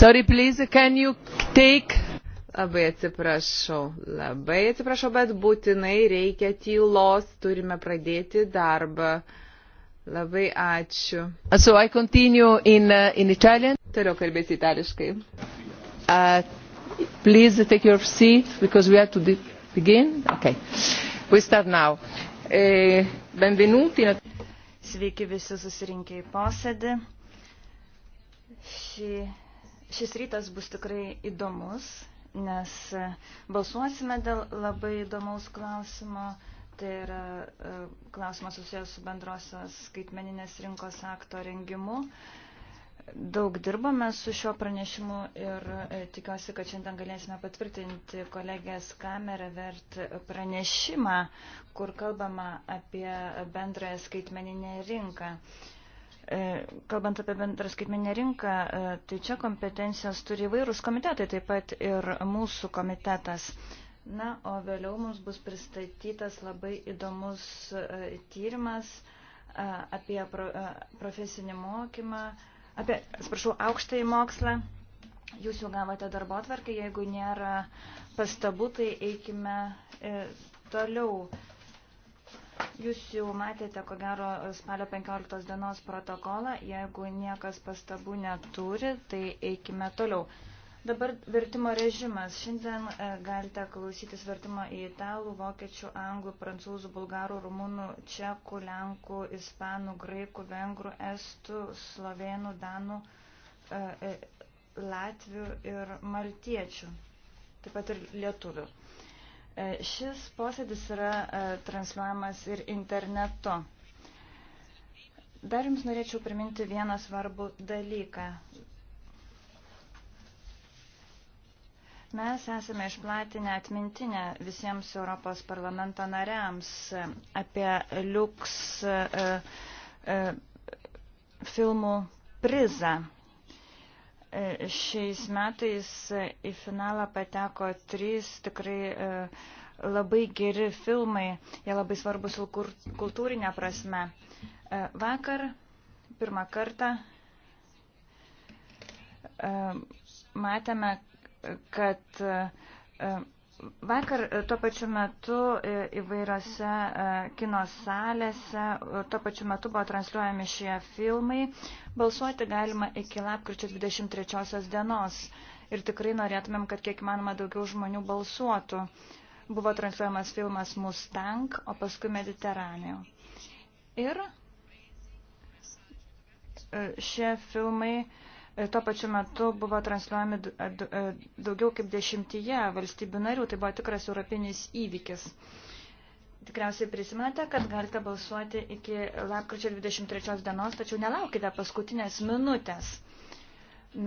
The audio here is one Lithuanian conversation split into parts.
Sorry, please, can you take... Labai atsiprašau, labai atsiprašau, bet būtinai reikia tylos, turime pradėti darbą. Labai ačiū. So I continue in, uh, in Italian. Toliau kalbėsiu itališkai. Uh, please take your seat because we have to be begin. Okay. We start now. Eh, benvenuti. Sveiki visi susirinkę į posėdį. Šį Šis rytas bus tikrai įdomus, nes e, balsuosime dėl labai įdomaus klausimo. Tai yra e, klausimas susijęs su bendrosios skaitmeninės rinkos akto rengimu. Daug dirbame su šiuo pranešimu ir e, tikiuosi, kad šiandien galėsime patvirtinti kolegės kamerą vert pranešimą, kur kalbama apie bendrąją skaitmeninę rinką. E, kalbant apie bendrą skaitminę rinką, e, tai čia kompetencijas turi įvairūs komitetai, taip pat ir mūsų komitetas. Na, o vėliau mums bus pristatytas labai įdomus e, tyrimas apie profesinį mokymą, apie, atsiprašau, aukštąjį mokslą. Jūs jau gavote darbo atvarkę, jeigu nėra pastabų, tai eikime toliau. Jūs jau matėte, ko gero, spalio 15 dienos protokolą. Jeigu niekas pastabų neturi, tai eikime toliau. Dabar vertimo režimas. Šiandien e, galite klausytis vertimo į italų, vokiečių, anglų, prancūzų, bulgarų, rumunų, čekų, lenkų, ispanų, graikų, vengrų, estų, slovėnų, danų, e, e, latvių ir maltiečių. Taip pat ir lietuvių. E, šis posėdis yra e, transliuojamas ir internetu. Dar jums norėčiau priminti vieną svarbų dalyką. Mes esame išplatinę atmintinę visiems Europos parlamento nariams apie liuks e, filmų prizą. Šiais metais į finalą pateko trys tikrai e, labai geri filmai, jie labai svarbus kultūrinė prasme. E, vakar pirmą kartą e, matėme, kad Vakar e, tuo pačiu metu e, įvairiose e, kino salėse, tuo pačiu metu buvo transliuojami šie filmai. Balsuoti galima iki lapkričio 23 dienos ir tikrai norėtumėm, kad kiek manoma daugiau žmonių balsuotų. Buvo transliuojamas filmas Mustang, o paskui Mediteranėjo. Ir šie filmai uh, Tuo pačiu metu buvo transliuojami daugiau kaip dešimtyje valstybių narių, tai buvo tikras europinis įvykis. Tikriausiai prisimenate, kad galite balsuoti iki lapkričio 23 dienos, tačiau nelaukite paskutinės minutės.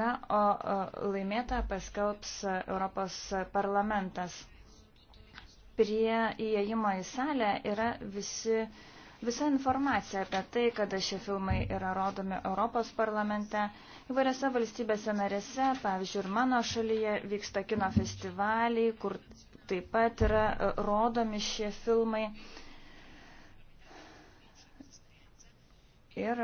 Na, o laimėtą paskelbs Europos parlamentas. Prie įėjimo į salę yra visi Visa informacija apie tai, kada šie filmai yra rodomi Europos parlamente, Įvairiose valstybėse narėse, pavyzdžiui, ir mano šalyje vyksta kino festivaliai, kur taip pat yra e, rodomi šie filmai. Ir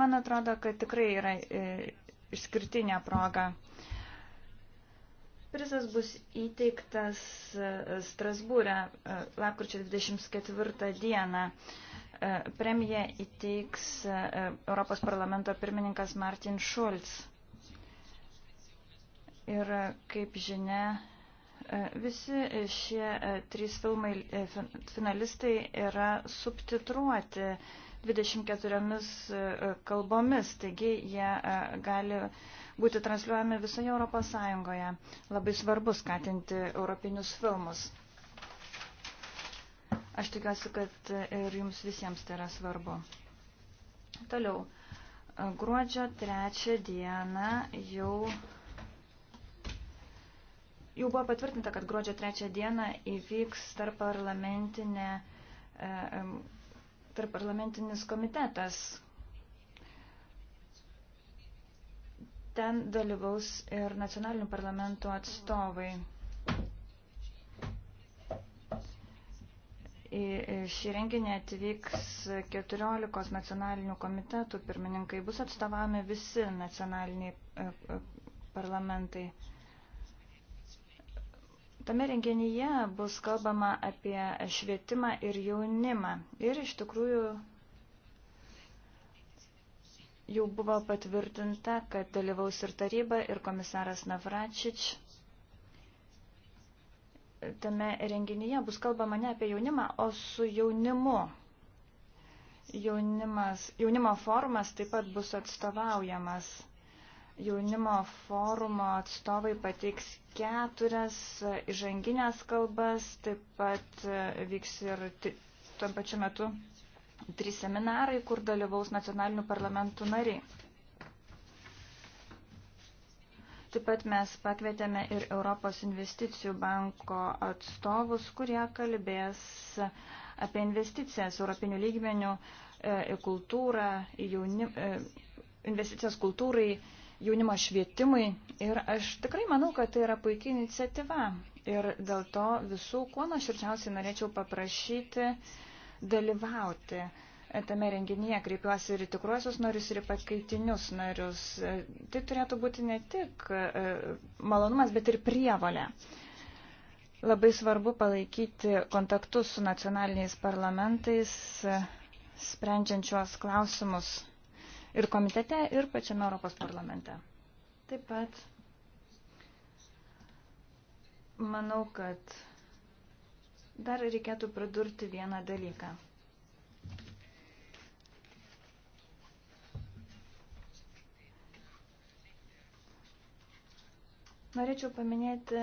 man atrodo, kad tikrai yra e, išskirtinė proga. Prizas bus įteiktas e, Strasbūrė lapkričio 24 dieną. E, premiją įteiks e, Europos parlamento pirmininkas Martin Schulz. Ir e, kaip žinia, visi šie trys filmai finalistai yra subtitruoti 24 kalbomis, taigi jie gali būti transliuojami visoje Europos Sąjungoje. Labai svarbu skatinti europinius filmus. Aš tikiuosi, kad ir jums visiems tai yra svarbu. Toliau. Gruodžio trečią dieną jau, jau buvo patvirtinta, kad gruodžio trečią dieną įvyks tarp, parlamentinė, e, tarp parlamentinis komitetas. Ten dalyvaus ir nacionalinių parlamentų atstovai. Į šį renginį atvyks 14 nacionalinių komitetų pirmininkai. Bus atstovami visi nacionaliniai e, e, parlamentai. Tame renginyje bus kalbama apie švietimą ir jaunimą. Ir iš tikrųjų jau buvo patvirtinta, kad dalyvaus ir taryba, ir komisaras Navračič tame renginyje bus kalbama ne apie jaunimą, o su jaunimu. Jaunimas, jaunimo forumas taip pat bus atstovaujamas. Jaunimo forumo atstovai pateiks keturias įžanginės kalbas, taip pat e, vyks ir tuo pačiu metu trys seminarai, kur dalyvaus nacionalinių parlamentų nariai. Taip pat mes pakvietėme ir Europos investicijų banko atstovus, kurie kalbės apie investicijas europinių lygmenių e, į kultūrą, į jaunim, e, investicijas kultūrai, jaunimo švietimui. Ir aš tikrai manau, kad tai yra puikia iniciatyva. Ir dėl to visų, kuo nuoširdžiausiai norėčiau paprašyti dalyvauti tame renginyje kreipiuosi ir į tikruosius narius, ir į pakaitinius narius. E, tai turėtų būti ne tik e, malonumas, bet ir prievalė. Labai svarbu palaikyti kontaktus su nacionaliniais parlamentais, e, sprendžiančios klausimus ir komitete, ir pačiame Europos parlamente. Taip pat manau, kad dar reikėtų pridurti vieną dalyką. Norėčiau paminėti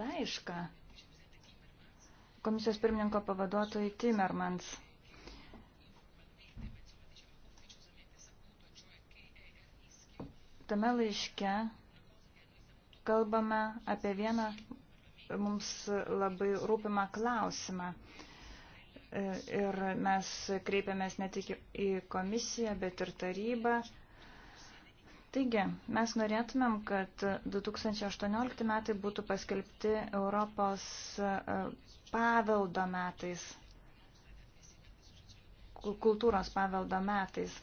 laišką komisijos pirmininko pavaduotojai Timmermans. Tame laiške kalbame apie vieną mums labai rūpimą klausimą. E, ir mes kreipiamės ne tik į komisiją, bet ir tarybą Taigi, mes norėtumėm, kad 2018 metai būtų paskelbti Europos e, paveldo metais, kultūros paveldo metais.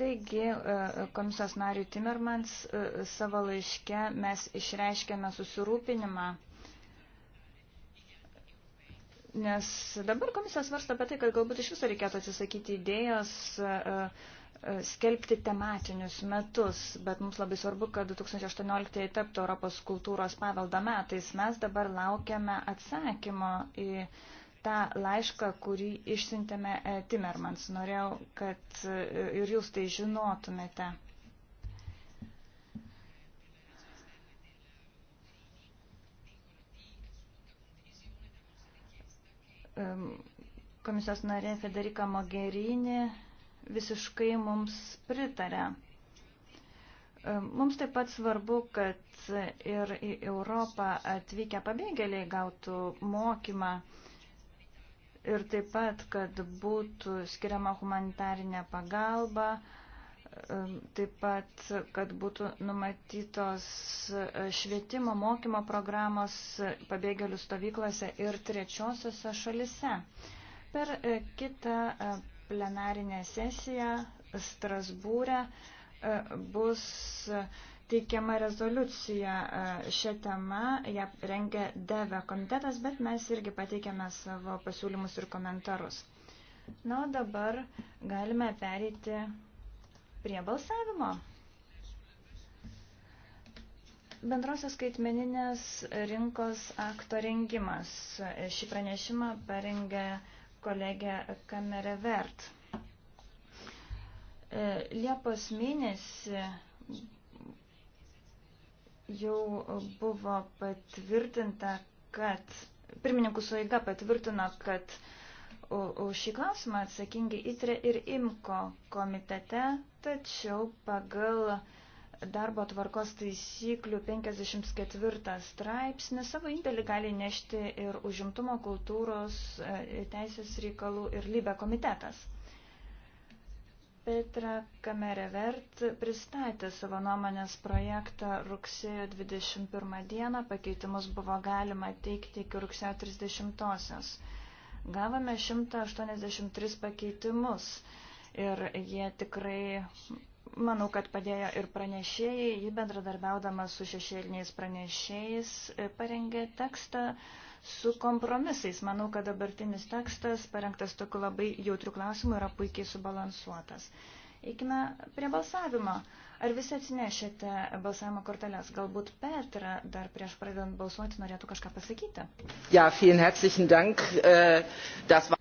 Taigi, e, komisijos nariui Timmermans e, savo laiške mes išreiškėme susirūpinimą, nes dabar komisijos varsta apie tai, kad galbūt iš viso reikėtų atsisakyti idėjos uh, skelbti tematinius metus, bet mums labai svarbu, kad 2018 taptų Europos kultūros paveldo metais. Mes dabar laukiame atsakymo į tą laišką, kurį išsintėme e, Timmermans. Norėjau, kad e, ir jūs tai žinotumėte. Komisijos narė Federika Mogherini visiškai mums pritarė. E, mums taip pat svarbu, kad ir į Europą atvykę pabėgėliai gautų mokymą ir taip pat, kad būtų skiriama humanitarinė pagalba, e, taip pat, kad būtų numatytos švietimo mokymo programos pabėgėlių stovyklose ir trečiosiose šalise. Per e, kitą plenarinę sesiją Strasbūrę e, bus teikiama rezoliucija e, šią temą, ją rengia DEVE komitetas, bet mes irgi pateikėme savo pasiūlymus ir komentarus. Na, o dabar galime pereiti prie balsavimo. Bendrosios skaitmeninės rinkos akto rengimas. Šį pranešimą parengė kolegę Kamerevert. E, Liepos mėnesį jau buvo patvirtinta, kad pirmininkų suiga patvirtino, kad už šį klausimą atsakingi ITRE ir IMKO komitete, tačiau pagal uh, darbo tvarkos taisyklių 54 straipsnį savo indėlį gali nešti ir užimtumo kultūros e, teisės reikalų ir lybė komitetas. Petra Kamerevert pristatė savo nuomonės projektą rugsėjo 21 dieną, pakeitimus buvo galima teikti iki rugsėjo 30-osios. Gavome 183 pakeitimus ir jie tikrai Manau, kad padėjo ir pranešėjai, ji bendradarbiaudama su šešėliniais pranešėjais e, parengė tekstą su kompromisais. Manau, kad dabartinis tekstas parengtas tokiu labai jautriu klausimu yra puikiai subalansuotas. Eikime prie balsavimo. Ar visi atsinešėte balsavimo korteles? Galbūt Petra dar prieš pradedant balsuoti norėtų kažką pasakyti? Ja, vielen herzlichen Dank. Äh, das war...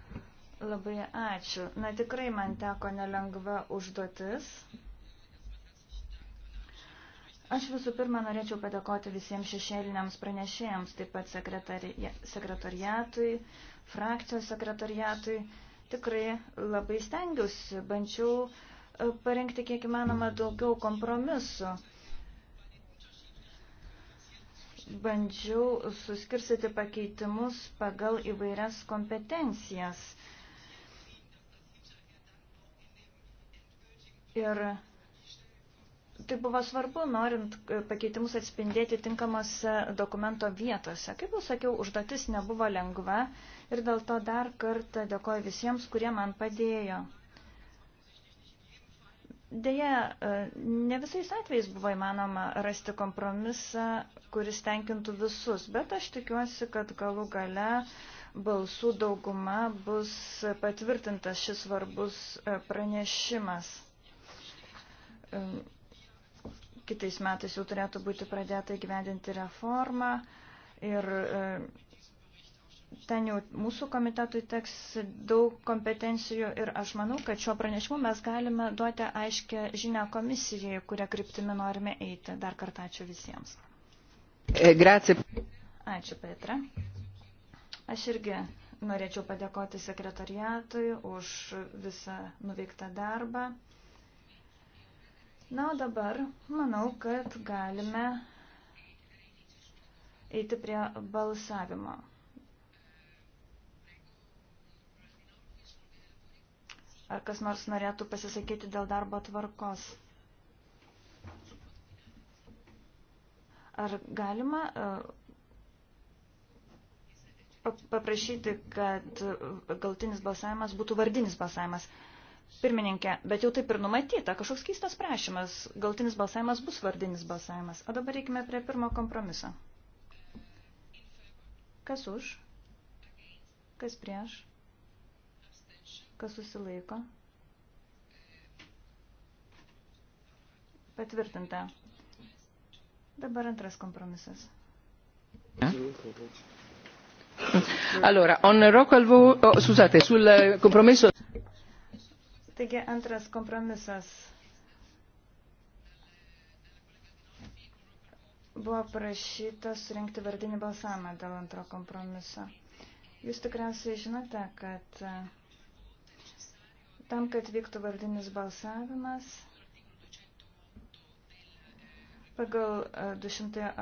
Labai ačiū. Na tikrai man teko nelengva užduotis. Aš visų pirma norėčiau padėkoti visiems šešėliniams pranešėjams, taip pat sekretariatui, frakcijos sekretariatui. Tikrai labai stengiuosi, bandžiau e, parengti kiek įmanoma daugiau kompromisų. Bandžiau suskirsyti pakeitimus pagal įvairias kompetencijas. Ir Tai buvo svarbu, norint e, pakeitimus atspindėti tinkamose dokumento vietose. Kaip jau sakiau, užduotis nebuvo lengva ir dėl to dar kartą dėkoju visiems, kurie man padėjo. Deja, e, ne visais atvejais buvo įmanoma rasti kompromisą, kuris tenkintų visus, bet aš tikiuosi, kad galų gale balsų dauguma bus patvirtintas šis svarbus e, pranešimas kitais metais jau turėtų būti pradėta įgyvendinti reformą ir e, ten jau mūsų komitetui teks daug kompetencijų ir aš manau, kad šiuo pranešimu mes galime duoti aiškę žinę komisijai, kurią kryptimi norime eiti. Dar kartą ačiū visiems. E, grazie. Ačiū, Petra. Aš irgi norėčiau padėkoti sekretariatui už visą nuveiktą darbą. Na, o dabar manau, kad galime eiti prie balsavimo. Ar kas nors norėtų pasisakyti dėl darbo tvarkos? Ar galima e, paprašyti, kad e, galtinis balsavimas būtų vardinis balsavimas? Pirmininkė, bet jau taip ir numatyta, kažkoks keistas prašymas, galtinis balsavimas bus vardinis balsavimas. O dabar reikime prie pirmo kompromiso. Kas už? Kas prieš? Kas susilaiko? Patvirtinta. Dabar antras kompromisas. Ja? Allora, on rock al vo... oh, scusate, sul eh, compromesso... Taigi antras kompromisas buvo prašyta surinkti vardinį balsavimą dėl antro kompromiso. Jūs tikriausiai žinote, kad e, tam, kad vyktų vardinis balsavimas, Pagal 208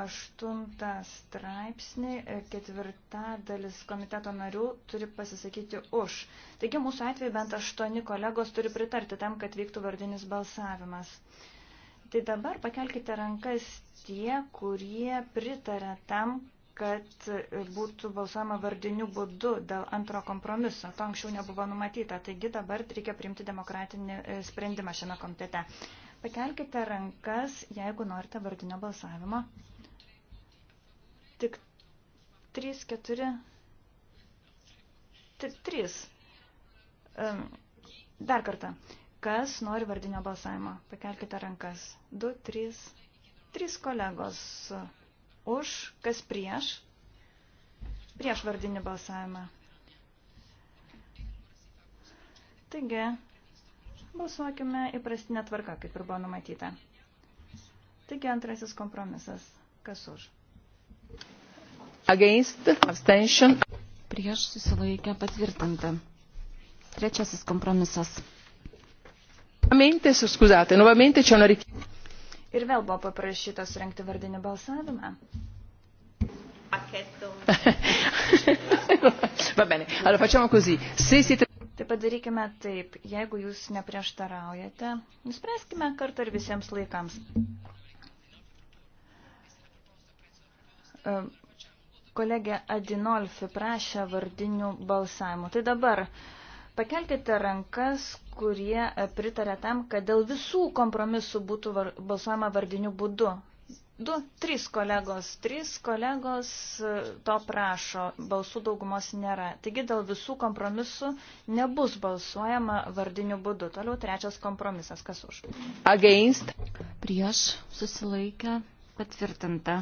e, straipsnį e, ketvirtadalis komiteto narių turi pasisakyti už. Taigi mūsų atveju bent aštuoni kolegos turi pritarti tam, kad vyktų vardinis balsavimas. Tai dabar pakelkite rankas tie, kurie pritarė tam, kad e, būtų balsuojama vardiniu būdu dėl antro kompromiso. To anksčiau nebuvo numatyta. Taigi dabar reikia priimti demokratinį sprendimą šiame komitete. Pakelkite rankas, jeigu norite vardinio balsavimo. Tik 3, 4, 3. Dar kartą. Kas nori vardinio balsavimo? Pakelkite rankas. 2, 3, 3 kolegos už, kas prieš. Prieš vardinį balsavimą. Taigi, Balsuokime įprastinę tvarką, kaip ir buvo numatyta. Taigi antrasis kompromisas. Kas už? Against, abstention. Prieš susilaikę patvirtinta. Trečiasis kompromisas. Ir vėl buvo paprašyta surinkti vardinį balsavimą. Va bene, allora facciamo così. Se siete Tai padarykime taip, jeigu jūs neprieštaraujate, nuspręskime kartą ir visiems laikams. Kolegė Adinolfi prašė vardinių balsavimų. Tai dabar pakelkite rankas, kurie pritarė tam, kad dėl visų kompromisų būtų var, balsuojama vardiniu būdu. Du, trys kolegos, trys kolegos e, to prašo, balsų daugumos nėra. Taigi dėl visų kompromisų nebus balsuojama vardiniu būdu. Toliau trečias kompromisas, kas už? Against. Prieš susilaikę patvirtinta.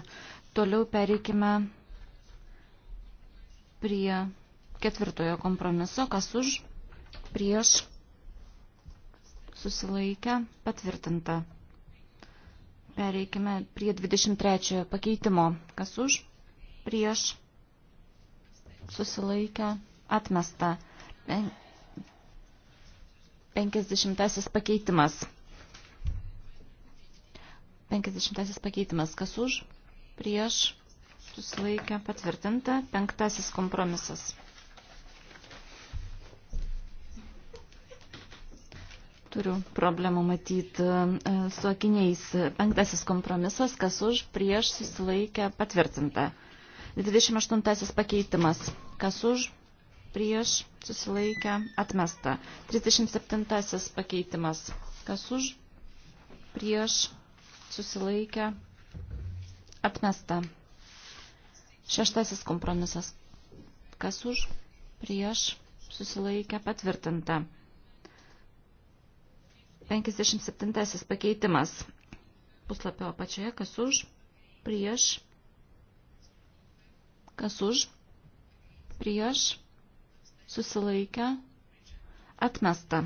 Toliau pereikime prie ketvirtojo kompromiso, kas už? Prieš susilaikę patvirtinta. Pereikime prie 23 pakeitimo. Kas už? Prieš. Susilaikę. Atmesta. 50 pakeitimas. 50 pakeitimas. Kas už? Prieš. Susilaikę. Patvirtinta. 5 kompromisas. Turiu problemų matyti e, su akiniais. Penktasis kompromisas, kas už, prieš, susilaikę, patvirtinta. 28 pakeitimas, kas už, prieš, susilaikę, atmesta. 37 pakeitimas, kas už, prieš, susilaikę, atmesta. Šeštasis kompromisas, kas už, prieš, susilaikę, patvirtinta. 57 pakeitimas. Puslapio apačioje, kas už, prieš, kas už, prieš, susilaikę, atmesta.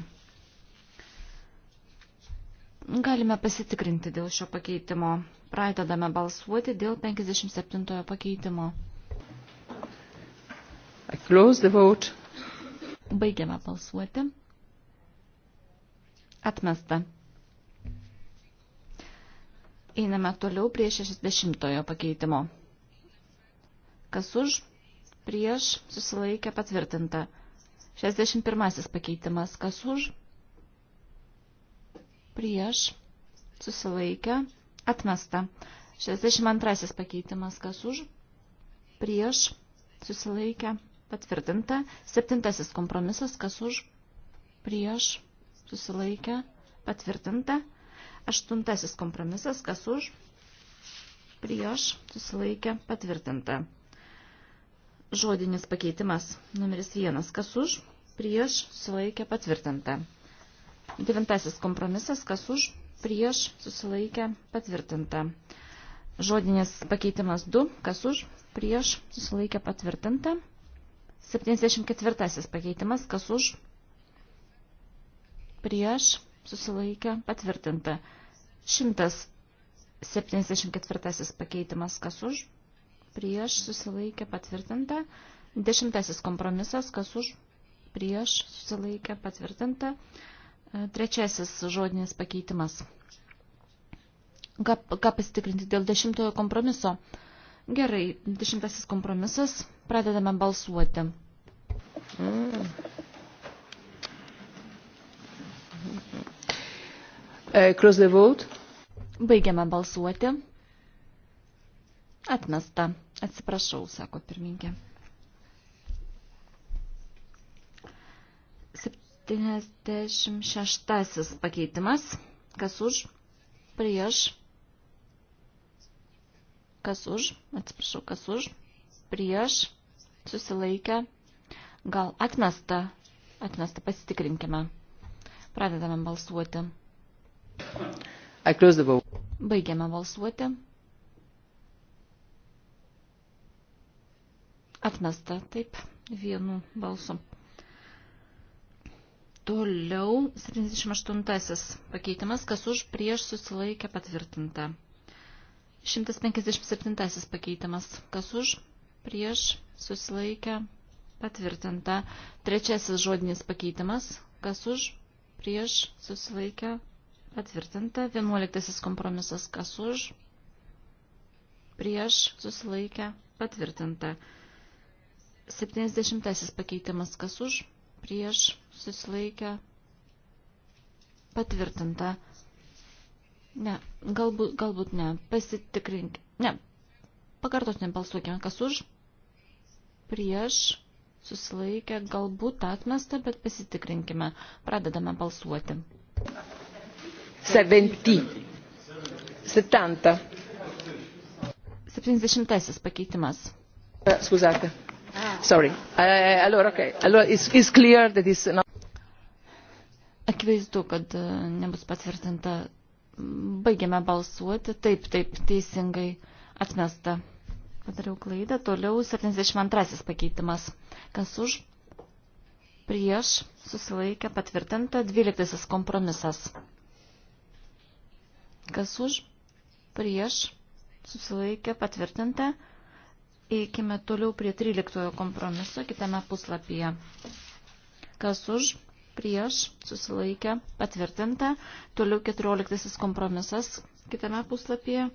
Galime pasitikrinti dėl šio pakeitimo. Pradedame balsuoti dėl 57 pakeitimo. I close the vote. Baigiame balsuoti. Atmesta. Einame toliau prie 60 pakeitimo. Kas už, prieš, susilaikė patvirtinta. 61 pakeitimas. Kas už, prieš, susilaikė, atmesta. 62 pakeitimas. Kas už, prieš, susilaikė, patvirtinta. 7 kompromisas. Kas už, prieš, susilaikė, patvirtinta. Aštuntasis kompromisas, kas už, prieš, susilaikė, patvirtinta. Žodinis pakeitimas, numeris vienas, kas už, prieš, susilaikė, patvirtinta. Devintasis kompromisas, kas už, prieš, susilaikė, patvirtinta. Žodinis pakeitimas 2, kas už, prieš, susilaikė, patvirtinta. 74 pakeitimas, kas už, prieš, susilaikė, patvirtinta. 174 pakeitimas, kas už, prieš, susilaikė, patvirtinta. 10 kompromisas, kas už, prieš, susilaikė, patvirtinta. Trečiasis žodinis pakeitimas. Ką, ką pasitikrinti dėl dešimtojo kompromiso? Gerai, dešimtasis kompromisas, pradedame balsuoti. Mm. Uh, close the vote. Baigiame balsuoti. Atmesta. Atsiprašau, sako pirminkė. 76 pakeitimas. Kas už? Prieš. Kas už? Atsiprašau, kas už? Prieš. Susilaikę. Gal atmesta? Atmesta, pasitikrinkime. Pradedame balsuoti. Baigiame balsuoti. Atmesta taip vienu balsu. Toliau 78 pakeitimas, kas už prieš susilaikė patvirtinta. 157 pakeitimas, kas už prieš susilaikė patvirtinta. Trečiasis žodinis pakeitimas, kas už prieš susilaikė Patvirtinta. Vienuoliktasis kompromisas kas už. Prieš susilaikę. Patvirtinta. Septyniasdešimtasis pakeitimas kas už. Prieš susilaikę. Patvirtinta. Ne, galbūt, galbūt ne. Pasitikrink. Ne. Pakartotinė balsuokime kas už. Prieš susilaikę. Galbūt atmesta, bet pasitikrinkime. Pradedame balsuoti. Thank you. 70. 70. 70 pakeitimas. Eh, scusate. Sorry. Eh, allora, ok. Allora, it's, it's clear that it's not... Akivaizdu, kad eh, nebus patvirtinta. Baigiame balsuoti. Taip, taip, teisingai atmesta. Padariau klaidą. Toliau 72 pakeitimas. Kas už? Prieš susilaikė patvirtinta 12 kompromisas. Kas už, prieš, susilaikė, patvirtinta. Eikime toliau prie 13 kompromiso kitame puslapyje. Kas už, prieš, susilaikė, patvirtinta. Toliau 14 kompromisas kitame puslapyje.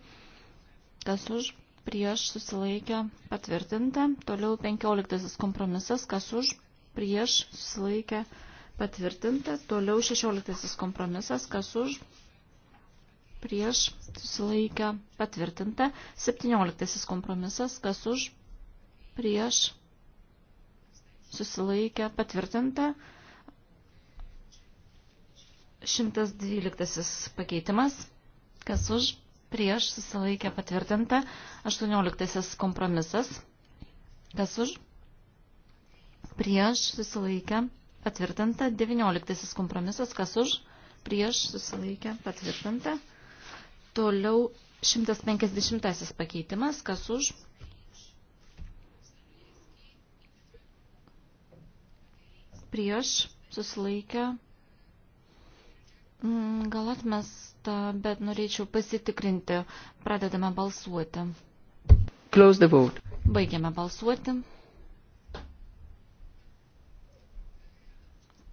Kas už, prieš, susilaikė, patvirtinta. Toliau 15 kompromisas. Kas už, prieš, susilaikė, patvirtinta. Toliau 16 kompromisas. Kas už, prieš susilaikę patvirtinta. 17 kompromisas, kas už prieš susilaikę patvirtinta. 112 pakeitimas, kas už prieš susilaikę patvirtinta. 18 kompromisas, kas už prieš susilaikę patvirtinta. 19 kompromisas, kas už prieš susilaikę patvirtinta. Toliau 150 pakeitimas, kas už. Prieš susilaikę. Mm, gal atmesta, bet norėčiau pasitikrinti. Pradedame balsuoti. Close the vote. Baigiame balsuoti.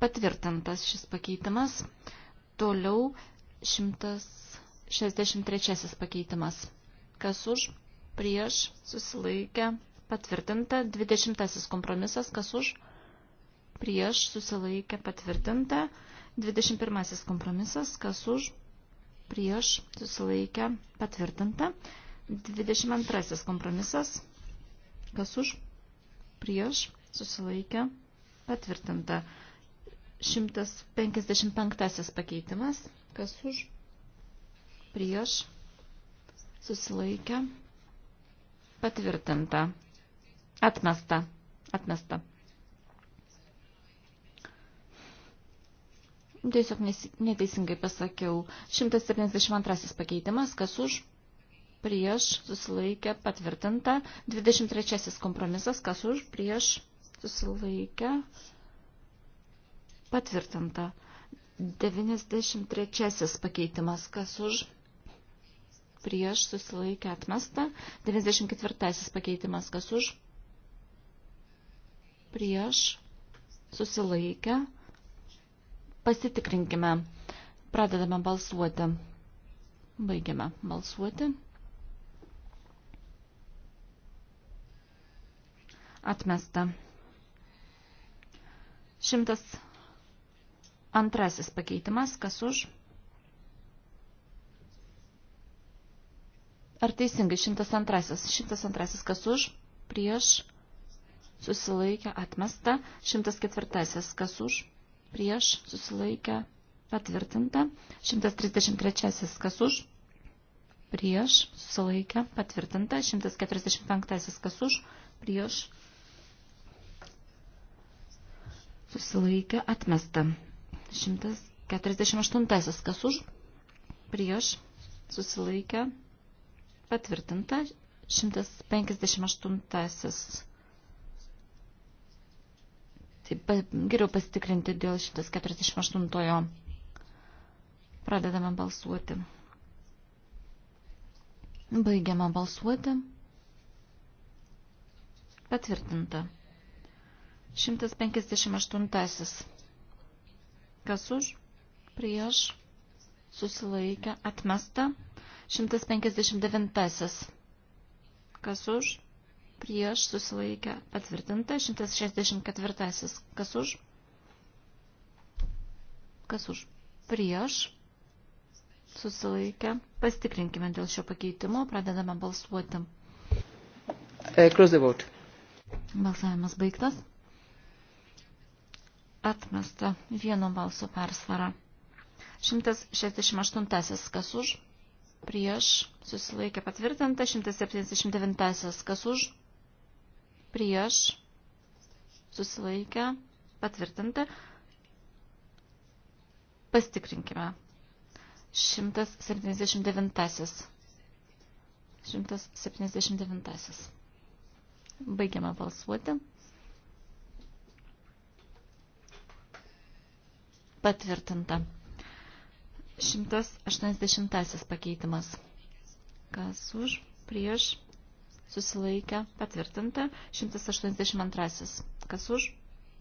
Patvirtintas šis pakeitimas. Toliau 100. 63 pakeitimas. Kas už, prieš, susilaikę, patvirtinta. 20 kompromisas. Kas už, prieš, susilaikę, patvirtinta. 21 kompromisas. Kas už, prieš, susilaikę, patvirtinta. 22 kompromisas. Kas už, prieš, susilaikę, patvirtinta. 155 pakeitimas. Kas už, prieš, susilaikę, patvirtinta, atmesta, atmesta. Tiesiog neteisingai pasakiau. 172 pakeitimas, kas už, prieš, susilaikę, patvirtinta. 23 kompromisas, kas už, prieš, susilaikę, patvirtinta. 93 pakeitimas, kas už, prieš prieš susilaikę atmesta. 94 pakeitimas kas už, prieš susilaikę. Pasitikrinkime. Pradedame balsuoti. Baigiame balsuoti. Atmesta. Šimtas antrasis pakeitimas, kas už Ar teisingai 102? 102 kas už, prieš, susilaikę, atmesta. 104 kas už, prieš, susilaikę, patvirtinta. 133 kas už, prieš, susilaikę, patvirtinta. 145 kas už, prieš, susilaikė atmesta. 148 kas už, prieš, susilaikė, Patvirtinta. 158. Taip, geriau pasitikrinti dėl 148. Pradedame balsuoti. Baigiame balsuoti. Patvirtinta. 158. Kas už? Prieš? Susilaikę? Atmesta? 159. Kas už? Prieš susilaikę patvirtinta. 164. Kas už? Kas už? Prieš susilaikę. Pastikrinkime dėl šio pakeitimo. Pradedame balsuoti. Uh, close the vote. Balsavimas baigtas. Atmesta vieno balso persvara. 168. Kas už? prieš, susilaikė patvirtinta, 179, kas už, prieš, susilaikė patvirtinta, pastikrinkime, 179, 179, baigiame balsuoti, patvirtinta. 180 pakeitimas. Kas už, prieš, susilaikę, patvirtinta. 182. Kas už,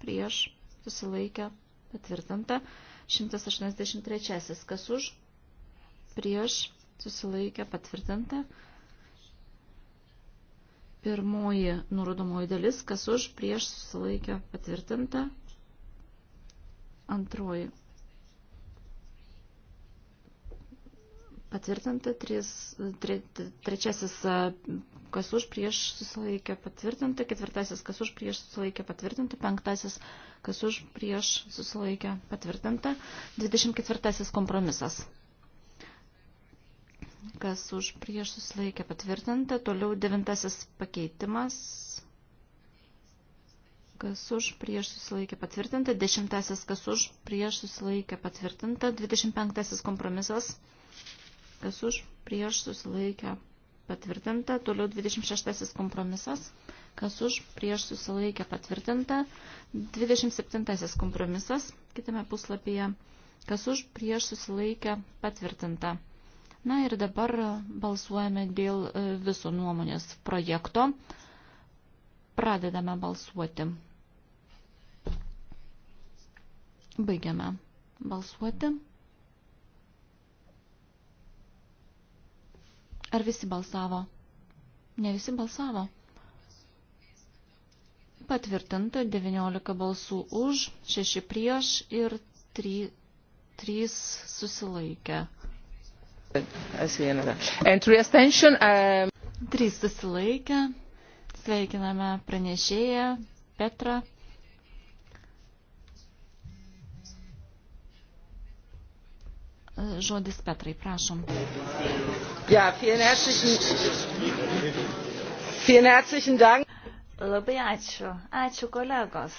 prieš, susilaikę, patvirtinta. 183. Kas už, prieš, susilaikę, patvirtinta. Pirmoji nurodomoji dalis, kas už, prieš, susilaikę, patvirtinta. Antroji patvirtinta, trys, tre, trečiasis kas už prieš susilaikė patvirtinta, ketvirtasis kas už prieš susilaikė patvirtinta, penktasis kas už prieš susilaikė patvirtinta, dvidešimt ketvirtasis kompromisas. Kas už prieš susilaikė patvirtinta, toliau devintasis pakeitimas. Kas už prieš susilaikė patvirtinta, dešimtasis kas už prieš susilaikė patvirtinta, dvidešimt penktasis kompromisas kas už, prieš susilaikę patvirtinta. Toliau 26 kompromisas, kas už, prieš susilaikę patvirtinta. 27 kompromisas, kitame puslapyje, kas už, prieš susilaikę patvirtinta. Na ir dabar balsuojame dėl e, viso nuomonės projekto. Pradedame balsuoti. Baigiame balsuoti. Ar visi balsavo? Ne visi balsavo. Patvirtinta 19 balsų už, 6 prieš ir 3, 3 susilaikė. Um, trys susilaikė. Sveikiname pranešėją Petrą. žodis Petrai, prašom. Ja, vielen herzlichen, vielen herzlichen Dank. Labai ačiū. Ačiū kolegos.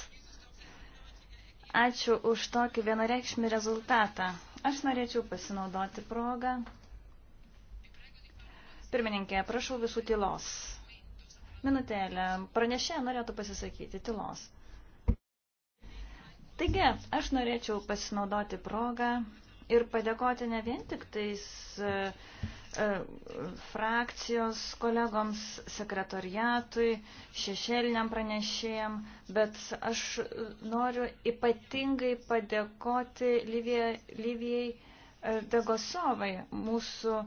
Ačiū už tokį vienareikšmį rezultatą. Aš norėčiau pasinaudoti progą. Pirmininkė, prašau visų tylos. Minutėlė. Pranešė norėtų pasisakyti tylos. Taigi, aš norėčiau pasinaudoti progą ir padėkoti ne vien tik tais e, e, frakcijos kolegoms, sekretoriatui, šešėliniam pranešėjam, bet aš noriu ypatingai padėkoti Livijai, Livijai e, Degosovai, mūsų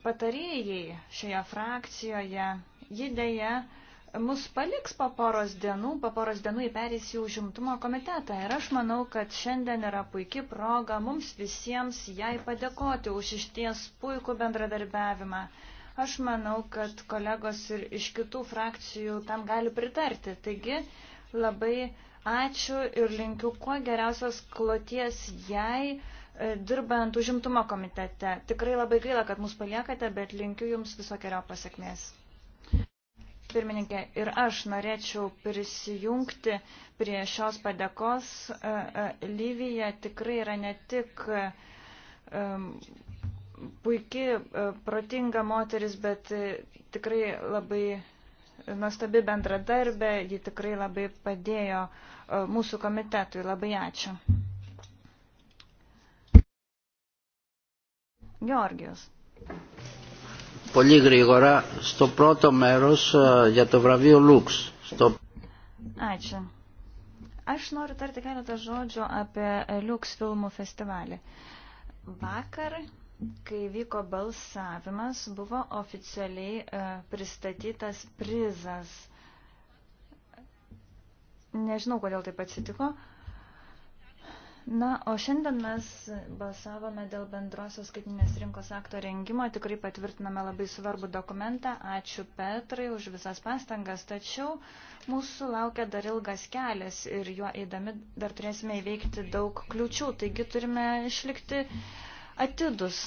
patarėjai šioje frakcijoje. Ji dėja mus paliks po poros dienų, po poros dienų įperės į užimtumo komitetą. Ir aš manau, kad šiandien yra puikia proga mums visiems jai padėkoti už išties puikų bendradarbiavimą. Aš manau, kad kolegos ir iš kitų frakcijų tam gali pritarti. Taigi labai ačiū ir linkiu kuo geriausios kloties jai e, dirbant užimtumo komitete. Tikrai labai gaila, kad mus paliekate, bet linkiu Jums visokiojo pasiekmės. Pirmininkė, ir aš norėčiau prisijungti prie šios padėkos. E, e, Lyvija tikrai yra ne tik puikiai, e, protinga moteris, bet tikrai labai nuostabi bendradarbė, ji tikrai labai padėjo mūsų komitetui. Labai ačiū. Georgijos πολύ γρήγορα στο πρώτο μέρος για το βραβείο Λουξ. Στο... Ačiū. Aš noriu tarti keletą žodžių apie e, Liuks filmų festivalį. Vakar, kai vyko balsavimas, buvo oficialiai e, pristatytas prizas. Nežinau, kodėl taip atsitiko. Uh, Na, o šiandien mes balsavome dėl bendrosios skaitinės rinkos akto rengimo, tikrai patvirtiname labai svarbų dokumentą. Ačiū Petrai už visas pastangas, tačiau mūsų laukia dar ilgas kelias ir juo eidami dar turėsime įveikti daug kliučių, taigi turime išlikti atidus.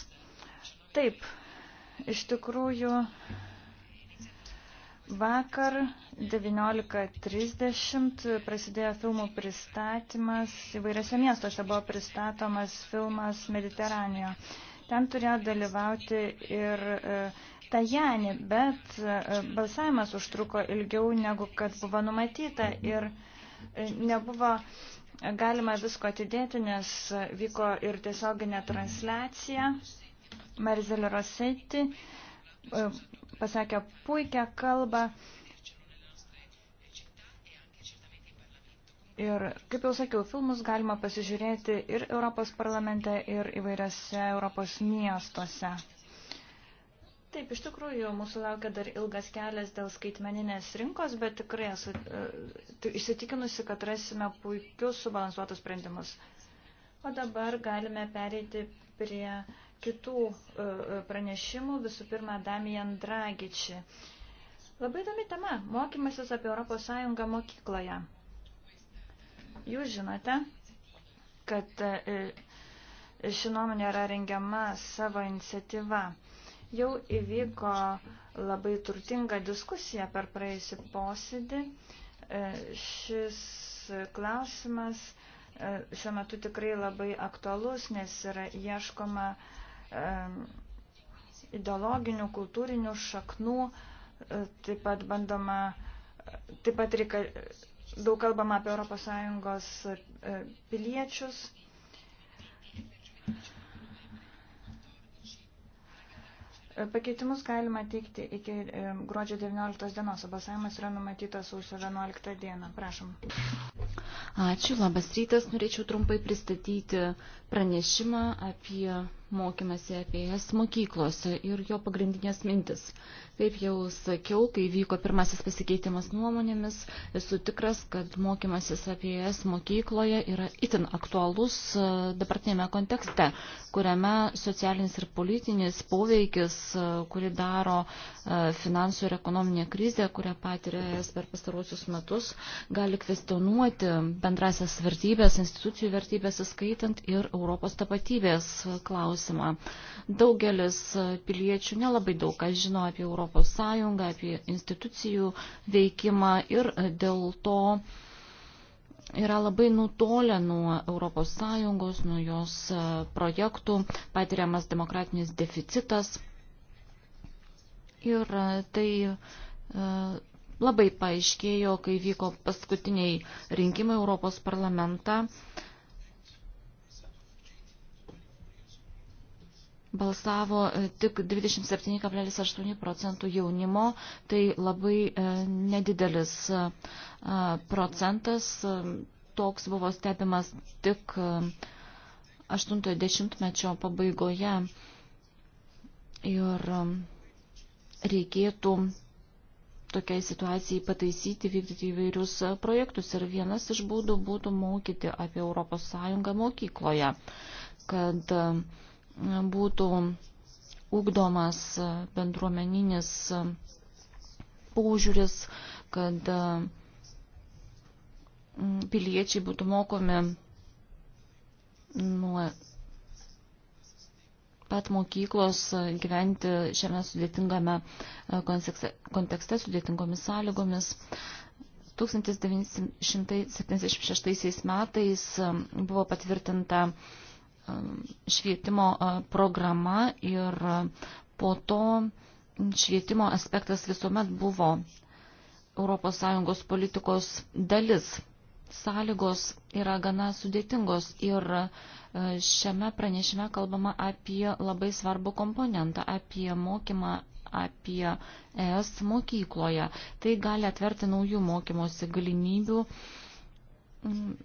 Taip, iš tikrųjų Vakar 19.30 prasidėjo filmų pristatymas. Įvairiose miestuose buvo pristatomas filmas Mediteranijo. Ten turėjo dalyvauti ir e, Tajani, bet e, balsavimas užtruko ilgiau negu kad buvo numatyta ir e, nebuvo galima visko atidėti, nes vyko ir tiesioginė transliacija Marzelio Rosetti E, pasakė puikią kalbą. Ir, kaip jau sakiau, filmus galima pasižiūrėti ir Europos parlamente, ir įvairiose Europos miestuose. Taip, iš tikrųjų, mūsų laukia dar ilgas kelias dėl skaitmeninės rinkos, bet tikrai esu e, įsitikinusi, kad rasime puikius subalansuotus sprendimus. O dabar galime pereiti prie kitų e, e, pranešimų, visų pirma, Damian Dragiči. Labai įdomi tema – mokymasis apie ES mokykloje. Jūs žinote, kad e, ši nuomonė yra rengiama savo iniciatyva. Jau įvyko labai turtinga diskusija per praėjusį posėdį. Šis klausimas šiuo metu tikrai labai aktualus, nes yra ieškoma uh, ideologinių, kultūrinių šaknų, e, taip pat bandoma, e, taip pat reikia, daug kalbama apie ES e, piliečius. Pakeitimus galima teikti iki gruodžio 19 dienos, o balsavimas yra numatytas sausio 11 dieną. Prašom. Ačiū, labas rytas. Norėčiau trumpai pristatyti pranešimą apie mokymasi apie jas mokyklose ir jo pagrindinės mintis. Kaip jau sakiau, kai vyko pirmasis pasikeitimas nuomonėmis, esu tikras, kad mokymasis apie jas mokykloje yra itin aktualus e, dabartinėme kontekste, kuriame socialinis ir politinis poveikis, e, kuri daro e, finansų ir ekonominė krizė, kurią patiria jas per pastarosius metus, gali kvestionuoti bendrasias vertybės, institucijų vertybės, įskaitant ir Europos Europos tapatybės klausimą. Daugelis piliečių nelabai daug kas žino apie Europos Sąjungą, apie institucijų veikimą ir dėl to yra labai nutolę nuo Europos Sąjungos, nuo jos e, projektų, patiriamas demokratinis deficitas. Ir e, tai e, labai paaiškėjo, kai vyko paskutiniai rinkimai Europos parlamentą. balsavo e, tik 27,8 procentų jaunimo, tai labai e, nedidelis e, procentas, toks buvo stebimas tik 80-mečio pabaigoje ir reikėtų tokiai situacijai pataisyti, vykdyti įvairius projektus. Ir vienas iš būdų būtų mokyti apie ES mokykloje, kad uh, būtų ugdomas bendruomeninis paužiūris, kad mm, piliečiai būtų mokomi nuo pat mokyklos gyventi šiame sudėtingame e, kontekste, sudėtingomis sąlygomis. 1976 metais e, buvo patvirtinta Um, švietimo uh, programa ir uh, po to švietimo aspektas visuomet buvo ES politikos dalis. Sąlygos yra gana sudėtingos ir uh, šiame pranešime kalbama apie labai svarbų komponentą, apie mokymą apie ES mokykloje. Tai gali atverti naujų mokymosi galimybių mm,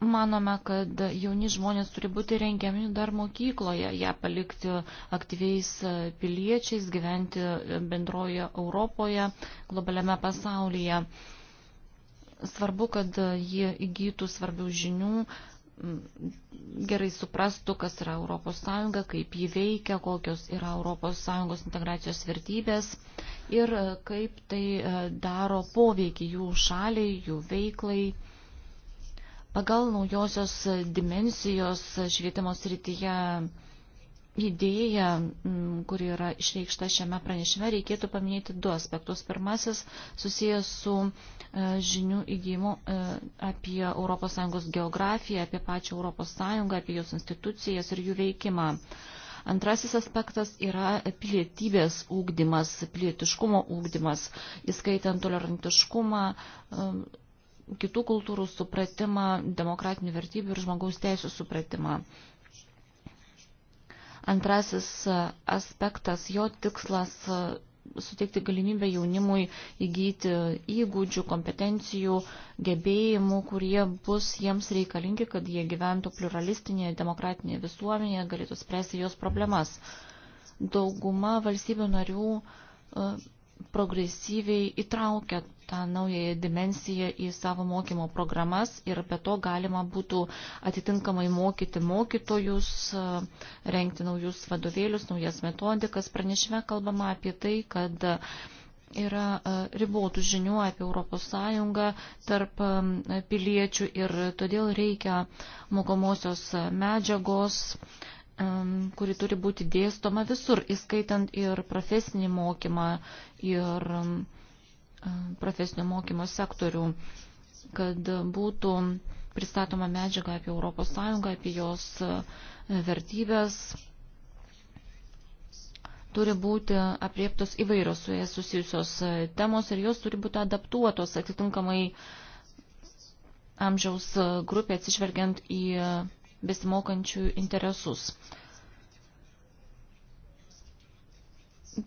Manome, kad jauni žmonės turi būti rengiami dar mokykloje, ją palikti aktyviais piliečiais, gyventi bendroje Europoje, globaliame pasaulyje. Svarbu, kad jie įgytų svarbių žinių, gerai suprastų, kas yra ES, kaip jį veikia, kokios yra ES integracijos vertybės ir kaip tai e, daro poveikį jų šaliai, jų veiklai Pagal naujosios dimensijos švietimo srityje idėją, mm, kuri yra išreikšta šiame pranešime, reikėtų paminėti du aspektus. Pirmasis susijęs su e, žinių įgymu e, apie ES geografiją, apie pačią ES, apie jos institucijas ir jų veikimą. Antrasis aspektas yra pilietybės ūkdymas, pilietiškumo ūkdymas, įskaitant tolerantiškumą, e, kitų kultūrų supratimą, demokratinių vertybių ir žmogaus teisų supratimą. Antrasis aspektas, jo tikslas suteikti galimybę jaunimui įgyti įgūdžių, kompetencijų, gebėjimų, kurie bus jiems reikalingi, kad jie gyventų pluralistinėje, demokratinėje visuomenėje, galėtų spręsti jos problemas. Dauguma valstybių narių progresyviai įtraukia tą naująją dimensiją į savo mokymo programas ir be to galima būtų atitinkamai mokyti mokytojus, renkti naujus vadovėlius, naujas metodikas. Pranešime kalbama apie tai, kad yra e, ribotų žinių apie ES tarp e, piliečių ir todėl reikia mokomosios medžiagos kuri turi būti dėstoma visur, įskaitant ir profesinį mokymą, ir profesinio mokymo sektorių, kad būtų pristatoma medžiaga apie ES, apie jos e, vertybės. Turi būti apriektos įvairios su jais susijusios e, temos ir jos turi būti adaptuotos atitinkamai amžiaus e, grupė atsižvelgiant į besimokančių interesus.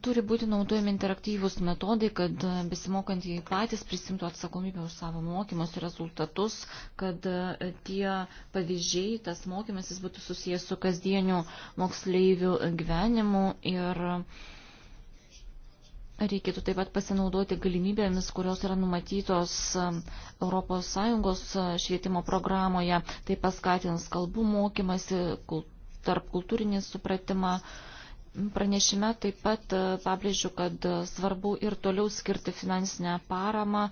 Turi būti naudojami interaktyvūs metodai, kad besimokantieji patys prisimtų atsakomybę už savo mokymus ir rezultatus, kad e, tie pavyzdžiai, tas mokymasis būtų susijęs su kasdieniu moksleivių gyvenimu ir uh, Reikėtų taip pat pasinaudoti galimybėmis, kurios yra numatytos um, ES uh, švietimo programoje. Tai paskatins kalbų mokymasi, tarp kultūrinį supratimą. Pranešime taip pat uh, pabrėžiu, kad uh, svarbu ir toliau skirti finansinę paramą,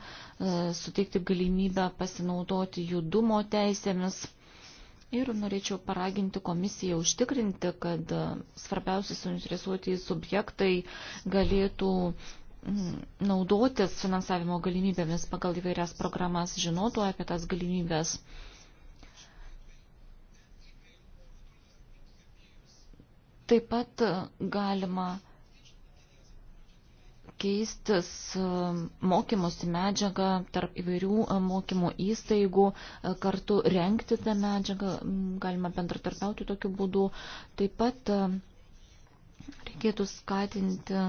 suteikti galimybę pasinaudoti judumo teisėmis Ir norėčiau paraginti komisiją užtikrinti, kad svarbiausi suinteresuoti subjektai galėtų mm, naudotis finansavimo galimybėmis pagal įvairias programas, žinotų apie tas galimybės. Taip pat galima keistis e, mokymosi medžiagą tarp įvairių e, mokymo įstaigų, e, kartu renkti tą medžiagą, galima bendratarpiauti tokiu būdu. Taip pat reikėtų skatinti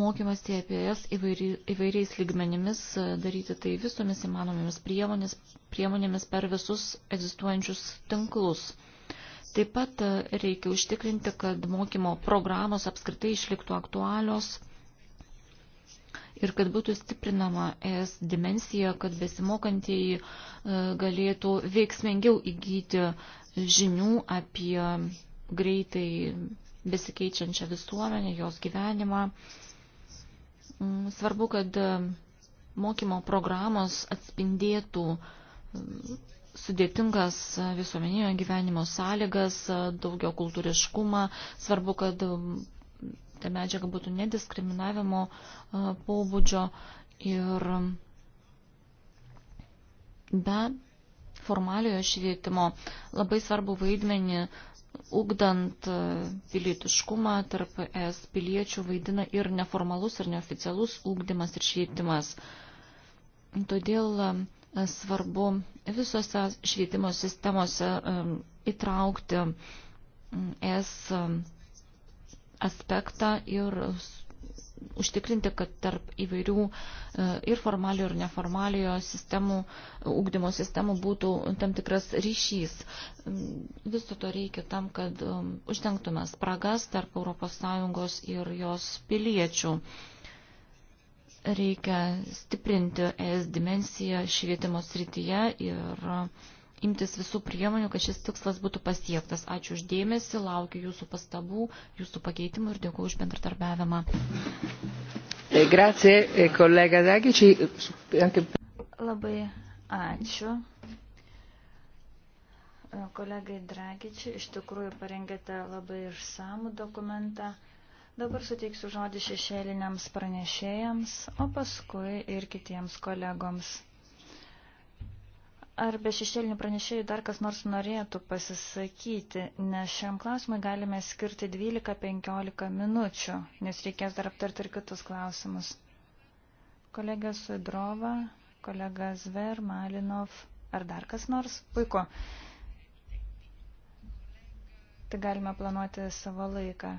mokymasi apie jas įvairiais lygmenimis, daryti tai visomis įmanomomis priemonės, priemonėmis per visus egzistuojančius tinklus. Taip pat reikia užtikrinti, kad mokymo programos apskritai išliktų aktualios ir kad būtų stiprinama ES dimensija, kad besimokantieji e, galėtų veiksmingiau įgyti žinių apie greitai besikeičiančią visuomenę, jos gyvenimą. Mm, svarbu, kad e, mokymo programos atspindėtų mm, sudėtingas e, visuomeninio gyvenimo sąlygas, daugiau kultūriškumą. Svarbu, kad ta medžiaga būtų nediskriminavimo pobūdžio ir be formaliojo švietimo labai svarbu vaidmenį ugdant pilietiškumą tarp es piliečių vaidina ir neformalus ir neoficialus ugdymas ir švietimas. Todėl svarbu visose švietimo sistemose įtraukti es aspektą ir užtikrinti, kad tarp įvairių e, ir formalio, ir neformalio sistemų, ūkdymo sistemų būtų tam tikras ryšys. Mm, viso to reikia tam, kad um, uždengtume spragas tarp ES ir jos piliečių. Reikia stiprinti ES dimensiją švietimo srityje ir uh, imtis visų priemonių, kad šis tikslas būtų pasiektas. Ačiū uždėmesi, laukiu jūsų pastabų, jūsų pakeitimų ir dėkuoju už bendradarbiavimą. E, grazie, kolega e, Dagičiai. Labai ačiū e, kolegai Dragičiui, iš tikrųjų parengėte labai išsamų dokumentą. Dabar suteiksiu žodį šešėliniams pranešėjams, o paskui ir kitiems kolegoms. Ar be šešėlinių pranešėjų dar kas nors norėtų pasisakyti, nes šiam klausimui galime skirti 12-15 minučių, nes reikės dar aptarti ir kitus klausimus. Kolega Suidrova, kolega Zver, Malinov, ar dar kas nors? Puiku. Tai galime planuoti savo laiką.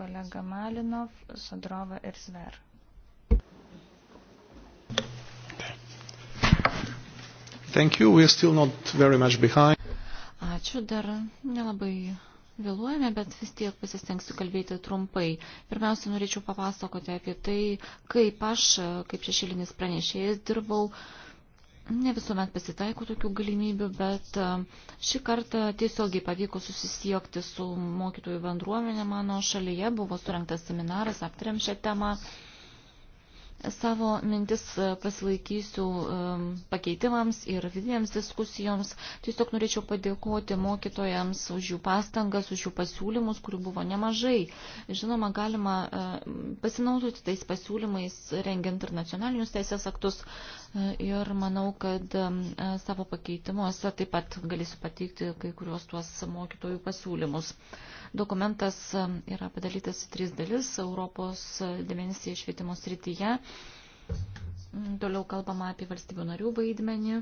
Kolega Malinov, Sudrova ir Zver. Thank you. We are still not very much behind. Ačiū, dar nelabai vėluojame, bet vis tiek pasistengsiu kalbėti trumpai. Pirmiausia, norėčiau papasakoti apie tai, kaip aš, kaip šešėlinis pranešėjas, dirbau. Ne visuomet pasitaiko tokių galimybių, bet e, šį kartą tiesiogiai pavyko susisiekti su mokytojų bendruomenė mano šalyje, buvo surinktas seminaras, aptariam šią temą. Savo mintis e, pasilaikysiu e, pakeitimams ir vidinėms diskusijoms. Tiesiog norėčiau padėkoti mokytojams už jų pastangas, už jų pasiūlymus, kurių buvo nemažai. Žinoma, galima e, pasinaudoti tais pasiūlymais, rengiant ir nacionalinius teisės aktus. Ir manau, kad savo pakeitimuose taip pat galėsiu pateikti kai kuriuos tuos mokytojų pasiūlymus. Dokumentas yra padalytas į tris dalis - Europos dimensija švietimo srityje. Toliau kalbama apie valstybių narių vaidmenį.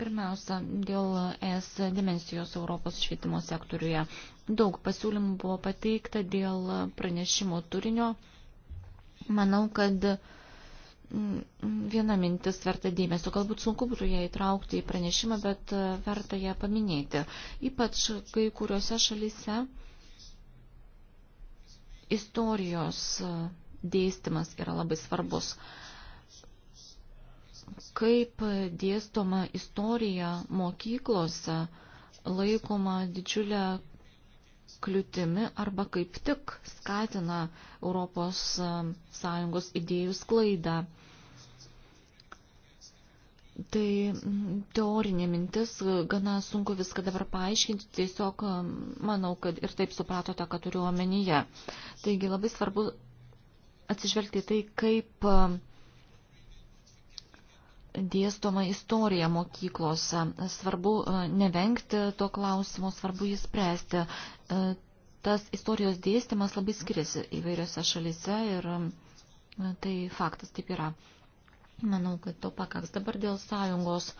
Pirmiausia, dėl ES dimensijos Europos švietimo sektoriuje. Daug pasiūlymų buvo pateikta dėl pranešimo turinio. Manau, kad Mm, mm, viena mintis verta dėmesio. Galbūt sunku būtų ją įtraukti į pranešimą, bet e, verta ją paminėti. Ypač kai kuriuose šalise istorijos e, dėstymas yra labai svarbus. Kaip dėstoma istorija mokyklose laikoma didžiulė kliūtimi arba kaip tik skatina Europos e, Sąjungos idėjų sklaidą. Tai mm, teorinė mintis, gana sunku viską dabar paaiškinti, tiesiog manau, kad ir taip supratote, ką turiu omenyje. Taigi labai svarbu atsižvelgti tai, kaip dėstoma istorija mokyklose. Svarbu nevengti to klausimo, svarbu jį spręsti. E, tas istorijos dėstymas labai skiriasi įvairiose šalise ir tai faktas taip yra. Manau, kad to pakaks. Dabar dėl sąjungos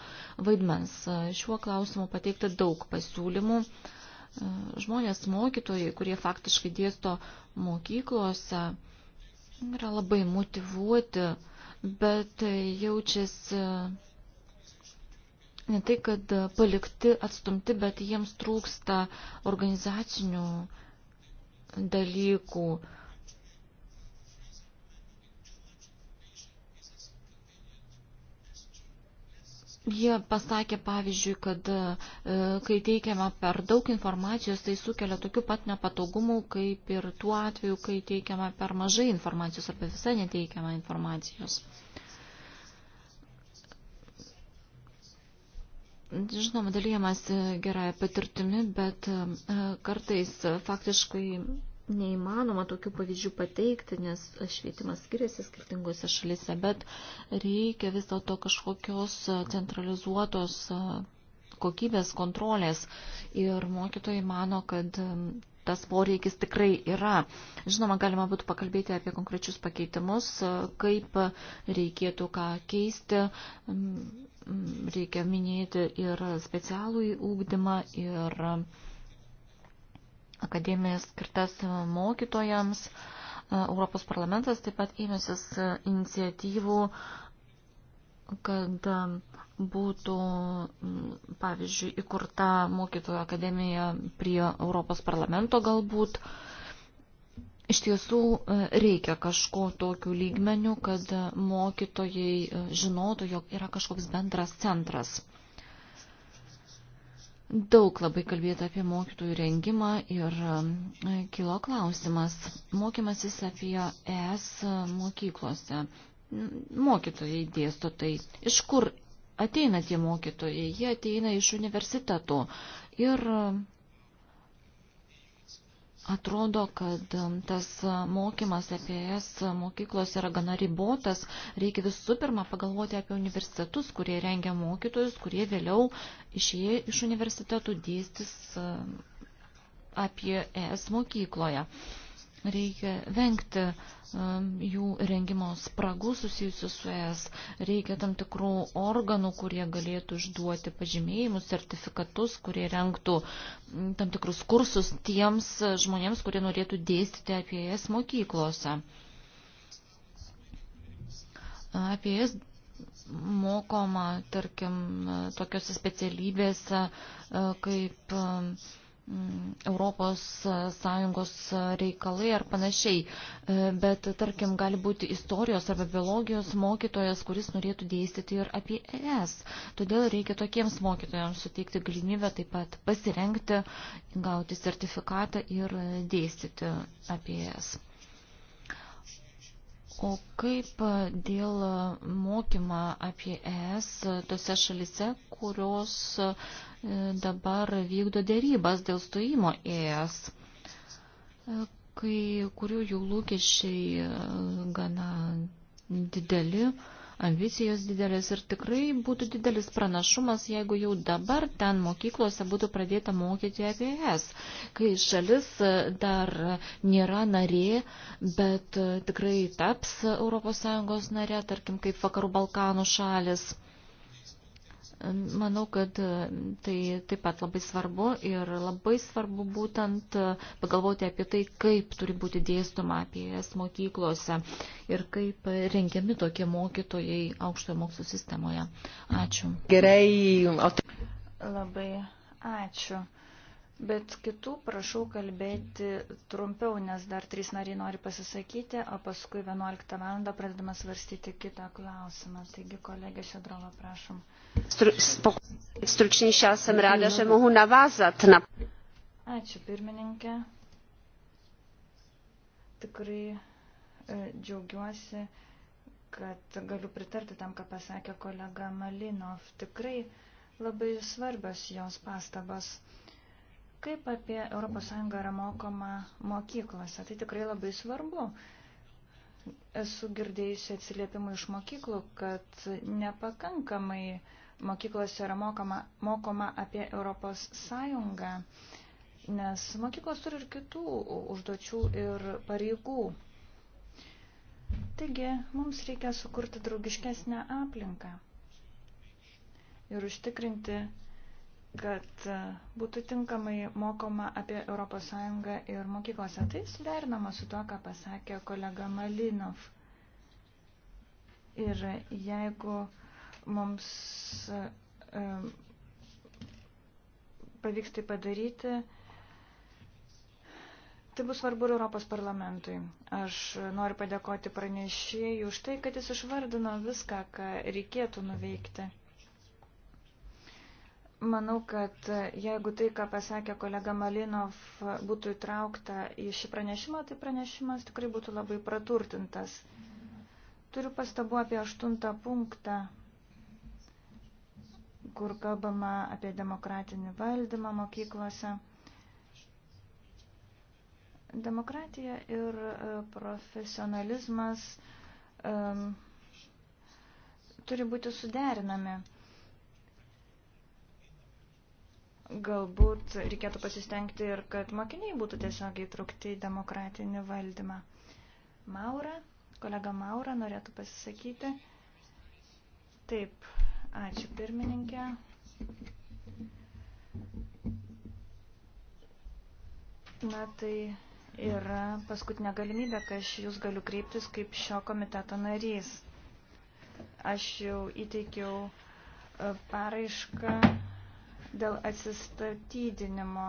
vaidmens. Šiuo klausimu pateikta daug pasiūlymų. Žmonės mokytojai, kurie faktiškai dėsto mokyklose, yra labai motivuoti, bet jaučiasi ne tai, kad palikti, atstumti, bet jiems trūksta organizacinių dalykų Jie pasakė, pavyzdžiui, kad e, kai teikiama per daug informacijos, tai sukelia tokių pat nepatogumų, kaip ir tuo atveju, kai teikiama per mažai informacijos arba visai neteikiama informacijos. Žinoma, dalyjamas gerąją patirtimi, bet e, kartais faktiškai neįmanoma tokių pavyzdžių pateikti, nes švietimas skiriasi skirtingose šalise, bet reikia vis dėlto kažkokios centralizuotos kokybės kontrolės ir mokytojai mano, kad tas poreikis tikrai yra. Žinoma, galima būtų pakalbėti apie konkrečius pakeitimus, kaip reikėtų ką keisti, reikia minėti ir specialų įūkdymą ir akademijas skirtas e, mokytojams. E, Europos parlamentas taip pat ėmėsis e, iniciatyvų, kad būtų, pavyzdžiui, įkurta mokytojų akademija prie Europos parlamento galbūt. Iš tiesų reikia kažko tokių lygmenių, kad mokytojai žinotų, jog yra kažkoks bendras centras. Daug labai kalbėta apie mokytojų rengimą ir e, kilo klausimas, mokymasis apie ES mokyklose. Mokytojai dėsto tai, iš kur ateina tie mokytojai, jie ateina iš universitetų ir Atrodo, kad um, tas mokymas apie jas mokyklos yra gana ribotas. Reikia visų pirma pagalvoti apie universitetus, kurie rengia mokytojus, kurie vėliau išėję iš universitetų dėstys apie ES mokykloje. Reikia vengti um, jų rengimo spragų susijusių su ES, reikia tam tikrų organų, kurie galėtų išduoti pažymėjimus, sertifikatus, kurie renktų mm, tam tikrus kursus tiems žmonėms, kurie norėtų dėstyti apie ES mokyklose. Apie ES mokoma, tarkim, tokiuose specialybėse uh, kaip um, Mm, Europos e, Sąjungos e, reikalai ar panašiai, e, bet tarkim gali būti istorijos arba biologijos mokytojas, kuris norėtų dėstyti ir apie ES. Todėl reikia tokiems mokytojams suteikti galimybę taip pat pasirenkti, gauti sertifikatą ir dėstyti apie ES. O kaip dėl mokymą apie ES tose šalise, kurios uh, E, dabar vykdo dėrybas dėl stojimo ES, e, kai kurių jų lūkesčiai e, gana dideli, ambicijos didelės ir tikrai būtų didelis pranašumas, jeigu jau dabar ten mokyklose būtų pradėta mokyti apie es, kai šalis dar nėra narė, bet tikrai taps ES narė, tarkim, kaip Vakarų Balkanų šalis. Manau, kad e, tai taip pat labai svarbu ir labai svarbu būtent e, pagalvoti apie tai, kaip turi būti dėstoma apie jas mokyklose ir kaip rengiami tokie mokytojai aukštojo mokslo sistemoje. Ačiū. Gerai. Labai ačiū. Bet kitų prašau kalbėti trumpiau, nes dar trys nariai nori pasisakyti, o paskui 11 val. pradedama svarstyti kitą klausimą. Taigi, kolegė Šedrova, prašom stručnější, já jsem ráda, že mohu navázat na. Ačiū pirmininkė. Tikrai e, džiaugiuosi, kad galiu pritarti tam, ką pasakė kolega Malinov. Tikrai labai svarbios jos pastabos. Kaip apie ES yra mokoma mokyklose, tai tikrai labai svarbu. Esu girdėjusi atsiliepimų iš mokyklų, kad nepakankamai uh, mokyklose yra mokama, mokoma apie Europos Sąjungą, nes mokyklos turi ir kitų užduočių ir pareigų. Taigi, mums reikia sukurti draugiškesnę aplinką ir užtikrinti, kad būtų tinkamai mokoma apie ES ir mokyklose. Tai suderinama su to, ką pasakė kolega Malinov. Ir jeigu mums pavyks tai padaryti. Tai bus svarbu ir Europos parlamentui. Aš noriu padėkoti pranešėjui už tai, kad jis išvardino viską, ką reikėtų nuveikti. Manau, kad jeigu tai, ką pasakė kolega Malinov, būtų įtraukta į šį pranešimą, tai pranešimas tikrai būtų labai praturtintas. Turiu pastabu apie aštuntą punktą kur kalbama apie demokratinį valdymą mokyklose. Demokratija ir e, profesionalizmas um, turi būti suderinami. Galbūt reikėtų pasistengti ir, kad mokiniai būtų tiesiog įtraukti į demokratinį valdymą. Maura, kolega Maura norėtų pasisakyti. Taip, Ačiū pirmininkė. Na tai yra paskutinė galimybė, kai aš jūs galiu kreiptis kaip šio komiteto narys. Aš jau įteikiau e, paraišką dėl atsistatydinimo.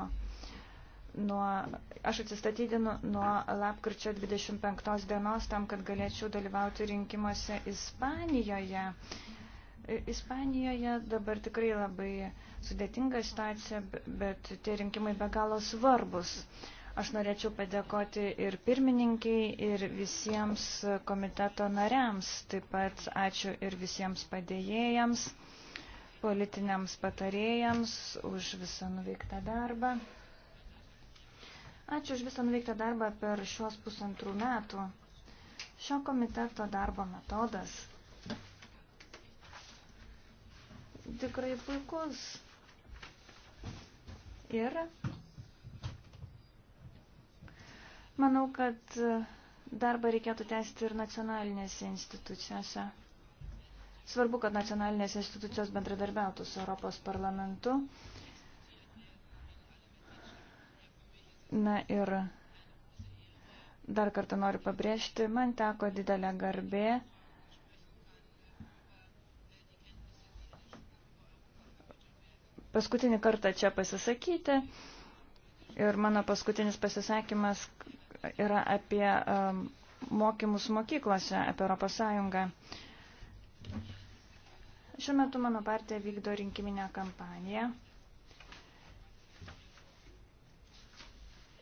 Nuo, aš atsistatydinu nuo lapkričio 25 dienos tam, kad galėčiau dalyvauti rinkimuose Ispanijoje. Uh, Ispanijoje dabar tikrai labai sudėtinga situacija, bet tie rinkimai be galo svarbus. Aš norėčiau padėkoti ir pirmininkiai, ir visiems komiteto nariams. Taip pat ačiū ir visiems padėjėjams, politiniams patarėjams už visą nuveiktą darbą. Ačiū už visą nuveiktą darbą per šios pusantrų metų. Šio komiteto darbo metodas tikrai puikus. Ir manau, kad darbą reikėtų tęsti ir nacionalinėse institucijose. Svarbu, kad nacionalinės institucijos bendradarbiautų su Europos parlamentu. Na ir dar kartą noriu pabrėžti, man teko didelė garbė paskutinį kartą čia pasisakyti. Ir mano paskutinis pasisakymas yra apie um, mokymus mokyklose, apie Europos Sąjungą. Šiuo metu mano partija vykdo rinkiminę kampaniją.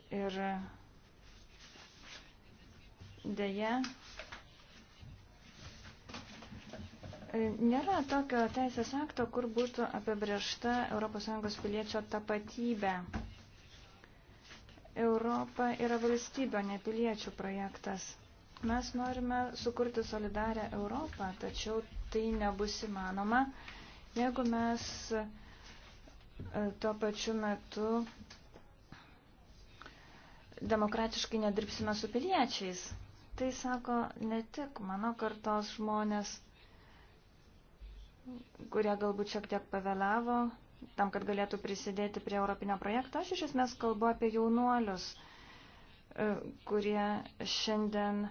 Ir dėje E, nėra tokio teisės akto, kur būtų apibriešta ES piliečio tapatybė. Europa yra valstybė, ne piliečių projektas. Mes norime sukurti solidarę Europą, tačiau tai nebus įmanoma, jeigu mes e, tuo pačiu metu demokratiškai nedirbsime su piliečiais. Tai sako ne tik mano kartos žmonės, kurie galbūt šiek tiek pavėlavo, tam, kad galėtų prisidėti prie europinio projekto. Aš iš esmės kalbu apie jaunuolius, e, kurie šiandien e,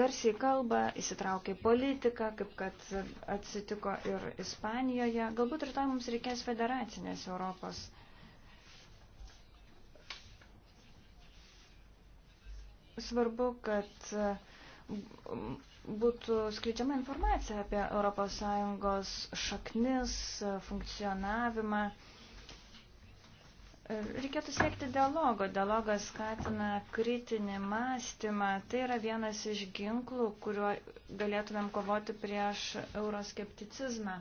garsiai kalba, įsitraukia į politiką, kaip kad atsitiko ir Ispanijoje. Galbūt rytoj mums reikės federacinės Europos. Svarbu, kad būtų skleidžiama informacija apie ES šaknis, funkcionavimą. Reikėtų siekti dialogo. Dialogas skatina kritinį mąstymą. Tai yra vienas iš ginklų, kuriuo galėtumėm kovoti prieš euroskepticizmą.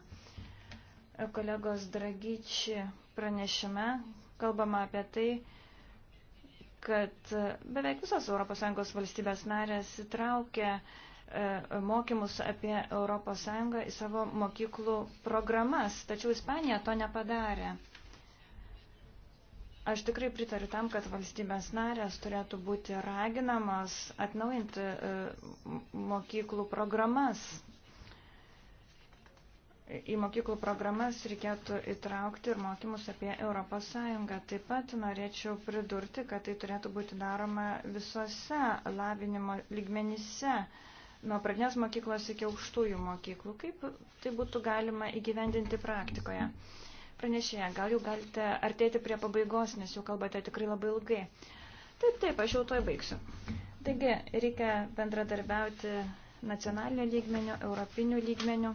Kolegos Dragyčiai pranešime kalbama apie tai, kad beveik visos ES valstybės narės įtraukia uh, E, mokymus apie ES į savo mokyklų programas, tačiau Ispanija to nepadarė. Aš tikrai pritariu tam, kad valstybės narės turėtų būti raginamos atnaujinti e, mokyklų programas. Į mokyklų programas reikėtų įtraukti ir mokymus apie ES. Taip pat norėčiau pridurti, kad tai turėtų būti daroma visose lavinimo lygmenyse nuo pradinės mokyklos iki aukštųjų mokyklų. Kaip tai būtų galima įgyvendinti praktikoje? Pranešėja, gal jau galite artėti prie pabaigos, nes jau kalbate tikrai labai ilgai. Taip, taip, aš jau toj baigsiu. Taigi, reikia bendradarbiauti nacionalinio lygmenio, europinių lygmenių.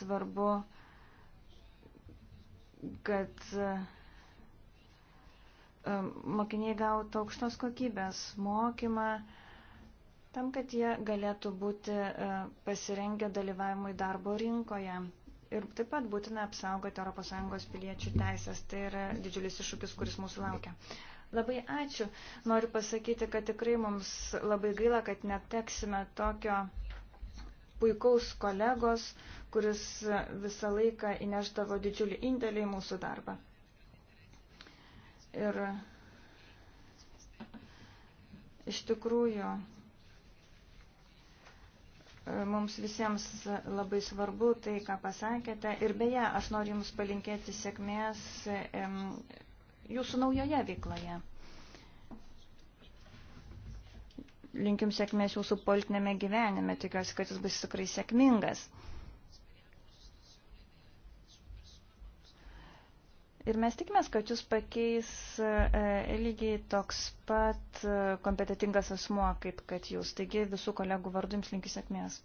Svarbu uh, kad e, e, mokiniai gautų aukštos kokybės mokymą, tam, kad jie galėtų būti e, pasirengę dalyvavimui darbo rinkoje. Ir taip pat būtina apsaugoti ES piliečių teisės. Tai yra didžiulis iššūkis, kuris mūsų laukia. Labai ačiū. Noriu pasakyti, kad tikrai mums labai gaila, kad neteksime tokio puikaus kolegos, kuris visą laiką įneždavo didžiulį indėlį į mūsų darbą. Ir iš tikrųjų e, mums visiems labai svarbu tai, ką pasakėte. Ir beje, aš noriu Jums palinkėti sėkmės Jūsų naujoje veikloje. Linkim sėkmės Jūsų politinėme gyvenime. Tikiuosi, kad jis bus tikrai sėkmingas. Ir mes tikimės, kad jūs pakeis e, lygiai toks pat e, kompetitingas asmuo, kaip kad jūs. Taigi visų kolegų vardu jums linkiu sėkmės.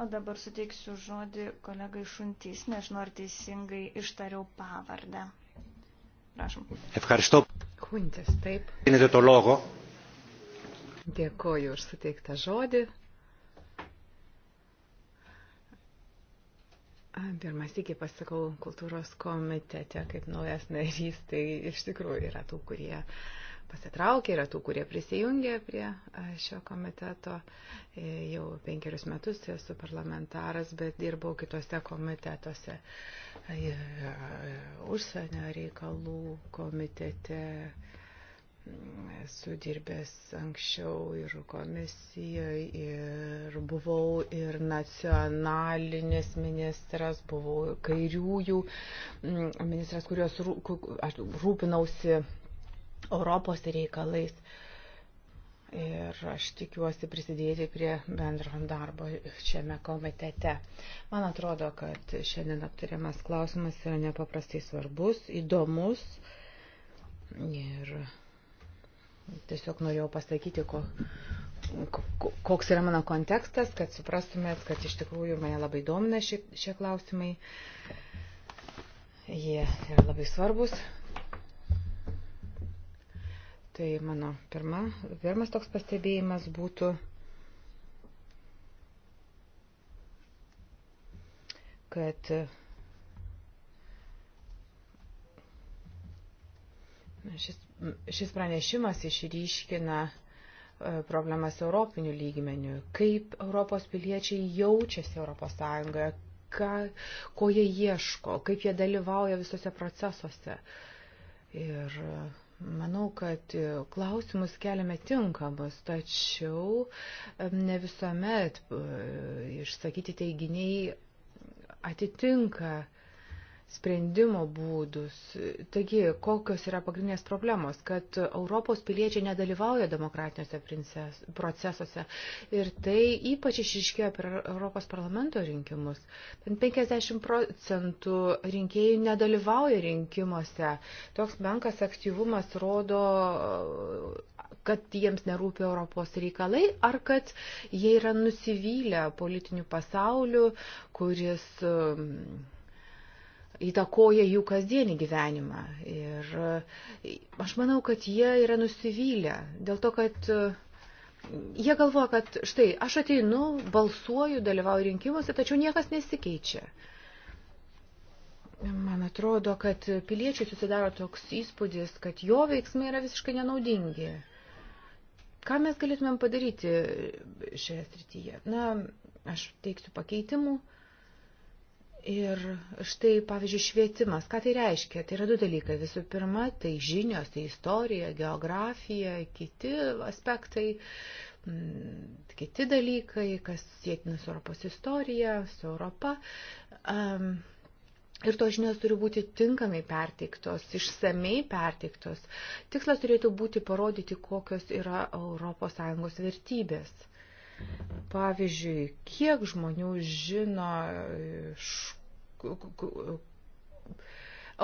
O dabar suteiksiu žodį kolegai Šuntys, nežinau, ar teisingai ištariau pavardę. Prašom. Efkarštop. Huntis, taip. Dėkoju už suteiktą žodį. Pirmas iki pasakau kultūros komitete kaip naujas narys, tai iš tikrųjų yra tų, kurie pasitraukė, yra tų, kurie prisijungė prie šio komiteto. E, jau penkerius metus esu parlamentaras, bet dirbau kitose komitetuose. E, užsienio reikalų komitete esu dirbęs anksčiau ir komisijoje, ir buvau ir nacionalinės ministras, buvau kairiųjų mm, ministras, kurios aš rūpinausi Europos reikalais. Ir aš tikiuosi prisidėti prie bendro darbo šiame komitete. Man atrodo, kad šiandien aptariamas klausimas yra nepaprastai svarbus, įdomus ir Tiesiog norėjau pasakyti, ko, koks yra mano kontekstas, kad suprastumėt, kad iš tikrųjų mane labai domina šie, šie klausimai. Jie yra labai svarbus. Tai mano pirma, pirmas toks pastebėjimas būtų, kad šis Šis pranešimas išryškina e, problemas europinių lygmenių, kaip Europos piliečiai jaučiasi Europos Sąjungoje, ką, ko jie ieško, kaip jie dalyvauja visose procesuose. Ir e, manau, kad e, klausimus keliame tinkamus, tačiau ne visuomet išsakyti teiginiai atitinka uh, sprendimo būdus. Taigi, kokios yra pagrindinės problemos, kad Europos piliečiai nedalyvauja demokratiniuose procesuose ir tai ypač išiškėjo per Europos parlamento rinkimus. 50 procentų rinkėjų nedalyvauja rinkimuose. Toks menkas aktyvumas rodo, kad jiems nerūpi Europos reikalai ar kad jie yra nusivylę politiniu pasauliu, kuris įtakoja jų kasdienį gyvenimą. Ir e, aš manau, kad jie yra nusivylę dėl to, kad e, jie galvoja, kad štai aš ateinu, balsuoju, dalyvauju rinkimuose, tačiau niekas nesikeičia. Man atrodo, kad piliečiai susidaro toks įspūdis, kad jo veiksmai yra visiškai nenaudingi. Ką mes galėtumėm padaryti šioje srityje? Na, aš teiksiu pakeitimų. Uh, Ir štai, pavyzdžiui, švietimas, ką tai reiškia? Tai yra du dalykai. Visų pirma, tai žinios, tai istorija, geografija, kiti aspektai, mm, kiti dalykai, kas sėtina su Europos istorija, su Europa. Um, Ir tos žinios turi būti tinkamai perteiktos, išsamei perteiktos. Tikslas turėtų būti parodyti, kokios yra ES vertybės. Pavyzdžiui, kiek žmonių žino, iš,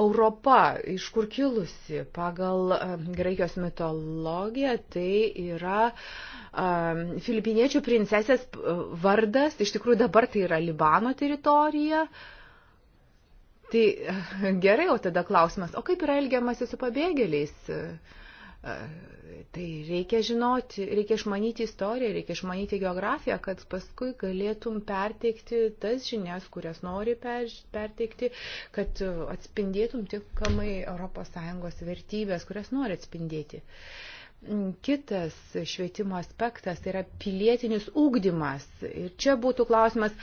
Europa, iš kur kilusi pagal graikijos mitologiją, tai yra um, filipiniečių princesės vardas, iš tikrųjų dabar tai yra Libano teritorija. Tai gerai, o tada klausimas, o kaip yra elgiamasi su pabėgėliais? Uh, E, tai reikia žinoti, reikia išmanyti istoriją, reikia išmanyti geografiją, kad paskui galėtum perteikti tas žinias, kurias nori per, perteikti, kad atspindėtum tinkamai ES vertybės, kurias nori atspindėti. Kitas švietimo aspektas tai yra pilietinis ūkdymas. Ir čia būtų klausimas,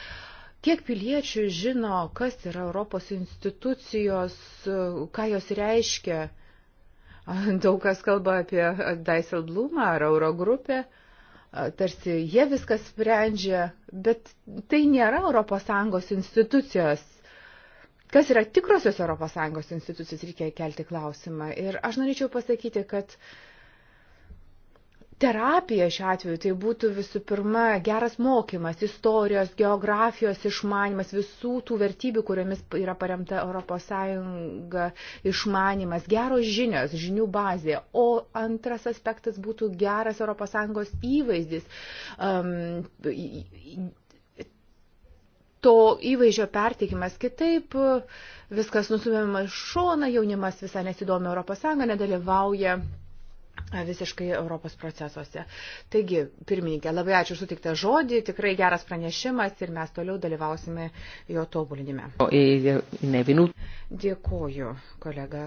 Kiek piliečių žino, kas yra Europos institucijos, ką jos reiškia? Daug kas kalba apie Daiselblumą ar Eurogrupę, tarsi jie viskas sprendžia, bet tai nėra ES institucijos. Kas yra tikrosios ES institucijos, reikia kelti klausimą. Ir aš norėčiau pasakyti, kad uh, terapija šiuo atveju tai būtų visų pirma geras mokymas, istorijos, geografijos išmanimas, visų tų vertybių, kuriomis yra paremta ES išmanimas, geros žinios, žinių bazė. O antras aspektas būtų geras ES įvaizdis. Um, to įvaizdžio perteikimas kitaip, uh, viskas nusumėma šona, jaunimas visai nesidomi ES, nedalyvauja visiškai Europos procesuose. Taigi, pirmininkė, labai ačiū sutiktą žodį, tikrai geras pranešimas ir mes toliau dalyvausime jo tobulinime. Dėkoju, kolega.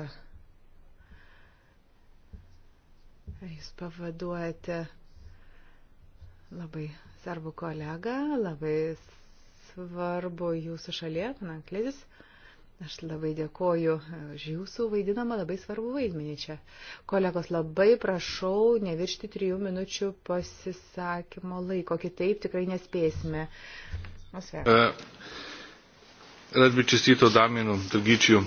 Jūs pavaduojate labai svarbų kolegą, labai svarbu jūsų šalyje, Pananklidis. Aš labai dėkoju e, už jūsų vaidinamą labai svarbų vaidmenį čia. Kolegos, labai prašau neviršti trijų minučių pasisakymo laiko, kitaip tikrai nespėsime. Uh, rad bi čestito Damjenu Drgičiju,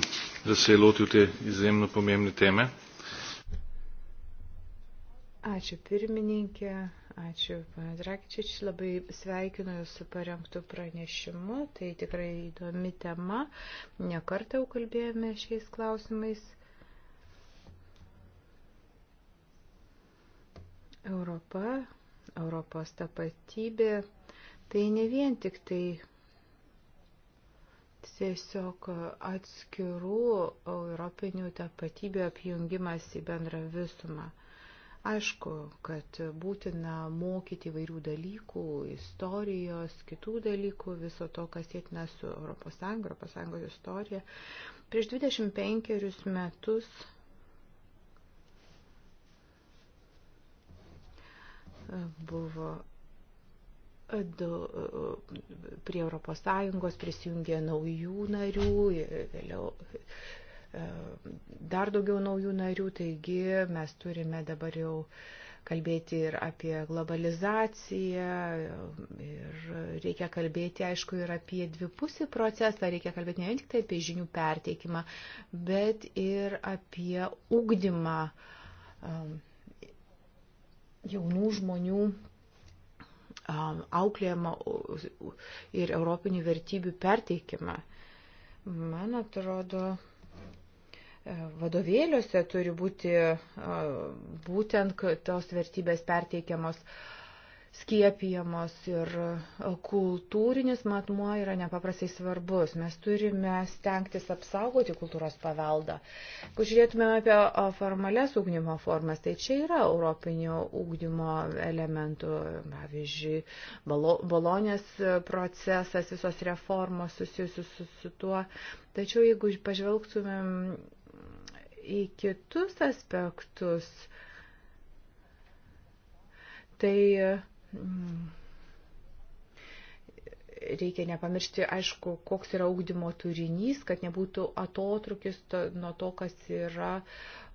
da se je lotil te izjemno pomembne teme. Ačiū pirmininkė, ačiū pana Drakičič, labai sveikinu Jūsų parengtų pranešimu, tai tikrai įdomi tema, nekartą jau kalbėjome šiais klausimais. Europa, Europos tapatybė, tai ne vien tik tai tiesiog atskirų europinių tapatybių apjungimas į bendrą visumą. Aišku, kad būtina mokyti įvairių dalykų, istorijos, kitų dalykų, viso to, kas sėtina su ES, ES istorija. Prieš 25 metus e, buvo e, e, prie ES prisijungė naujų narių, vėliau E, dar daugiau naujų narių, taigi mes turime dabar jau kalbėti ir apie globalizaciją, ir reikia kalbėti, aišku, ir apie dvipusį procesą, reikia kalbėti ne tik tai apie žinių perteikimą, bet ir apie ugdymą e, jaunų žmonių e, auklėjimą ir europinių vertybių perteikimą. Man atrodo, E, vadovėliuose turi būti e, būtent tos vertybės perteikiamos skiepijamos ir e, kultūrinis matmuo yra nepaprastai svarbus. Mes turime stengtis apsaugoti kultūros paveldą. Jeigu žiūrėtume apie formales ūkdymo formas, tai čia yra europinio ūkdymo elementų, pavyzdžiui, balonės procesas, visos reformos susijusius su, su tuo. Tačiau jeigu pažvelgtumėm į kitus aspektus, tai mm, reikia nepamiršti, aišku, koks yra ūkdymo turinys, kad nebūtų atotrukis to, nuo to, kas yra uh,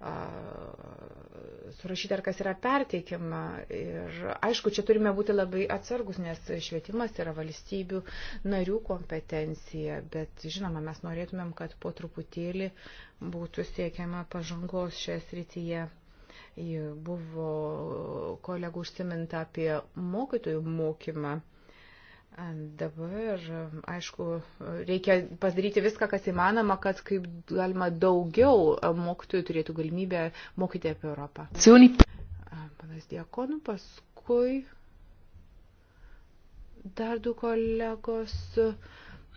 surašyti, ar kas yra perteikima. Ir aišku, čia turime būti labai atsargus, nes švietimas yra valstybių narių kompetencija, bet žinoma, mes norėtumėm, kad po truputėlį būtų siekiama pažangos šioje srityje. Buvo kolegų užsiminta apie mokytojų mokymą Dabar, aišku, reikia padaryti viską, kas įmanoma, kad kaip galima daugiau mokytojų turėtų galimybę mokyti apie Europą. Panas Diekonų, paskui dar du kolegos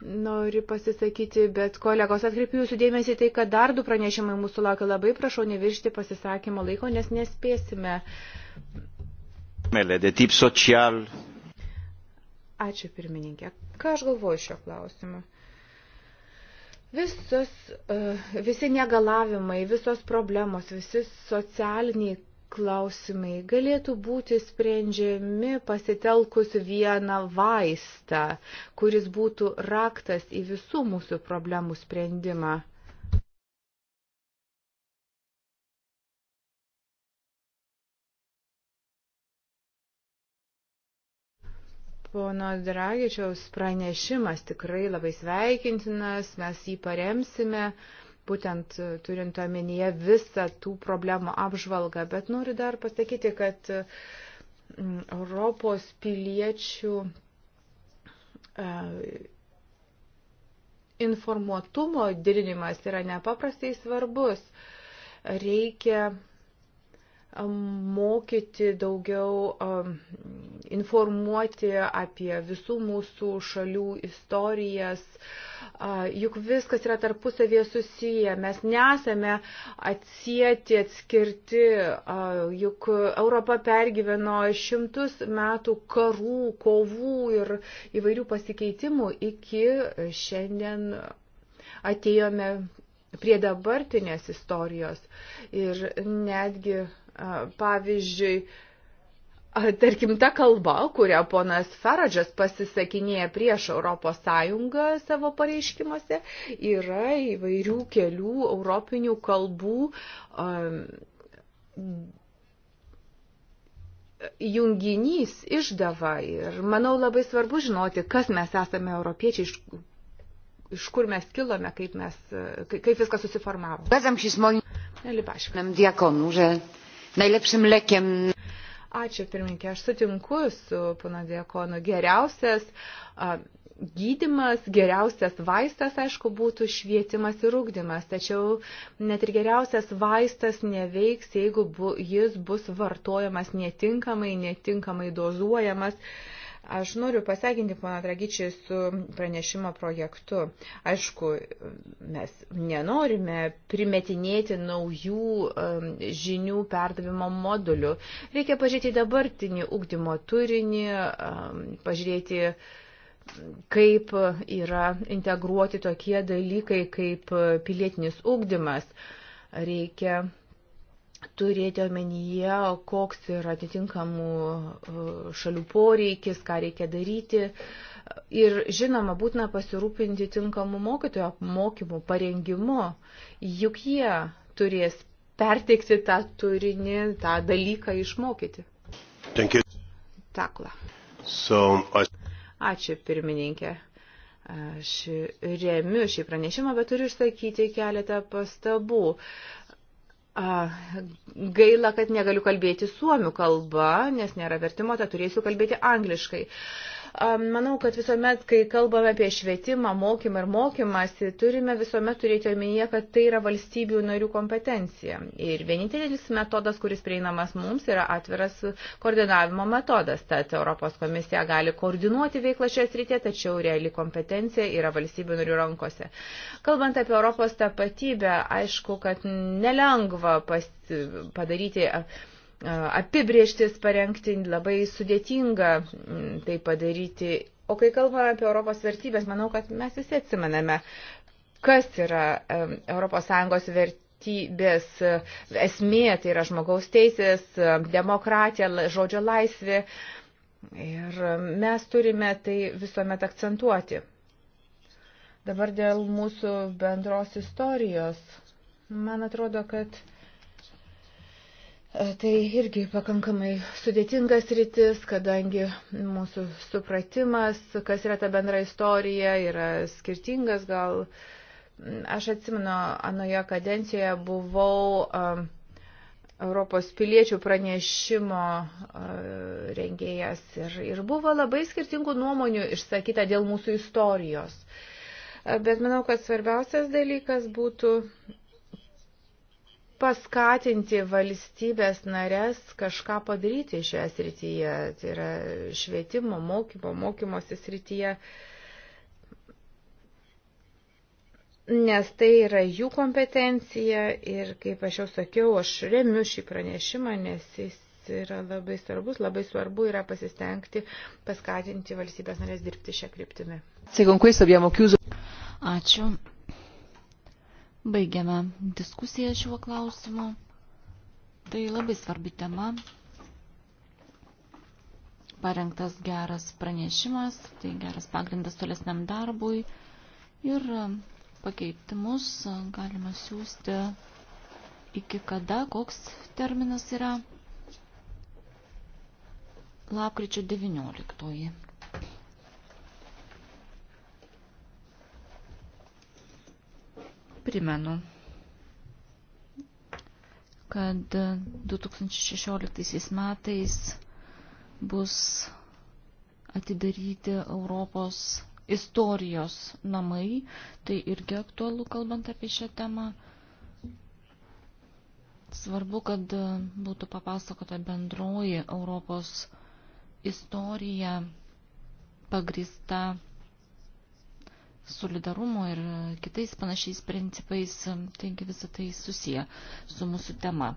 nori pasisakyti, bet kolegos atkreipiu jūsų dėmesį tai, kad dar du pranešimai mūsų laukia labai, prašau neviršti pasisakymo laiko, nes nespėsime. De tip social, Ačiū pirmininkė. Ką aš galvoju šio klausimu? Visos, e, visi negalavimai, visos problemos, visi socialiniai klausimai galėtų būti sprendžiami pasitelkus vieną vaistą, kuris būtų raktas į visų mūsų problemų sprendimą. Pono Dragičiaus pranešimas tikrai labai sveikintinas, mes jį paremsime, būtent e, turint omenyje visą tų problemų apžvalgą, bet noriu dar pasakyti, kad Europos piliečių e, informuotumo didinimas yra nepaprastai svarbus. Reikia Um, mokyti daugiau, um, informuoti apie visų mūsų šalių istorijas. Juk viskas yra tarpusavėje susiję, mes nesame atsieti, atskirti, juk Europa pergyveno šimtus metų karų, kovų ir įvairių pasikeitimų iki šiandien atėjome prie dabartinės istorijos ir netgi Pavyzdžiui, Tarkim, ta kalba, kurią ponas Faradžas pasisakinėja prieš Europos Sąjungą savo pareiškimuose, yra įvairių kelių europinių kalbų um, junginys, išdava. Ir manau labai svarbu žinoti, kas mes esame europiečiai, iš, iš kur mes kilome, kaip, mes, kaip viskas susiformavo. Zgadzam się z moim diakonu, że najlepšim lekiem. Ačiū pirmininkė, aš sutinku su pana Diekonu. Geriausias a, gydimas, geriausias vaistas, aišku, būtų švietimas ir ūkdymas, tačiau net ir geriausias vaistas neveiks, jeigu bu, jis bus vartojamas netinkamai, netinkamai dozuojamas. A, Aš noriu pasveikinti poną Dragičį su pranešimo projektu. Aišku, mes nenorime primetinėti naujų um, žinių perdavimo modulių. Reikia pažiūrėti dabartinį ugdymo turinį, um, pažiūrėti kaip yra integruoti tokie dalykai kaip pilietinis ugdymas. Reikia turėti omenyje, koks yra atitinkamų e, šalių poreikis, ką reikia daryti. Ir žinoma, būtina pasirūpinti tinkamų mokytojų apmokymų, parengimu, juk jie turės perteikti tą turinį, tą dalyką išmokyti. Takla. So, I... Ačiū, pirmininkė. Aš remiu šį pranešimą, bet turiu išsakyti keletą pastabų. Uh, Gaila, kad negaliu kalbėti suomių kalba, nes nėra vertimo, tad turėsiu kalbėti angliškai. Manau, kad visuomet, kai kalbame apie švietimą, mokymą ir mokymasi, turime visuomet turėti omenyje, kad tai yra valstybių narių kompetencija. Ir vienintelis metodas, kuris prieinamas mums, yra atviras koordinavimo metodas. Tad Europos komisija gali koordinuoti veiklą šioje srityje, tačiau reali kompetencija yra valstybių narių rankose. Kalbant apie Europos tapatybę, aišku, kad nelengva pas, padaryti apibrieštis parengti, labai sudėtinga mm, tai padaryti. O kai kalbame apie Europos vertybės, manau, kad mes visi atsimename, kas yra ES vertybės esmė, tai yra žmogaus teisės, demokratija, žodžio laisvė. Ir mes turime tai visuomet akcentuoti. Dabar dėl mūsų bendros istorijos. Man atrodo, kad E, tai irgi pakankamai sudėtingas rytis, kadangi mūsų supratimas, kas yra ta bendra istorija, yra skirtingas. Gal aš atsimenu, anoje kadencijoje buvau um, Europos piliečių pranešimo e, rengėjas ir, ir buvo labai skirtingų nuomonių išsakyta dėl mūsų istorijos. E, bet manau, kad svarbiausias dalykas būtų paskatinti valstybės narės kažką padaryti šioje srityje, tai yra švietimo, mokymo, mokymosi srityje, nes tai yra jų kompetencija ir, kaip aš jau sakiau, aš remiu šį pranešimą, nes jis yra labai svarbus, labai svarbu yra pasistengti paskatinti valstybės narės dirbti šią kryptimį. Ačiū. Baigiame diskusiją šiuo klausimu. Tai labai svarbi tema. Parengtas geras pranešimas, tai geras pagrindas tolesniam darbui. Ir pakeitimus galima siūsti iki kada, koks terminas yra. Lapkričio 19. -oji. Primenu, kad 2016 metais bus atidaryti Europos istorijos namai, tai irgi aktualu kalbant apie šią temą. Svarbu, kad būtų papasakota bendroji Europos istorija pagrįsta solidarumo ir kitais panašiais principais, taigi visą tai susiję su mūsų tema.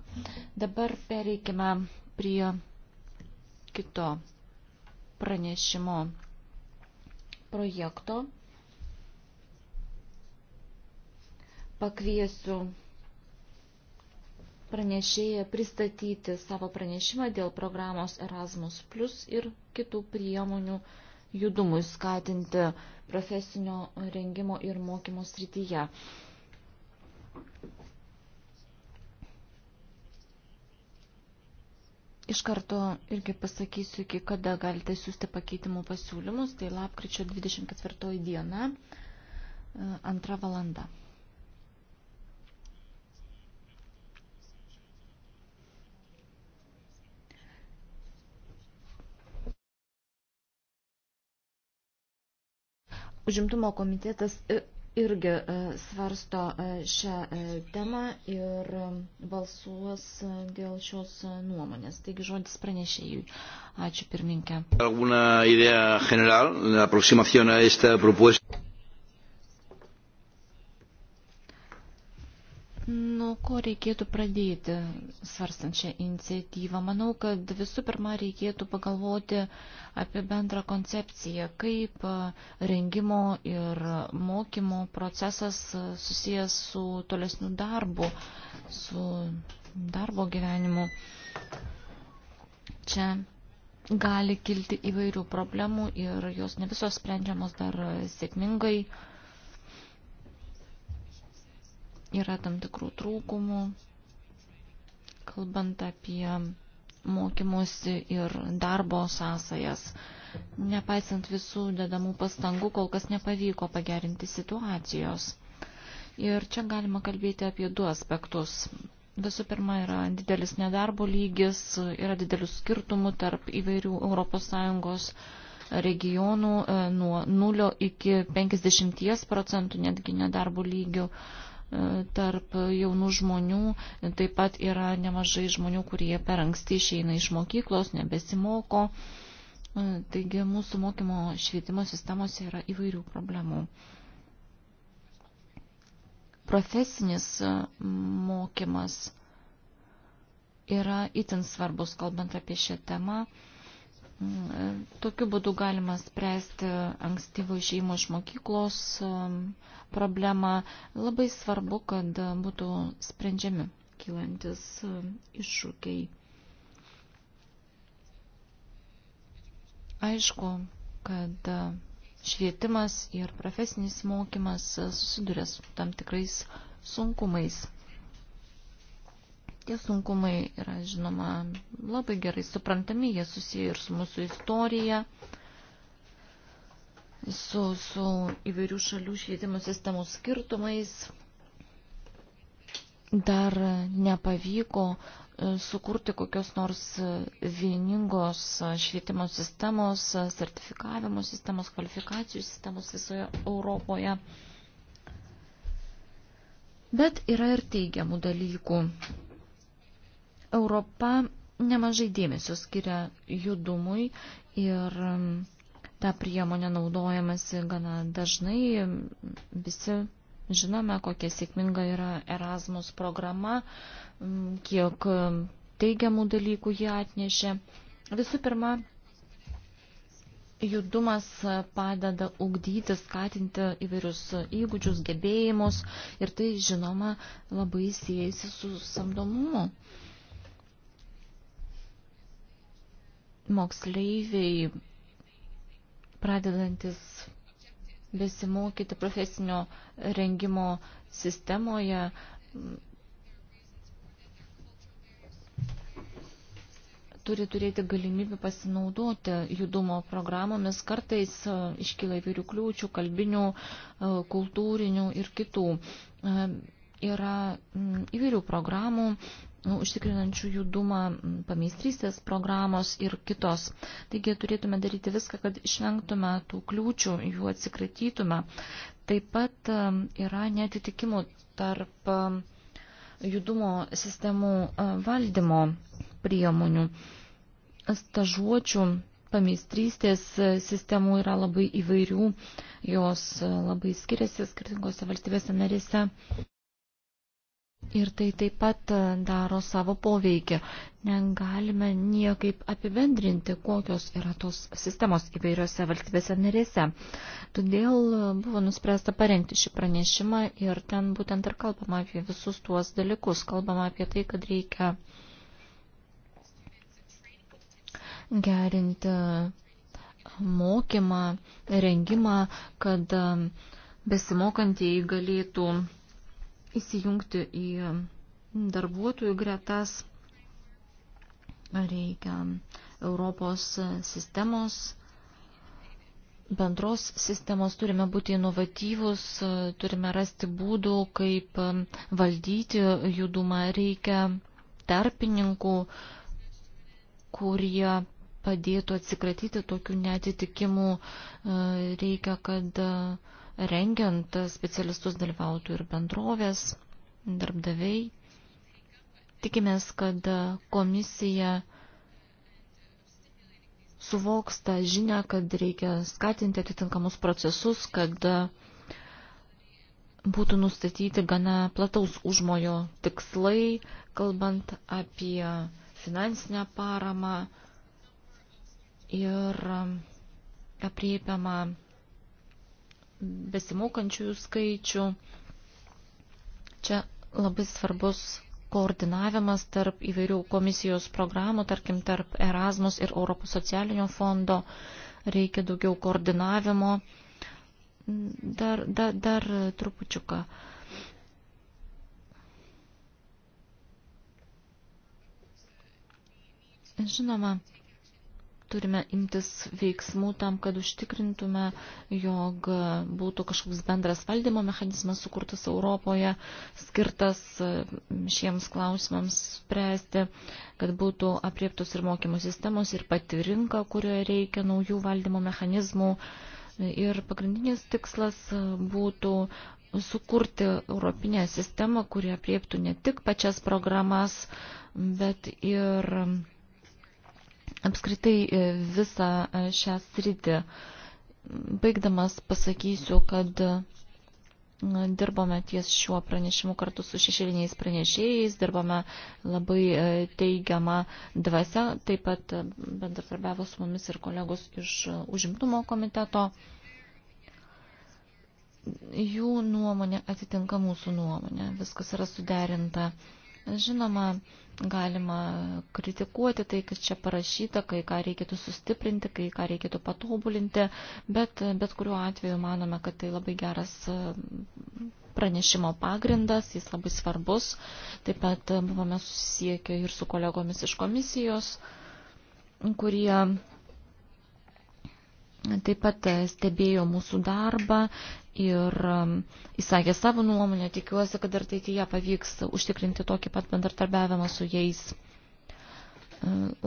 Dabar pereikime prie kito pranešimo projekto. Pakviesiu pranešėją pristatyti savo pranešimą dėl programos Erasmus Plus ir kitų priemonių judumui skatinti profesinio rengimo ir mokymo srityje. Iš karto irgi pasakysiu, iki kada galite siūsti pakeitimų pasiūlymus, tai lapkričio 24 diena, antra valanda. Užimtumo komitetas e, irgi e, svarsto e, šią temą ir balsuos dėl šios nuomonės. Taigi žodis pranešėjui. Ačiū pirminkė. Nuo ko reikėtų pradėti svarstant šią iniciatyvą? Manau, kad visų pirma reikėtų pagalvoti apie bendrą koncepciją, kaip rengimo ir mokymo procesas susijęs su tolesniu darbu, su darbo gyvenimu. Čia gali kilti įvairių problemų ir jos ne visos sprendžiamos dar sėkmingai Yra tam tikrų trūkumų, kalbant apie mokymosi ir darbo sąsajas. Nepaisant visų dedamų pastangų, kol kas nepavyko pagerinti situacijos. Ir čia galima kalbėti apie du aspektus. Visų pirma, yra didelis nedarbo lygis, yra didelių skirtumų tarp įvairių ES regionų e, nuo 0 iki 50 procentų netgi nedarbo lygių tarp jaunų žmonių. Taip pat yra nemažai žmonių, kurie per anksti išeina iš mokyklos, nebesimoko. Taigi mūsų mokymo švietimo sistemose yra įvairių problemų. Profesinis mokymas yra itin svarbus, kalbant apie šią temą. Tokiu būdu galima spręsti ankstyvo išėjimo iš mokyklos um, problemą. Labai svarbu, kad būtų sprendžiami kylantis um, iššūkiai. Aišku, kad švietimas ir profesinis mokymas susiduria su tam tikrais sunkumais. Tie sunkumai yra, žinoma, labai gerai suprantami, jie susiję ir su mūsų istorija, su, su įvairių šalių švietimo sistemų skirtumais. Dar nepavyko e, sukurti kokios nors vieningos švietimo sistemos, sertifikavimo sistemos, kvalifikacijų sistemos visoje Europoje. Bet yra ir teigiamų dalykų. Europa nemažai dėmesio skiria judumui ir um, tą priemonę naudojamasi gana dažnai. Visi žinome, kokia sėkminga yra Erasmus programa, um, kiek um, teigiamų dalykų jie atnešė. Visų pirma, Judumas padeda ugdyti, skatinti įvairius įgūdžius, gebėjimus ir tai, žinoma, labai siejasi su samdomumu. moksleiviai, pradedantis besimokyti profesinio rengimo sistemoje, turi turėti galimybę pasinaudoti judumo programomis. Kartais e, iškyla įvairių kliūčių, kalbinių, e, kultūrinių ir kitų. E, yra įvairių programų, Nu, užtikrinančių judumą, pameistrystės programos ir kitos. Taigi turėtume daryti viską, kad išvengtume tų kliūčių, jų atsikratytume. Taip pat yra netitikimų tarp judumo sistemų valdymo priemonių, stažuočių, pameistrystės sistemų yra labai įvairių, jos labai skiriasi skirtingose valstybėse narėse. Ir tai taip pat e, daro savo poveikį. Negalime niekaip apibendrinti, kokios yra tos sistemos įvairiose valstybėse narėse. Todėl e, buvo nuspręsta parengti šį pranešimą ir ten būtent ir kalbama apie visus tuos dalykus. Kalbama apie tai, kad reikia gerinti e, mokymą, rengimą, kad besimokantieji galėtų įsijungti į darbuotojų gretas, reikia Europos sistemos, bendros sistemos, turime būti inovatyvus, turime rasti būdų, kaip valdyti judumą, reikia tarpininkų, kurie padėtų atsikratyti tokių netitikimų, reikia, kad rengiant specialistus dalyvautų ir bendrovės, darbdaviai. Tikimės, kad komisija suvoks tą žinę, kad reikia skatinti atitinkamus procesus, kad būtų nustatyti gana plataus užmojo tikslai, kalbant apie finansinę paramą ir apriepiamą besimokančiųjų skaičių. Čia labai svarbus koordinavimas tarp įvairių komisijos programų, tarkim, tarp Erasmus ir Europos socialinio fondo. Reikia daugiau koordinavimo. Dar, dar, dar trupučiuką. Žinoma, turime imtis veiksmų tam, kad užtikrintume, jog būtų kažkoks bendras valdymo mechanizmas sukurtas Europoje, skirtas šiems klausimams spręsti, kad būtų apriektos ir mokymo sistemos, ir pati rinka, kurioje reikia naujų valdymo mechanizmų. Ir pagrindinis tikslas būtų sukurti europinę sistemą, kurie apriektų ne tik pačias programas, bet ir apskritai e, visą e, šią sritį. Baigdamas pasakysiu, kad e, dirbome ties šiuo pranešimu kartu su šešėliniais pranešėjais, dirbome labai teigiamą dvasę, taip pat bendratarbiavo su mumis ir kolegos iš užimtumo komiteto. Jų nuomonė atitinka mūsų nuomonė, viskas yra suderinta. Žinoma, galima kritikuoti tai, kas čia parašyta, kai ką reikėtų sustiprinti, kai ką reikėtų patobulinti, bet bet kuriuo atveju manome, kad tai labai geras pranešimo pagrindas, jis labai svarbus. Taip pat buvome susiekę ir su kolegomis iš komisijos, kurie taip pat e, stebėjo mūsų darbą ir įsakė savo nuomonę. Tikiuosi, kad ir ateityje pavyks užtikrinti tokį pat bendratarbiavimą su jais. E,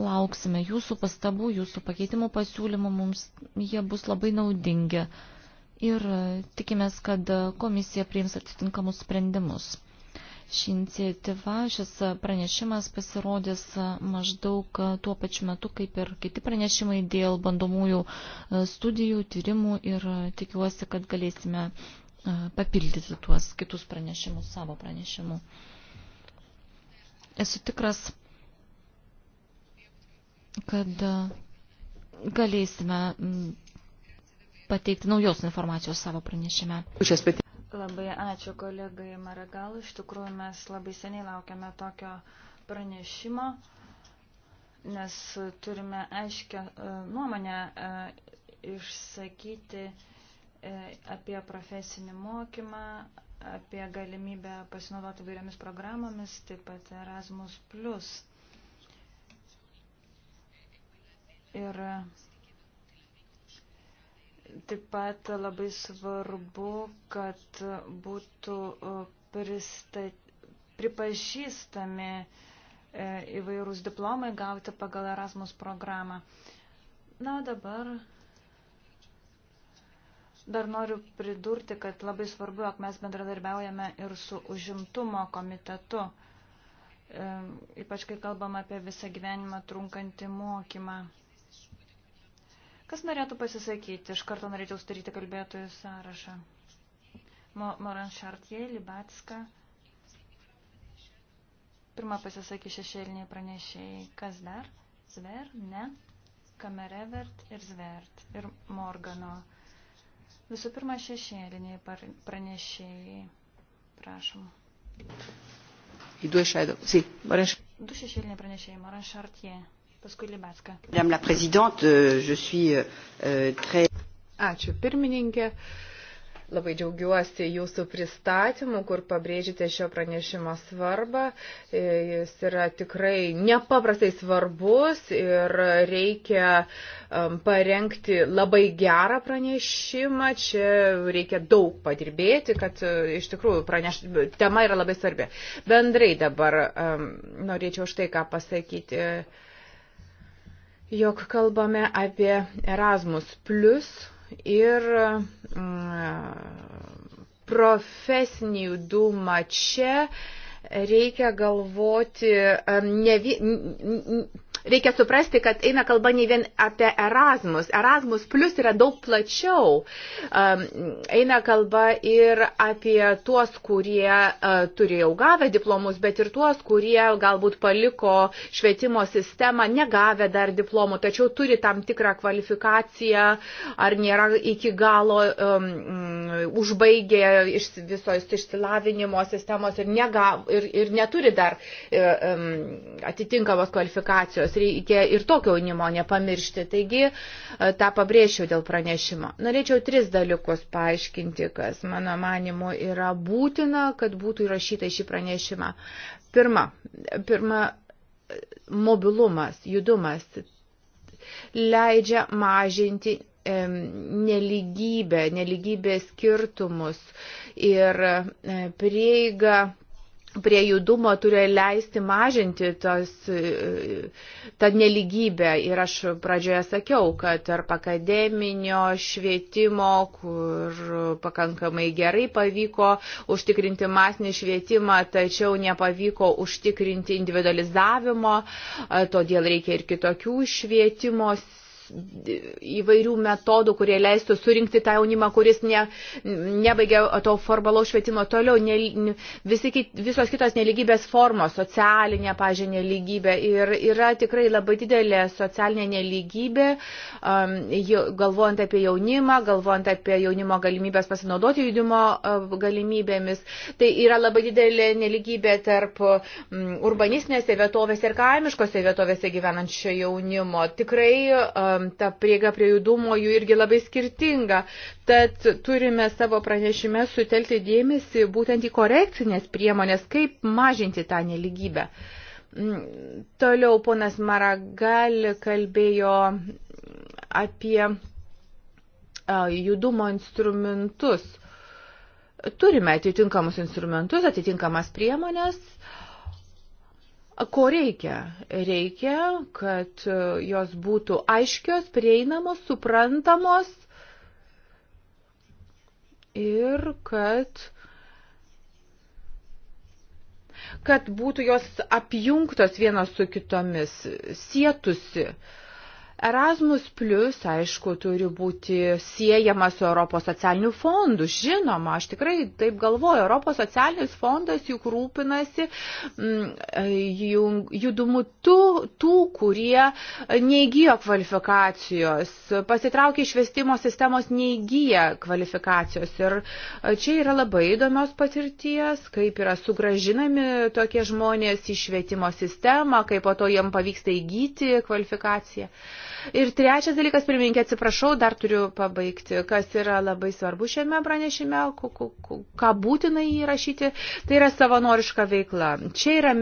lauksime jūsų pastabų, jūsų pakeitimų pasiūlymų, mums jie bus labai naudingi ir e, tikimės, kad komisija priims atitinkamus sprendimus. Ši iniciatyva, šis pranešimas pasirodys maždaug tuo pačiu metu, kaip ir kiti pranešimai dėl bandomųjų e, studijų, tyrimų ir tikiuosi, kad galėsime e, papildyti tuos kitus pranešimus savo pranešimu. Esu tikras, kad e, galėsime pateikti naujos informacijos savo pranešime. Labai ačiū kolegai Maragal. Iš tikrųjų, mes labai seniai laukiame tokio pranešimo, nes turime aiškę e, nuomonę e, išsakyti e, apie profesinį mokymą, apie galimybę pasinaudoti vairiomis programomis, taip pat Erasmus. Ir Taip pat labai svarbu, kad būtų e, pristat, pripažįstami e, įvairūs diplomai gauti pagal Erasmus programą. Na, dabar dar noriu pridurti, kad labai svarbu, jog mes bendradarbiaujame ir su užimtumo komitetu, e, ypač kai kalbam apie visą gyvenimą trunkantį mokymą. Kas norėtų pasisakyti? Iš karto norėčiau sudaryti kalbėtojų sąrašą. Moran Šartie, Libatska. Pirma pasisakė šešėliniai pranešėjai. Kas dar? Zver? Ne. Kamerevert ir Zvert. Ir Morgano. Visų pirma šešėliniai pranešėjai. Prašom. Į du šešėliniai pranešėjai. Moran Šartie. Paskui Limetska. Euh, Ačiū pirmininkė. Labai džiaugiuosi jūsų pristatymu, kur pabrėžite šio pranešimo svarbą. E, jis yra tikrai nepaprastai svarbus ir reikia um, parengti labai gerą pranešimą. Čia reikia daug padirbėti, kad e, iš tikrųjų praneš... tema yra labai svarbi. Bendrai dabar um, norėčiau štai ką pasakyti jog kalbame apie Erasmus Plus ir mm, profesinį judumą čia reikia galvoti e, ne, reikia suprasti, kad eina kalba ne vien apie Erasmus. Erasmus plus yra daug plačiau. Um, eina kalba ir apie tuos, kurie uh, turi jau gavę diplomus, bet ir tuos, kurie galbūt paliko švietimo sistemą, negavę dar diplomų, tačiau turi tam tikrą kvalifikaciją ar nėra iki galo um, mm, užbaigę iš visos išsilavinimo sistemos ir, nega, ir, ir neturi dar um, atitinkamos kvalifikacijos. Europos reikia ir tokio jaunimo nepamiršti. Taigi e, tą pabrėžčiau dėl pranešimo. Norėčiau tris dalykus paaiškinti, kas mano manimu yra būtina, kad būtų įrašyta į šį pranešimą. Pirma, pirma mobilumas, judumas leidžia mažinti neligybę, neligybės skirtumus ir e, prieiga prie judumo turi leisti mažinti tas, tą neligybę. Ir aš pradžioje sakiau, kad tarp akademinio švietimo, kur pakankamai gerai pavyko užtikrinti masinį švietimą, tačiau nepavyko užtikrinti individualizavimo, todėl reikia ir kitokių švietimos įvairių metodų, kurie leistų surinkti tą jaunimą, kuris ne, nebaigia to formalaus švietimo toliau. Ne, visi, visos kitos neligybės formos, socialinė, pažiūrėjau, neligybė. Ir yra tikrai labai didelė socialinė neligybė, um, galvojant apie jaunimą, galvojant apie jaunimo galimybės pasinaudoti judimo uh, galimybėmis. Tai yra labai didelė neligybė tarp um, urbanistinėse vietovėse ir kaimiškose vietovėse gyvenančio jaunimo. Tikrai uh, ta prieiga prie judumo jų irgi labai skirtinga. Tad turime savo pranešime sutelkti dėmesį būtent į korekcinės priemonės, kaip mažinti tą neligybę. Mm, toliau ponas Maragal kalbėjo apie judumo instrumentus. Turime atitinkamus instrumentus, atitinkamas priemonės. Uh, Ko reikia? Reikia, kad e, jos būtų aiškios, prieinamos, suprantamos ir kad kad būtų jos apjungtos vienos su kitomis, sėtusi. Uh, Erasmus Plus, aišku, turi būti siejama su Europos socialiniu fondu. Žinoma, aš tikrai taip galvoju, Europos socialinis fondas juk rūpinasi mm, judumu tų, tų kurie neįgyjo kvalifikacijos, pasitraukė iš vestimo sistemos neįgyja kvalifikacijos. Ir čia yra labai įdomios patirties, kaip yra sugražinami tokie žmonės į švietimo sistemą, kaip po to jiem pavyksta įgyti kvalifikaciją. Ir trečias dalykas, pirmininkė, atsiprašau, dar turiu pabaigti, kas yra labai svarbu šiame pranešime, ką būtinai įrašyti, tai yra savanoriška veikla. Čia yra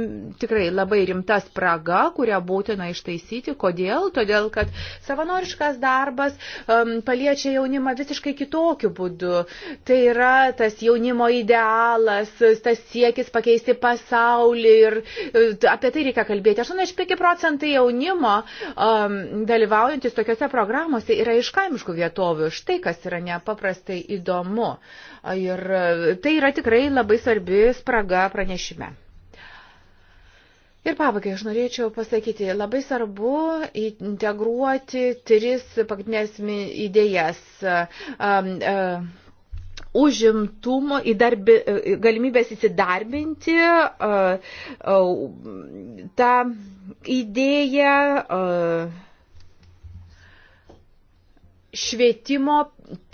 tikrai labai rimta spraga, kurią būtina ištaisyti. Kodėl? Todėl, kad savanoriškas darbas um, paliečia jaunimą visiškai kitokiu būdu. Tai yra tas jaunimo idealas, tas siekis pakeisti pasaulį ir e, apie tai reikia kalbėti. 85 procentai jaunimo um, dalyvauja dalyvaujantis tokiuose programuose yra iš kaimiškų vietovių. Štai kas yra nepaprastai įdomu. Ir tai yra tikrai labai svarbi spraga pranešime. Ir pabaigai aš norėčiau pasakyti, labai svarbu integruoti tris pagrindinės idėjas. Um, um, užimtumo, įdarbi, e, galimybės įsidarbinti, e, ta idėja švietimo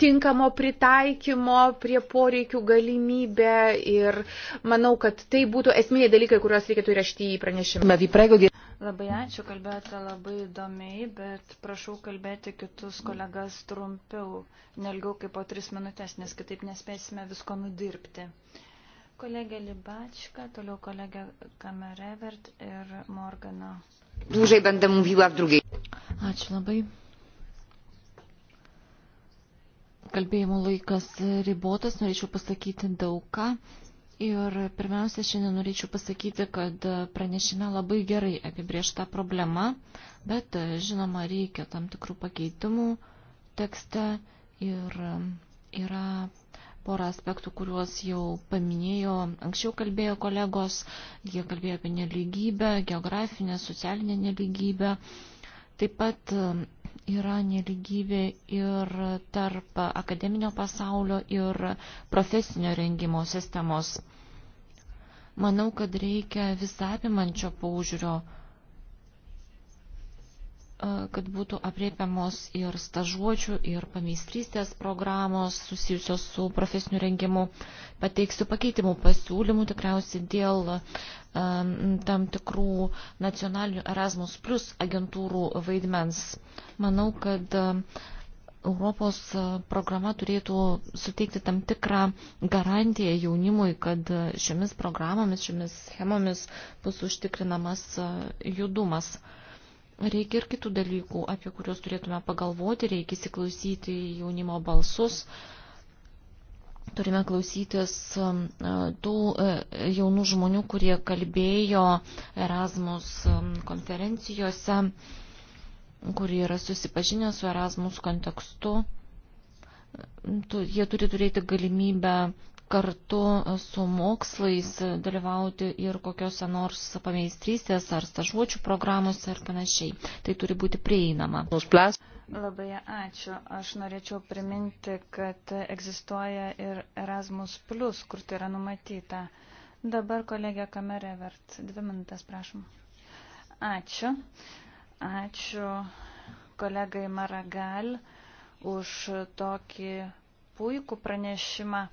tinkamo pritaikymo prie poreikių galimybę ir manau, kad tai būtų esminiai dalykai, kuriuos reikėtų įrašti į pranešimą. Labai ačiū, kalbėjote labai įdomiai, bet prašau kalbėti kitus kolegas trumpiau, nelgiau kaip po tris minutės, nes kitaip nespėsime visko nudirbti. Kolegė Libačka, toliau kolegė Kamerevert ir Morgana. Dłużej będę mówiła w drugiej. Ačiū labai kalbėjimo laikas ribotas, norėčiau pasakyti daug ką. Ir pirmiausia, šiandien norėčiau pasakyti, kad pranešime labai gerai apibriešta problema, bet žinoma, reikia tam tikrų pakeitimų tekste ir yra porą aspektų, kuriuos jau paminėjo anksčiau kalbėjo kolegos, jie kalbėjo apie neligybę, geografinę, socialinę neligybę. Taip pat yra neligybė ir tarp akademinio pasaulio ir profesinio rengimo sistemos. Manau, kad reikia visapimančio paužiūrio kad būtų apriepiamos ir stažuočių, ir pameistrystės programos susijusios su profesiniu rengimu. Pateiksiu pakeitimų pasiūlymų tikriausiai dėl um, tam tikrų nacionalinių Erasmus Plus agentūrų vaidmens. Manau, kad um, Europos programa turėtų suteikti tam tikrą garantiją jaunimui, kad šiomis programomis, šiomis schemomis bus užtikrinamas judumas. Uh, Reikia ir kitų dalykų, apie kuriuos turėtume pagalvoti, reikia įsiklausyti jaunimo balsus, turime klausytis um, tų e, jaunų žmonių, kurie kalbėjo Erasmus um, konferencijose, kurie yra susipažinę su Erasmus kontekstu. Jie turi turėti galimybę kartu su mokslais dalyvauti ir kokiuose nors pameistrystės ar stažuočių programuose ir panašiai. Tai turi būti prieinama. Labai ačiū. Aš norėčiau priminti, kad egzistuoja ir Erasmus, kur tai yra numatyta. Dabar kolegė Kamerevert, dvi minutės, prašom. Ačiū. Ačiū kolegai Maragal už tokį puikų pranešimą.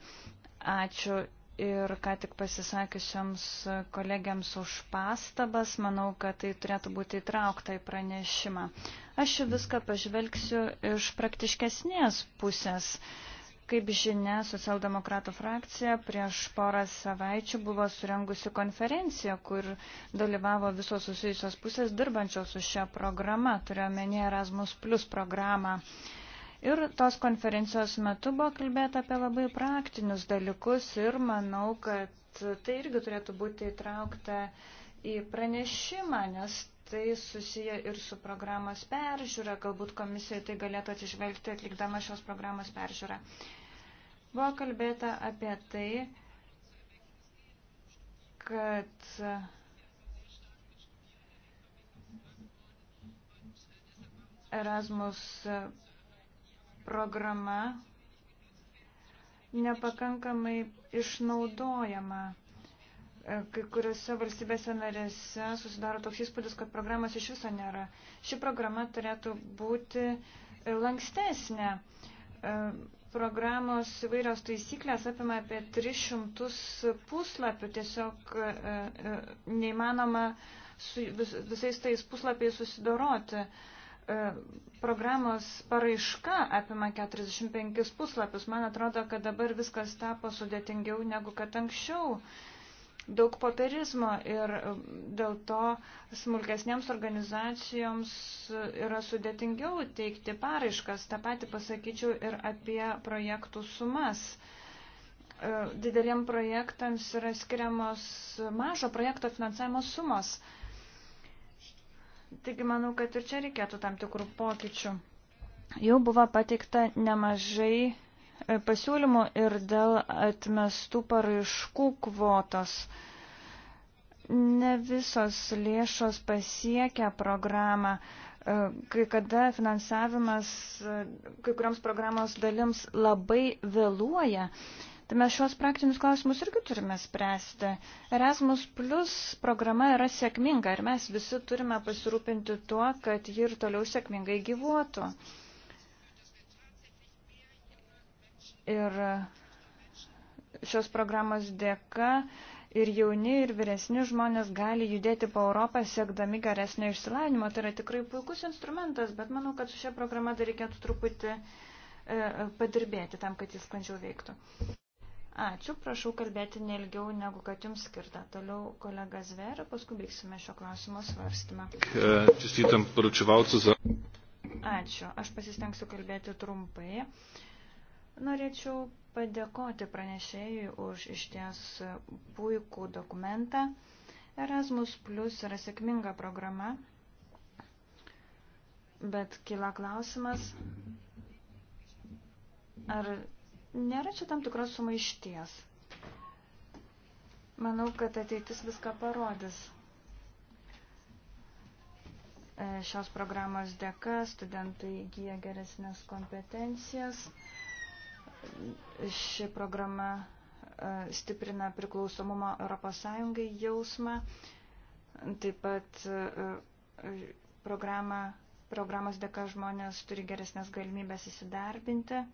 Ačiū ir ką tik pasisakiusioms kolegiams už pastabas. Manau, kad tai turėtų būti įtraukta į pranešimą. Aš viską pažvelgsiu iš praktiškesnės pusės. Kaip žinia, socialdemokratų frakcija prieš porą savaičių buvo surengusi konferenciją, kur dalyvavo visos susijusios pusės dirbančios su šia programa, turiuomenė Erasmus Plus programą. Uh, Ir tos konferencijos metu buvo kalbėta apie labai praktinius dalykus ir manau, kad tai irgi turėtų būti įtraukta į pranešimą, nes tai susiję ir su programos peržiūra, galbūt komisija tai galėtų atsižvelgti atlikdama šios programos peržiūrą. Buvo kalbėta apie tai, kad Erasmus programa nepakankamai išnaudojama. E, kai kuriuose valstybėse narėse susidaro toks įspūdis, kad programos iš viso nėra. Ši programa turėtų būti lankstesnė. E, programos įvairios taisyklės apima apie 300 puslapių. Tiesiog e, neįmanoma su visais tais puslapiais susidoroti. E, programos paraiška apima 45 puslapius. Man atrodo, kad dabar viskas tapo sudėtingiau negu kad anksčiau. Daug papirizmo ir e, dėl to smulkesniems organizacijoms yra sudėtingiau teikti paraiškas. Ta pati pasakyčiau ir apie projektų sumas e, dideliem projektams yra skiriamos mažo projekto finansavimo sumos. Taigi manau, kad ir čia reikėtų tam tikrų pokyčių. Jau buvo pateikta nemažai e, pasiūlymų ir dėl atmestų paraiškų kvotos ne visos lėšos pasiekia programą. E, kai kada finansavimas e, kai kurioms programos dalims labai vėluoja. Tai mes šios praktinius klausimus irgi turime spręsti. Erasmus Plus programa yra sėkminga ir mes visi turime pasirūpinti tuo, kad ji ir toliau sėkmingai gyvuotų. Ir šios programos dėka ir jauni, ir vyresni žmonės gali judėti po Europą siekdami geresnio išsilavinimo. Tai yra tikrai puikus instrumentas, bet manau, kad su šia programa dar reikėtų truputį e, padirbėti tam, kad jis sklandžiau veiktų. Ačiū, prašau kalbėti nelgiau negu kad jums skirta. Toliau kolega Zverė, paskui baigsime šio klausimo svarstymą. E, Ačiū, aš pasistengsiu kalbėti trumpai. Norėčiau padėkoti pranešėjui už išties puikų dokumentą. Erasmus Plus yra sėkminga programa, bet kila klausimas, ar nėra čia tam tikros sumaišties. Manau, kad ateitis viską parodys. E, šios programos dėka studentai įgyja geresnės kompetencijas. Ši programa e, stiprina priklausomumo ES jausmą. Taip pat e, programa, programos dėka žmonės turi geresnės galimybės įsidarbinti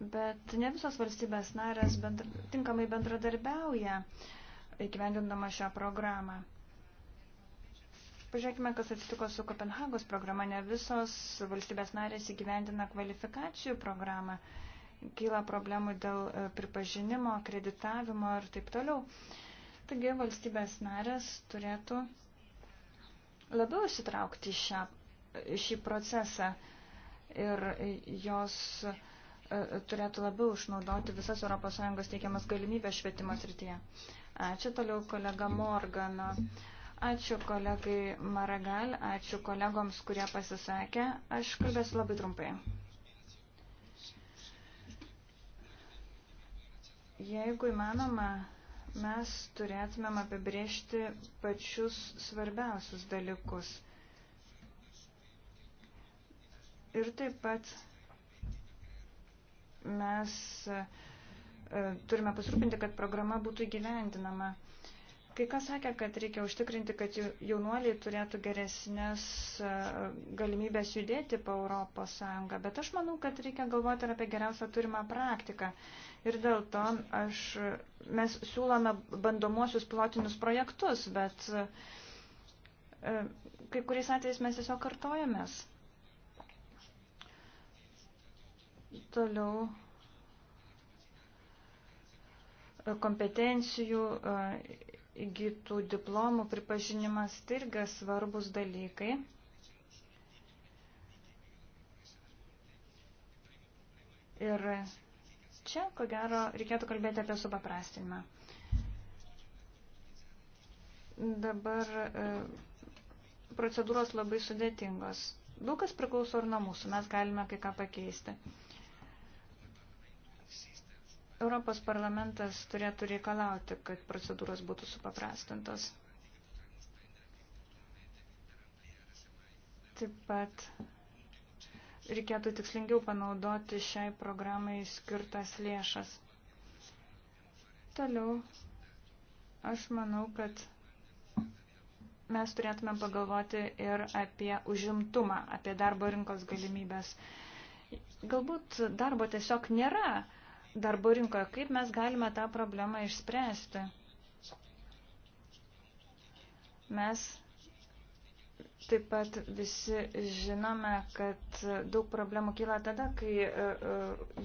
bet ne visos valstybės narės bendra, tinkamai bendradarbiauja įgyvendindama šią programą. Pažiūrėkime, kas atsitiko su Kopenhagos programa. Ne visos valstybės narės įgyvendina kvalifikacijų programą. Kyla problemų dėl e, pripažinimo, kreditavimo ir taip toliau. Taigi valstybės narės turėtų labiau įsitraukti šią, šį procesą ir jos uh, E, turėtų labiau išnaudoti visas ES teikiamas galimybės švietimo srityje. Ačiū toliau kolega Morgano. Ačiū kolegai Maragal, ačiū kolegoms, kurie pasisakė. Aš kalbėsiu labai trumpai. Jeigu įmanoma, mes turėtumėm apibriežti pačius svarbiausius dalykus. Ir taip pat mes e, turime pasirūpinti, kad programa būtų įgyvendinama. Kai kas sakė, kad reikia užtikrinti, kad jaunuoliai turėtų geresnės e, galimybės judėti po Europos Sąjungą, bet aš manau, kad reikia galvoti ir apie geriausią turimą praktiką. Ir dėl to aš, mes siūlome bandomuosius plotinius projektus, bet e, kai kuriais atvejais mes tiesiog kartojamės. Toliau kompetencijų įgytų diplomų pripažinimas tai irgi svarbus dalykai. Ir čia, ko gero, reikėtų kalbėti apie supaprastinimą. Dabar procedūros labai sudėtingos. Daug kas priklauso ir nuo mūsų, mes galime kai ką pakeisti. Europos parlamentas turėtų reikalauti, kad procedūros būtų supaprastintos. Taip pat reikėtų tikslingiau panaudoti šiai programai skirtas lėšas. Toliau, aš manau, kad mes turėtume pagalvoti ir apie užimtumą, apie darbo rinkos galimybės. Galbūt darbo tiesiog nėra, darbo rinkoje. Kaip mes galime tą problemą išspręsti? Mes taip pat visi žinome, kad daug problemų kyla tada, kai e, e,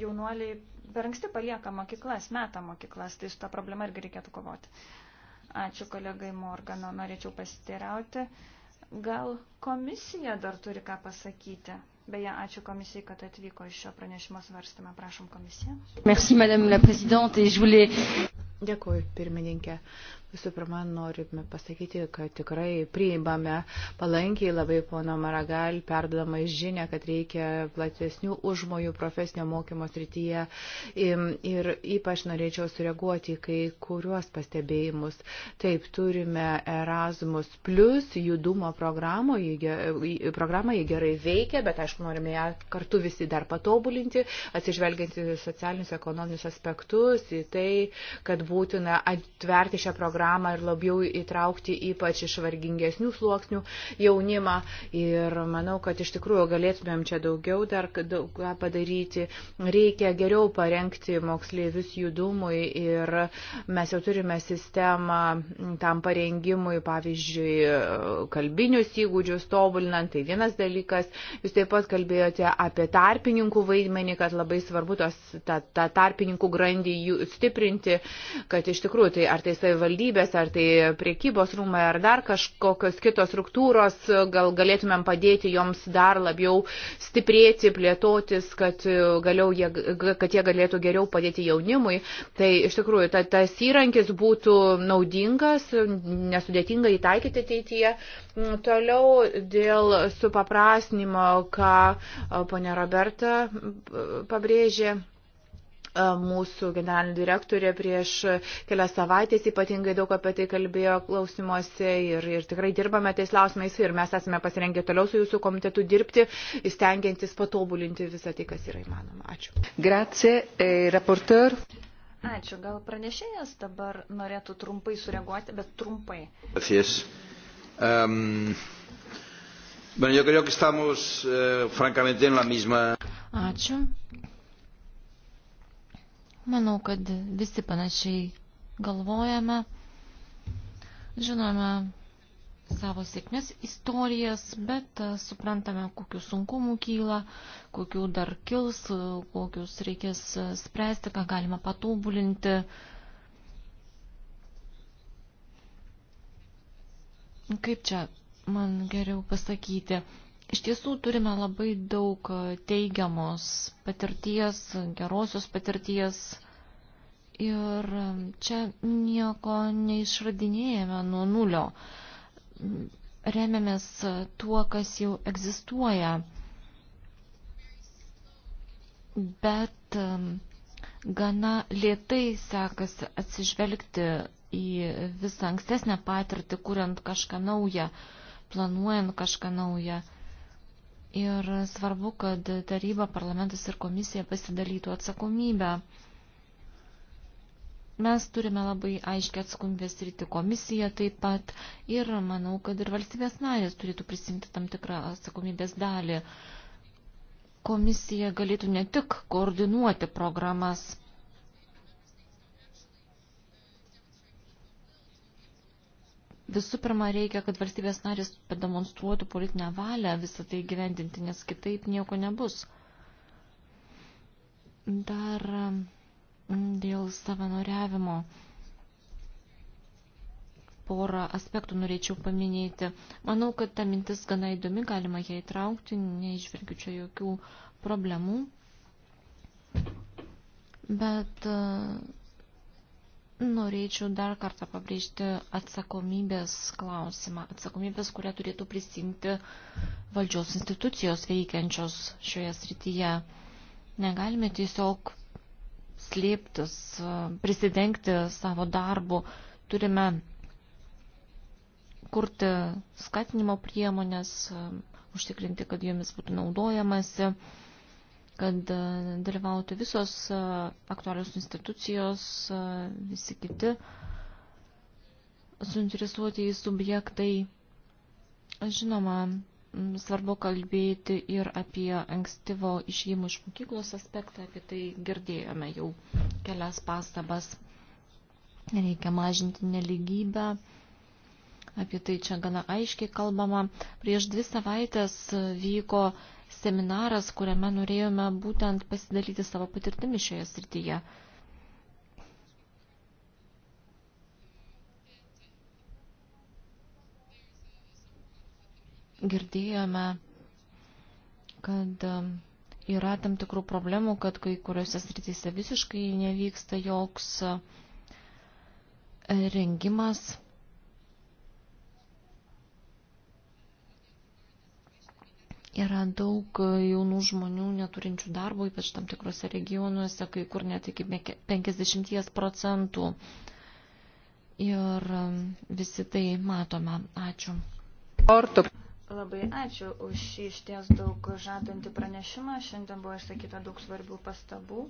jaunuoliai per anksti palieka mokyklas, meta mokyklas, tai su tą problemą irgi reikėtų kovoti. Ačiū kolegai Morgano, norėčiau pasiteirauti. Gal komisija dar turi ką pasakyti? Beje, ačiū komisijai, kad atvyko iš šio pranešimo svarstymą. Prašom komisiją. Merci, madame la présidente, et je voulais... Dėkuoju, pirmininkė. Uh, Visų pirma, norime pasakyti, kad tikrai priimame palankiai labai pono Maragal perdodamą žinę, kad reikia platesnių užmojų profesinio mokymo srityje. Ir ypač norėčiau sureaguoti kai kuriuos pastebėjimus. Taip, turime Erasmus plus judumo programą, programą jį gerai veikia, bet aišku, norime ją kartu visi dar patobulinti, atsižvelgiant į socialinius, ekonominius aspektus, į tai, kad būtina atverti šią programą programą ir labiau įtraukti ypač iš vargingesnių sluoksnių jaunimą. Ir manau, kad iš tikrųjų galėtumėm čia daugiau dar daug ką padaryti. Reikia geriau parengti moksleivius judumui ir mes jau turime sistemą tam parengimui, pavyzdžiui, kalbinius įgūdžius tobulinant. Tai vienas dalykas. Jūs taip pat kalbėjote apie tarpininkų vaidmenį, kad labai svarbu tos, tą, tą tarpininkų grandį stiprinti, kad iš tikrųjų tai ar tai savivaldybė valstybės, ar tai priekybos rūmai, ar dar kažkokios kitos struktūros, gal galėtumėm padėti joms dar labiau stiprėti, plėtotis, kad, e, jie, kad jie galėtų geriau padėti jaunimui. Tai iš tikrųjų ta, tas įrankis būtų naudingas, nesudėtinga įtaikyti ateityje. Mm, toliau dėl supaprasnimo, ką e, ponė Roberta pabrėžė mūsų generalinė direktorė prieš kelias savaitės ypatingai daug apie tai kalbėjo klausimuose ir, ir tikrai dirbame tais klausimais ir mes esame pasirengę toliau su jūsų komitetu dirbti, stengiantis patobulinti visą tai, kas yra įmanoma. Ačiū. Grazie, e, rapporteur. Ačiū. Gal pranešėjas dabar norėtų trumpai sureaguoti, bet trumpai. Gracias. Um... Bueno, yo creo que estamos, eh, francamente, en la misma. Ačiū. Manau, kad visi panašiai galvojame, žinome savo sėkmės istorijas, bet e, suprantame, kokiu sunkumu kyla, kokiu dar kils, e, kokius reikės e, spręsti, ką galima patobulinti. Kaip čia man geriau pasakyti? Iš tiesų turime labai daug e, teigiamos patirties, gerosios patirties ir e, čia nieko neišradinėjame nuo nulio. Remiamės e, tuo, kas jau egzistuoja. Bet gana lietai sekasi atsižvelgti į visą ankstesnę patirtį, kuriant kažką naują, planuojant kažką naują. Ir svarbu, kad taryba, parlamentas ir komisija pasidalytų atsakomybę. Mes turime labai aiškiai atsakomybės ryti komisiją taip pat ir manau, kad ir valstybės narės turėtų prisimti tam tikrą atsakomybės dalį. Komisija galėtų ne tik koordinuoti programas, Visų pirma, reikia, kad valstybės narės pademonstruotų politinę valią visą tai gyvendinti, nes kitaip nieko nebus. Dar dėl savanoriavimo porą aspektų norėčiau paminėti. Manau, kad ta mintis gana įdomi, galima ją įtraukti, neižvelgiu čia jokių problemų. Bet uh, Norėčiau dar kartą pabrėžti atsakomybės klausimą, atsakomybės, kurią turėtų prisimti valdžios institucijos veikiančios šioje srityje. Negalime tiesiog slėptis, prisidengti savo darbu. Turime kurti skatinimo priemonės, užtikrinti, kad jomis būtų naudojamasi kad e, dalyvautų visos e, aktualios institucijos, e, visi kiti suinteresuoti į subjektai. Žinoma, svarbu kalbėti ir apie ankstyvo išėjimų iš mokyklos aspektą, apie tai girdėjome jau kelias pastabas. Reikia mažinti neligybę. Apie tai čia gana aiškiai kalbama. Prieš dvi savaitės vyko seminaras, kuriame norėjome būtent pasidalyti savo patirtimi šioje srityje. Girdėjome, kad um, yra tam tikrų problemų, kad kai kuriuose srityse visiškai nevyksta joks uh, rengimas Yra daug jaunų žmonių neturinčių darbo, ypač tam tikrose regionuose, kai kur net iki 50 procentų. Ir um, visi tai matome. Ačiū. Ortu. Labai ačiū už šį išties daug žadantį pranešimą. Šiandien buvo išsakyta daug svarbių pastabų.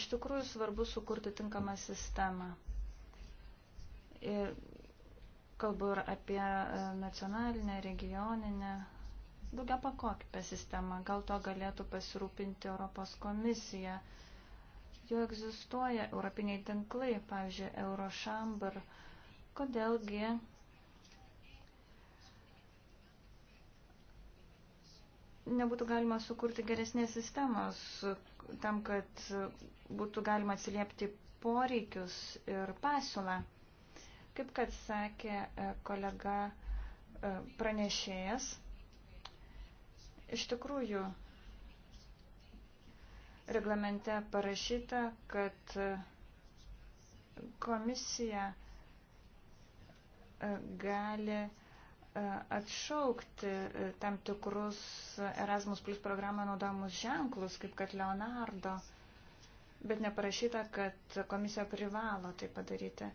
Iš tikrųjų svarbu sukurti tinkamą sistemą. Ir Kalbu ir apie e, nacionalinę, regioninę, daugia pakopipę sistemą. Gal to galėtų pasirūpinti Europos komisija. Jau egzistuoja europiniai tinklai, pavyzdžiui, Eurošambar. Kodėlgi nebūtų galima sukurti geresnės sistemos tam, kad būtų galima atsiliepti poreikius ir pasiūlą. Kaip kad sakė e, kolega e, pranešėjas, iš tikrųjų reglamente parašyta, kad e, komisija gali atšaukti tam tikrus Erasmus Plus programą naudojamus ženklus, kaip kad Leonardo, bet neparašyta, kad komisija privalo tai padaryti.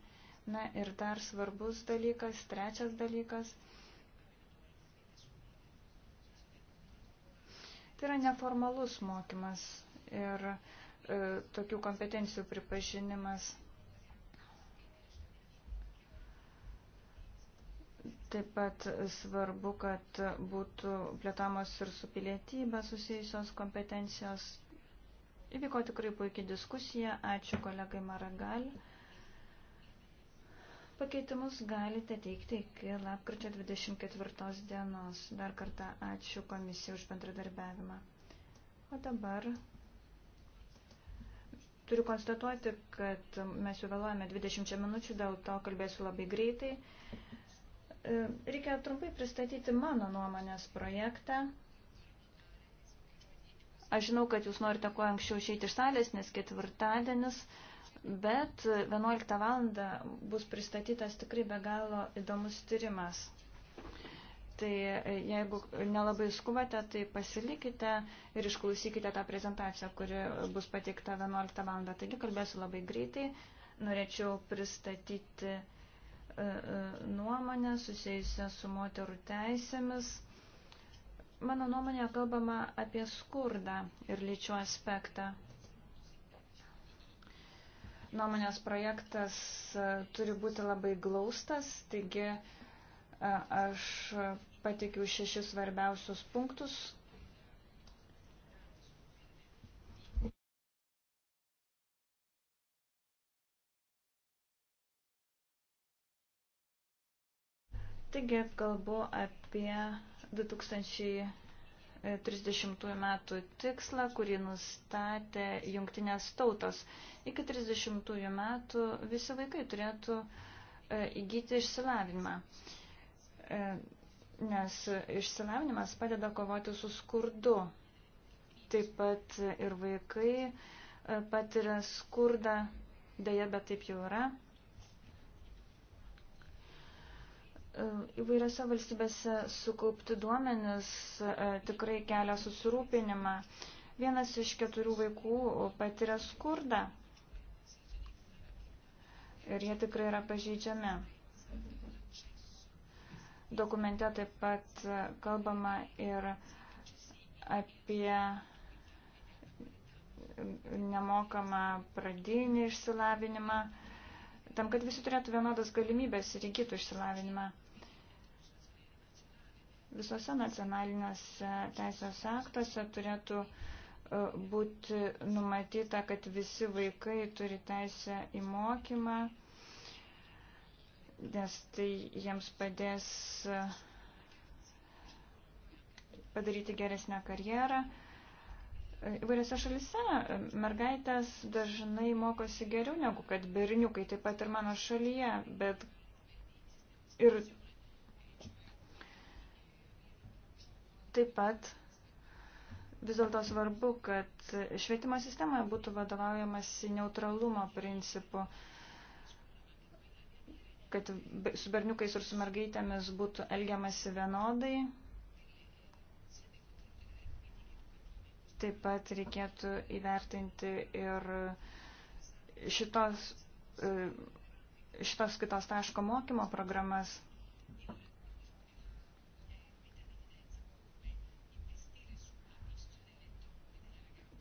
Na ir dar svarbus dalykas, trečias dalykas. Tai yra neformalus mokymas ir e, tokių kompetencijų pripažinimas. Taip pat svarbu, kad būtų plėtamos ir su pilietybė susijusios kompetencijos. Įvyko tikrai puikiai diskusija. Ačiū kolegai Maragal. Pakeitimus galite teikti iki lapkričio 24 dienos. Dar kartą ačiū komisijai už bendradarbiavimą. O dabar turiu konstatuoti, kad mes jau vėluojame 20 minučių, dėl to kalbėsiu labai greitai. E, reikia trumpai pristatyti mano nuomonės projektą. Aš žinau, kad jūs norite kuo anksčiau išeiti iš salės, nes ketvirtadienis bet 11 val. bus pristatytas tikrai be galo įdomus tyrimas. Tai e, jeigu nelabai skubate, tai pasilikite ir išklausykite tą prezentaciją, kuri bus pateikta 11 val. Taigi kalbėsiu labai greitai. Norėčiau pristatyti e, e, nuomonę susijusią su moterų teisėmis. Mano nuomonė kalbama apie skurdą ir lyčių aspektą. Nuomonės projektas e, turi būti labai glaustas, taigi e, aš pateikiau šešis svarbiausius punktus. Taigi kalbu apie 2000. 30 metų tikslą, kurį nustatė jungtinės tautos. Iki 30 metų visi vaikai turėtų e, įgyti išsilavinimą, e, nes išsilavinimas padeda kovoti su skurdu. Taip pat ir vaikai e, patiria skurdą, dėja, bet taip jau yra. E, įvairiose valstybėse sukaupti duomenis e, tikrai kelia susirūpinimą. Vienas iš keturių vaikų patiria skurdą ir jie tikrai yra pažeidžiami. Dokumente taip pat kalbama ir apie nemokamą pradinį išsilavinimą, tam, kad visi turėtų vienodas galimybės ir įgytų išsilavinimą. Visose nacionalinėse teisės aktuose turėtų e, būti numatyta, kad visi vaikai turi teisę į mokymą, nes tai jiems padės e, padaryti geresnę karjerą. E, įvairiose šalise mergaitės dažnai mokosi geriau negu kad berniukai, taip pat ir mano šalyje, bet ir Taip pat vis dėlto svarbu, kad švietimo sistemoje būtų vadovaujamas neutralumo principu, kad su berniukais ir su mergaitėmis būtų elgiamasi vienodai. Taip pat reikėtų įvertinti ir šitos, e, šitos kitos taško mokymo programas.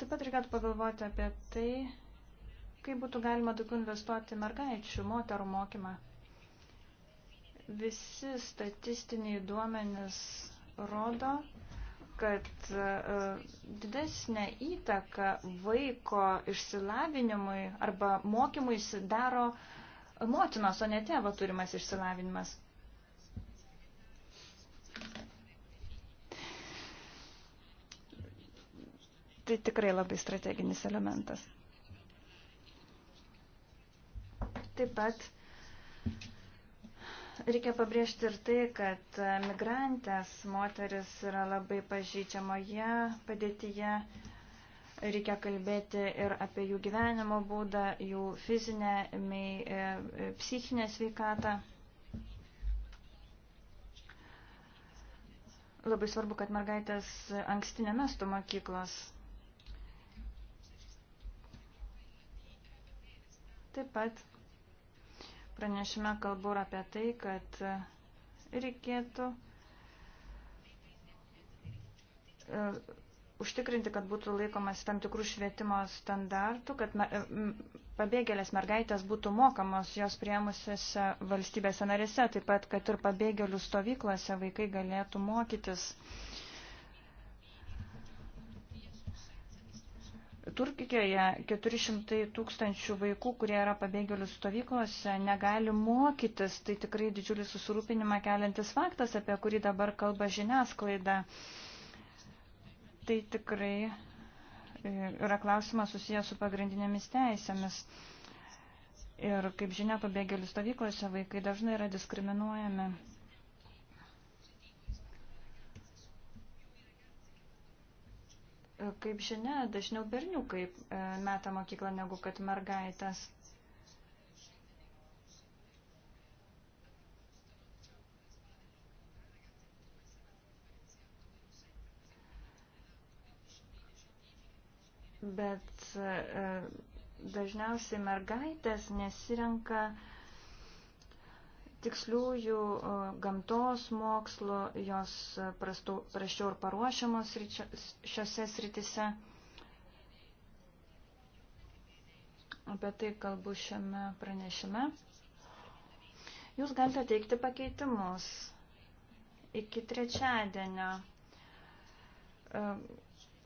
Taip pat reikėtų pagalvoti apie tai, kaip būtų galima daugiau investuoti mergaičių, moterų mokymą. Visi statistiniai duomenys rodo, kad e, didesnė įtaka vaiko išsilavinimui arba mokymui daro motinos, o ne tėvo turimas išsilavinimas. Tai tikrai labai strateginis elementas. Taip pat reikia pabrėžti ir tai, kad migrantės moteris yra labai pažydžiamoje padėtyje. Reikia kalbėti ir apie jų gyvenimo būdą, jų fizinę bei e, e, psichinę sveikatą. Labai svarbu, kad mergaitės anksti nemestų mokyklos Taip pat pranešime kalbu ir apie tai, kad reikėtų e, užtikrinti, kad būtų laikomas tam tikrų švietimo standartų, kad e, pabėgėlės mergaitės būtų mokamos jos priemusiose valstybėse narėse, taip pat, kad ir pabėgėlių stovyklose vaikai galėtų mokytis. Uh, Turkijoje 400 tūkstančių vaikų, kurie yra pabėgėlių stovyklose, negali mokytis. Tai tikrai didžiulį susirūpinimą keliantis faktas, apie kurį dabar kalba žiniasklaida. Tai tikrai e, yra klausimas susijęs su pagrindinėmis teisėmis. Ir kaip žinia, pabėgėlių stovyklose vaikai dažnai yra diskriminuojami. Kaip žinia, dažniau berniukai e, meta mokyklą negu kad mergaitės. Bet e, dažniausiai mergaitės nesirenka uh, tiksliųjų e, gamtos mokslo, jos prastu, praščiau ir paruošiamos šiose sritise. Apie tai kalbu šiame pranešime. Jūs galite teikti pakeitimus iki trečiadienio, e,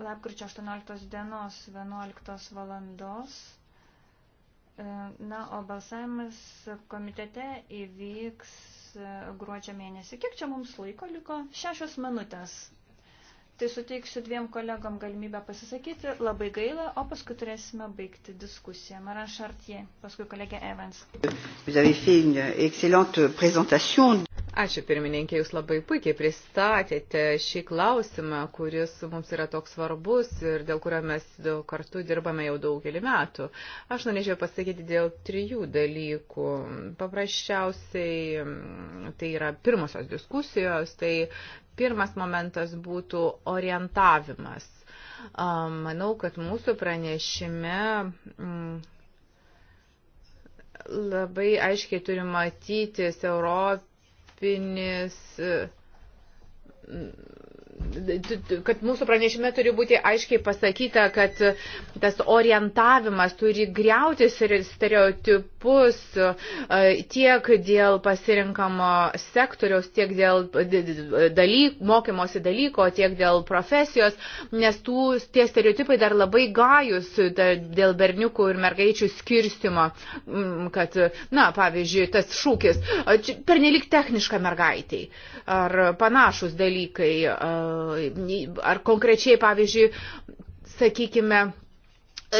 lapkričio 18 dienos 11 valandos. Na, o balsavimas komitete įvyks e, gruodžio mėnesį. Kiek čia mums laiko liko? Šešios minutės. Tai suteiksiu dviem kolegom galimybę pasisakyti. Labai gaila, o paskui turėsime baigti diskusiją. Mara Chartier, paskui kolegė Evans. Ačiū pirmininkė, jūs labai puikiai pristatėte šį klausimą, kuris mums yra toks svarbus ir dėl kurio mes kartu dirbame jau daugelį metų. Aš norėčiau pasakyti dėl trijų dalykų. Paprasčiausiai mm, tai yra pirmosios diskusijos, tai pirmas momentas būtų orientavimas. Manau, kad mūsų pranešime mm, labai aiškiai turi matytis Europos europinis kad mūsų pranešime turi būti aiškiai pasakyta, kad tas orientavimas turi griauti stereotipus e, tiek dėl pasirinkamo sektoriaus, tiek dėl dalyk, mokymosi dalyko, tiek dėl profesijos, nes tų, tie stereotipai dar labai gajus dėl berniukų ir mergaičių skirstimo, mm, kad, na, pavyzdžiui, tas šūkis, pernelik techniška mergaitiai ar panašus dalykai ar konkrečiai, pavyzdžiui, sakykime,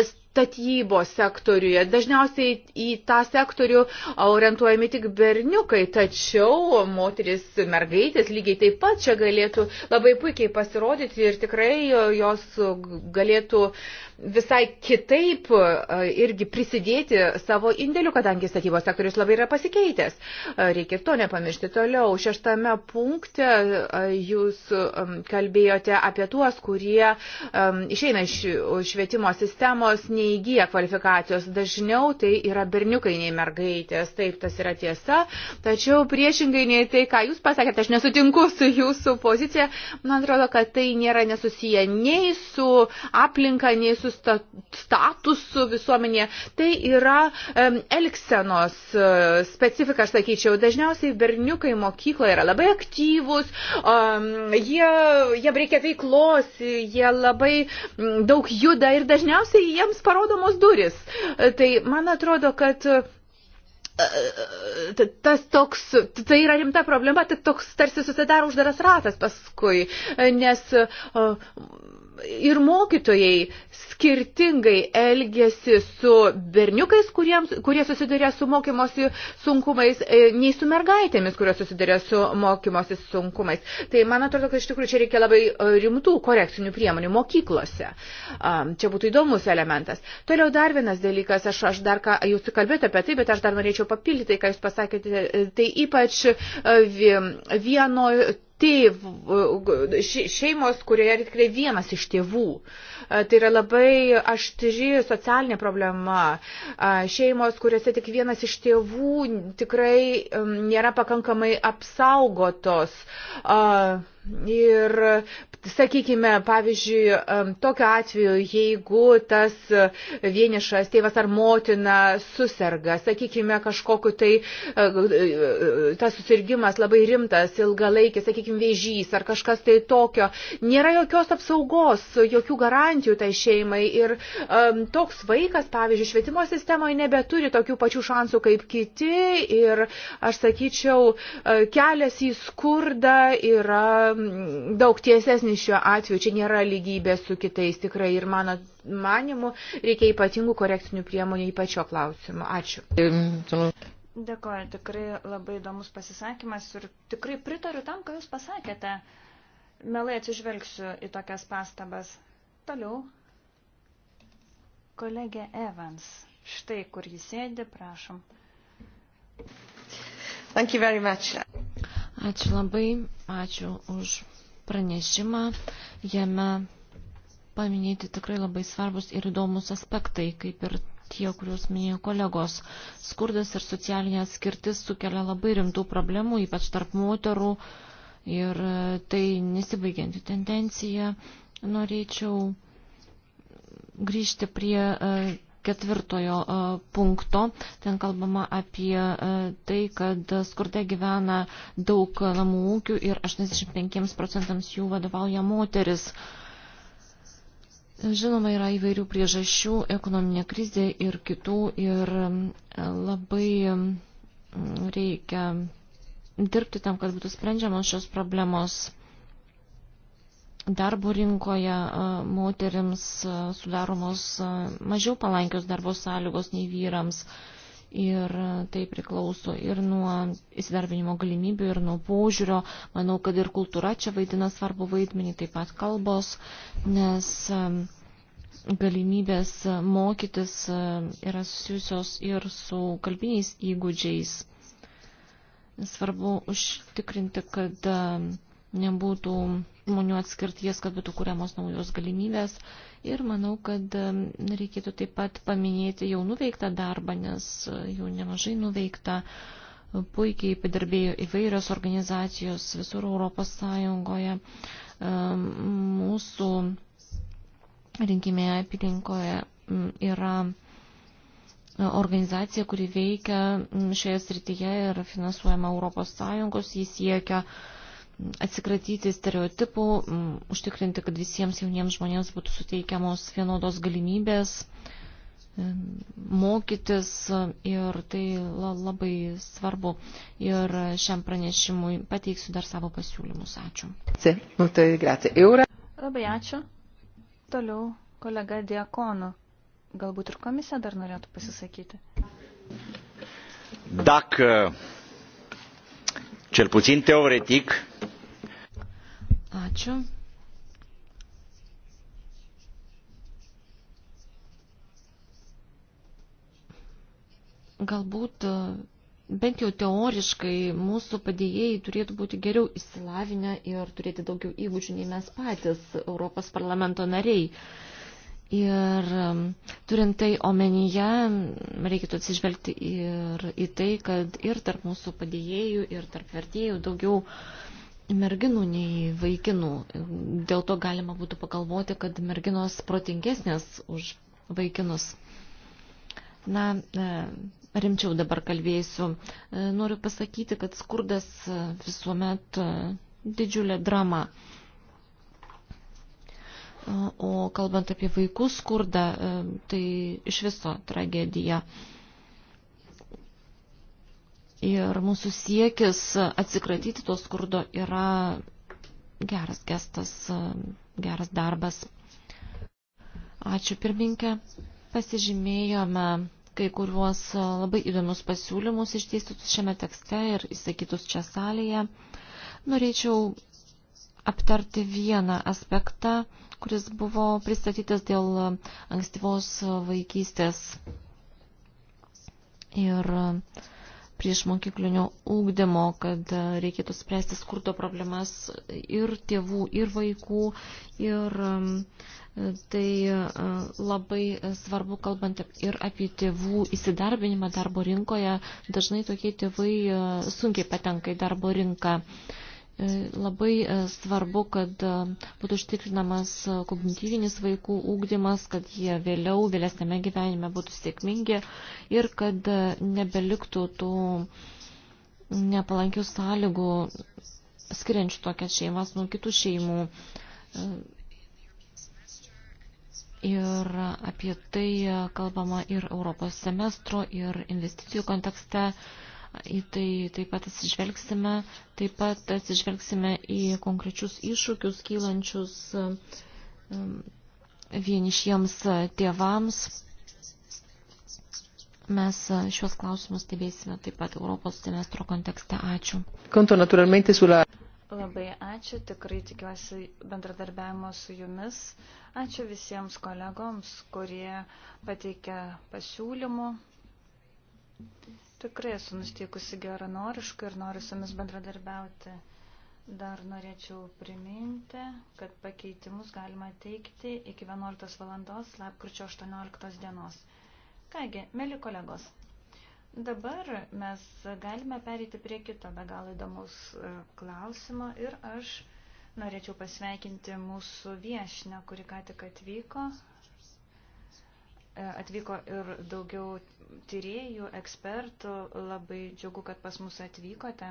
statybos sektoriuje. Dažniausiai į tą sektorių orientuojami tik berniukai, tačiau moteris, mergaitės lygiai taip pat čia galėtų labai puikiai pasirodyti ir tikrai jos galėtų uh, visai kitaip e, irgi prisidėti savo indėliu, kadangi statybos sektorius labai yra pasikeitęs. E, reikia to nepamiršti. Toliau, šeštame punkte e, jūs kalbėjote apie tuos, kurie išeina iš švietimo sistemos, neįgyja kvalifikacijos. Dažniau tai yra berniukai nei mergaitės. Taip, tas yra tiesa. Tačiau priešingai nei tai, ką jūs pasakėte, aš nesutinku su jūsų pozicija. Man atrodo, kad tai nėra nesusiję nei su aplinka, nei su teisų statusu visuomenėje. Tai yra elksenos e, specifika, aš sakyčiau. Dažniausiai berniukai mokykloje yra labai aktyvus, jie, jie reikia veiklos, jie labai daug juda ir dažniausiai jiems parodomos duris. E, tai man atrodo, kad e, tas toks, tai yra rimta problema, tai toks tarsi susidaro uždaras ratas paskui, nes ir mokytojai skirtingai elgesi su berniukais, kuriems, kurie susiduria su mokymosi sunkumais, e, nei su mergaitėmis, kurios susiduria su mokymosi sunkumais. Tai man atrodo, kad iš tikrųjų čia reikia labai e, rimtų korekcinių priemonių mokyklose. Čia būtų įdomus elementas. Toliau dar vienas dalykas, aš, aš dar ką, jūs kalbėjote apie tai, bet aš dar norėčiau papildyti tai, ką jūs pasakėte, e, tai ypač vieno tėv, šeimos, kurioje yra tikrai vienas iš tėvų. Tai yra labai aštri socialinė problema. Šeimos, kuriuose tik vienas iš tėvų tikrai nėra pakankamai apsaugotos. Ir sakykime, pavyzdžiui, tokiu atveju, jeigu tas vienišas tėvas ar motina susirga, sakykime, kažkokiu tai e, e, e, tas susirgymas labai rimtas, ilgalaikis, sakykime, vėžys ar kažkas tai tokio, nėra jokios apsaugos, jokių garantijų tai šeimai ir um, toks vaikas, pavyzdžiui, švietimo sistemoje nebeturi tokių pačių šansų kaip kiti ir aš sakyčiau, kelias į skurdą yra daug tiesesnis šiuo atveju čia nėra lygybė su kitais tikrai ir mano manimu reikia ypatingų korekcinių priemonių ypač šio klausimu. Ačiū. Dėkoju, tikrai labai įdomus pasisakymas ir tikrai pritariu tam, ką Jūs pasakėte. Melai atsižvelgsiu į tokias pastabas. Toliau. Kolegė Evans. Štai kur jis sėdi, prašom. Thank you very much. Ačiū labai, ačiū už pranešimą. Jame paminėti tikrai labai svarbus ir įdomus aspektai, kaip ir tie, kuriuos minėjo kolegos. Skurdas ir socialinė atskirtis sukelia labai rimtų problemų, ypač tarp moterų. Ir e, tai nesibaigianti tendencija. Norėčiau grįžti prie e, ketvirtojo e, punkto. Ten kalbama apie e, tai, kad skurde gyvena daug namų ūkių ir 85 procentams jų vadovauja moteris. Žinoma, yra įvairių priežasčių, ekonominė krizė ir kitų, ir e, labai reikia dirbti tam, kad būtų sprendžiamos šios problemos darbo rinkoje moteriams sudaromos mažiau palankios darbo sąlygos nei vyrams. Ir tai priklauso ir nuo įsidarbinimo galimybių, ir nuo požiūrio. Manau, kad ir kultūra čia vaidina svarbu vaidmenį, taip pat kalbos, nes galimybės mokytis yra susijusios ir su kalbiniais įgūdžiais. Svarbu užtikrinti, kad nebūtų žmonių atskirties, kad būtų kuriamos naujos galimybės. Ir manau, kad reikėtų taip pat paminėti jau nuveiktą darbą, nes e, jau nemažai nuveikta. Puikiai padirbėjo įvairios organizacijos visur Europos Sąjungoje. Mūsų rinkimėje apylinkoje yra e, organizacija, kuri veikia šioje srityje ir finansuojama Europos Sąjungos, jis siekia uh, atsikratyti stereotipų, užtikrinti, kad visiems jauniems žmonėms būtų suteikiamos vienodos galimybės e, mokytis ir tai labai svarbu. Ir šiam pranešimui pateiksiu dar savo pasiūlymus. Ačiū. E labai ačiū. Toliau kolega Diakono. Galbūt ir komisija dar norėtų pasisakyti. Dacă cel puțin teoretic. Ačiū. Galbūt e, bent jau teoriškai mūsų padėjėjai turėtų būti geriau įsilavinę ir turėti daugiau įgūdžių nei mes patys Europos parlamento nariai. Uh, Ir um, turint tai omenyje, reikėtų atsižvelgti ir į tai, kad ir tarp mūsų padėjėjų, ir tarp vertėjų daugiau merginų nei vaikinų. Dėl to galima būtų pagalvoti, kad merginos protingesnės už vaikinus. Na, e, rimčiau dabar kalbėsiu. E, noriu pasakyti, kad skurdas visuomet e, didžiulė drama. O kalbant apie vaikų skurdą, e, tai iš viso tragedija. Ir mūsų siekis atsikratyti to skurdo yra geras gestas, e, geras darbas. Ačiū pirminkė. Pasižymėjome kai kuriuos e, labai įdomius pasiūlymus išdėstytus šiame tekste ir įsakytus čia salėje. Norėčiau aptarti vieną aspektą, kuris buvo pristatytas dėl ankstyvos vaikystės ir prieš mokyklinio ūkdymo, kad reikėtų spręsti skurdo problemas ir tėvų, ir vaikų. Ir um, tai uh, labai svarbu, kalbant ir apie tėvų įsidarbinimą darbo rinkoje, dažnai tokie tėvai uh, sunkiai patenka į darbo rinką. E, labai e, svarbu, kad e, būtų užtikrinamas kognityvinis vaikų ūkdymas, kad jie vėliau, vėlesnėme gyvenime būtų sėkmingi ir kad nebeliktų tų nepalankių sąlygų skiriančių tokias šeimas nuo kitų šeimų. Ir apie tai kalbama ir Europos semestro, ir investicijų kontekste į tai taip pat atsižvelgsime, taip pat atsižvelgsime į konkrečius iššūkius kylančius um, vienišiems tėvams. Mes šios klausimus stebėsime taip pat Europos semestro kontekste. Ačiū. Konto naturalmente sulla... Labai ačiū, tikrai tikiuosi bendradarbiavimo su jumis. Ačiū visiems kolegoms, kurie pateikė pasiūlymų. Tikrai esu nusteikusi geranoriškai ir noriu su jumis bendradarbiauti. Dar norėčiau priminti, kad pakeitimus galima teikti iki 11 valandos lapkričio 18 dienos. Kągi, mėly kolegos, dabar mes galime perėti prie kito be galo įdomus e, klausimo ir aš norėčiau pasveikinti mūsų viešinę, kuri ką tik atvyko atvyko ir daugiau tyriejų, ekspertų. Labai džiugu, kad pas mus atvykote.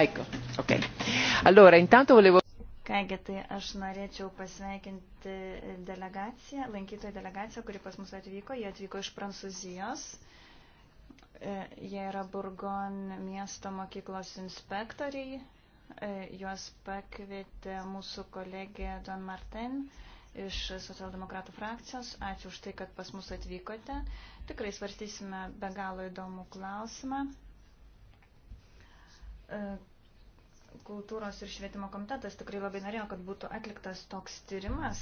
Ecco, ok. Allora, intanto volevo... Kągi, tai aš norėčiau pasveikinti delegaciją, lankytojų delegaciją, kuri pas mus atvyko. Jie atvyko iš Prancūzijos. Uh, E, jie yra Burgon miesto mokyklos inspektoriai. E, juos pakvietė mūsų kolegė Don Martin iš socialdemokratų frakcijos. Ačiū už tai, kad pas mus atvykote. Tikrai svarstysime be galo įdomų klausimą. E, kultūros ir švietimo komitetas tikrai labai norėjo, kad būtų atliktas toks tyrimas.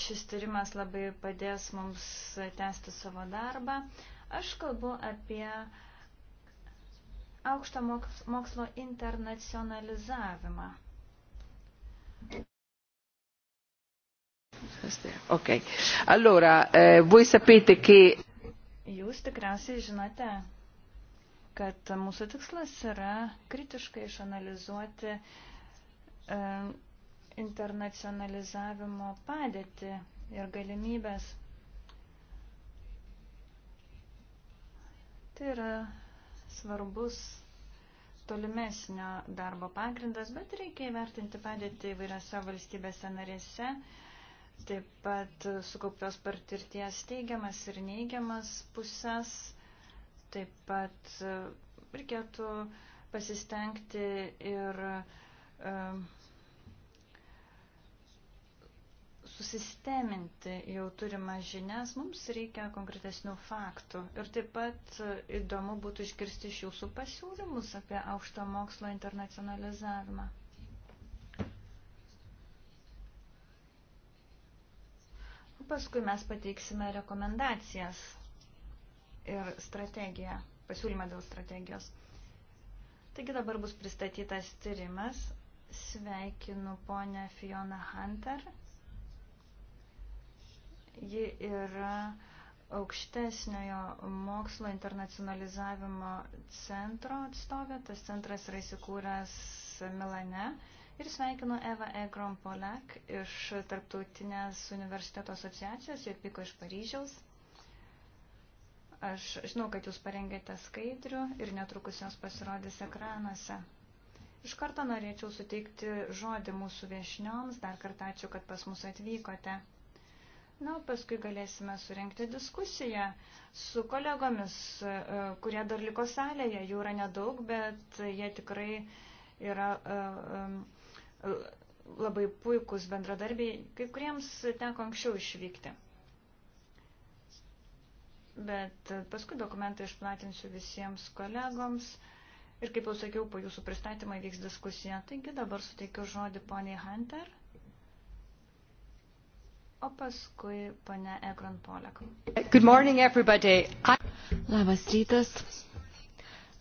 Šis tyrimas labai padės mums tęsti savo darbą. Aš kalbu apie aukšto mokslo internacionalizavimą. Ok. Allora, eh, voi sapete che... Jūs tikriausiai žinote, kad mūsų tikslas yra kritiškai išanalizuoti eh, internacionalizavimo padėtį ir galimybės Tai yra svarbus tolimesnio darbo pagrindas, bet reikia įvertinti padėti įvairiose valstybėse narėse, taip pat sukauptos patirties teigiamas ir neigiamas pusės, taip pat e, reikėtų pasistengti ir uh, susisteminti jau turimą žinias, mums reikia konkretesnių faktų. Ir taip pat įdomu būtų iškirsti iš jūsų pasiūlymus apie aukšto mokslo internacionalizavimą. O paskui mes pateiksime rekomendacijas ir strategiją, pasiūlymą dėl strategijos. Taigi dabar bus pristatytas tyrimas. Sveikinu ponę Fioną Hunter Ji yra aukštesniojo mokslo internacionalizavimo centro atstovė. Tas centras yra įsikūręs Milane. Ir sveikinu Eva Egrom Polek iš Tarptautinės universiteto asociacijos, jie atvyko iš Paryžiaus. Aš žinau, kad jūs parengėte skaidrių ir netrukus jos pasirodys ekranuose. Iš karto norėčiau suteikti žodį mūsų viešnioms, dar kartą ačiū, kad pas mus atvykote. Na, paskui galėsime surenkti diskusiją su kolegomis, e, kurie dar liko salėje. Jų yra nedaug, bet jie tikrai yra e, e, labai puikūs bendradarbiai, kai kuriems teko anksčiau išvykti. Bet paskui dokumentą išplatinsiu visiems kolegoms. Ir kaip jau sakiau, po jūsų pristatymą vyks diskusija. Taigi dabar suteikiu žodį poniai Hunter o paskui pane Egron Polek. Good morning everybody. I... Labas rytas.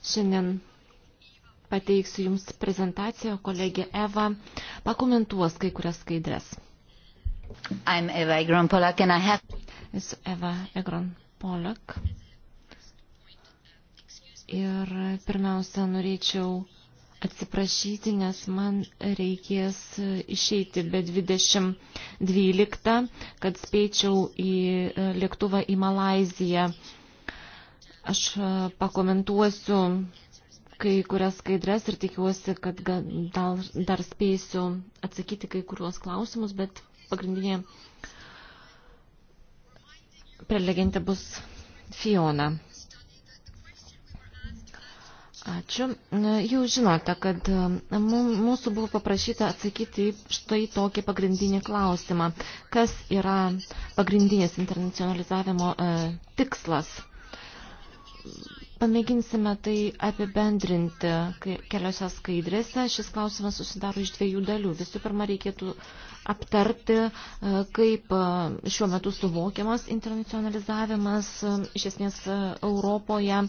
Šiandien pateiksiu Jums prezentaciją, kolegė Eva pakomentuos kai kurias skaidres. I'm Eva Egron Polak and I have... Esu Eva Egron Polak. Ir pirmiausia, norėčiau atsiprašyti, nes man reikės išeiti be 2012, kad spėčiau į e, lėktuvą į Malaziją. Aš e, pakomentuosiu kai kurias skaidres ir tikiuosi, kad gal dar spėsiu atsakyti kai kuriuos klausimus, bet pagrindinė prelegentė bus Fiona. Ačiū. Jūs žinote, kad e, mūsų buvo paprašyta atsakyti štai tokį pagrindinį klausimą. Kas yra pagrindinis internacionalizavimo e, tikslas? Pamėginsime tai apibendrinti keliose skaidrėse. Šis klausimas susidaro iš dviejų dalių. Visų pirma, reikėtų aptarti, e, kaip e, šiuo metu suvokiamas internacionalizavimas e, iš esmės Europoje.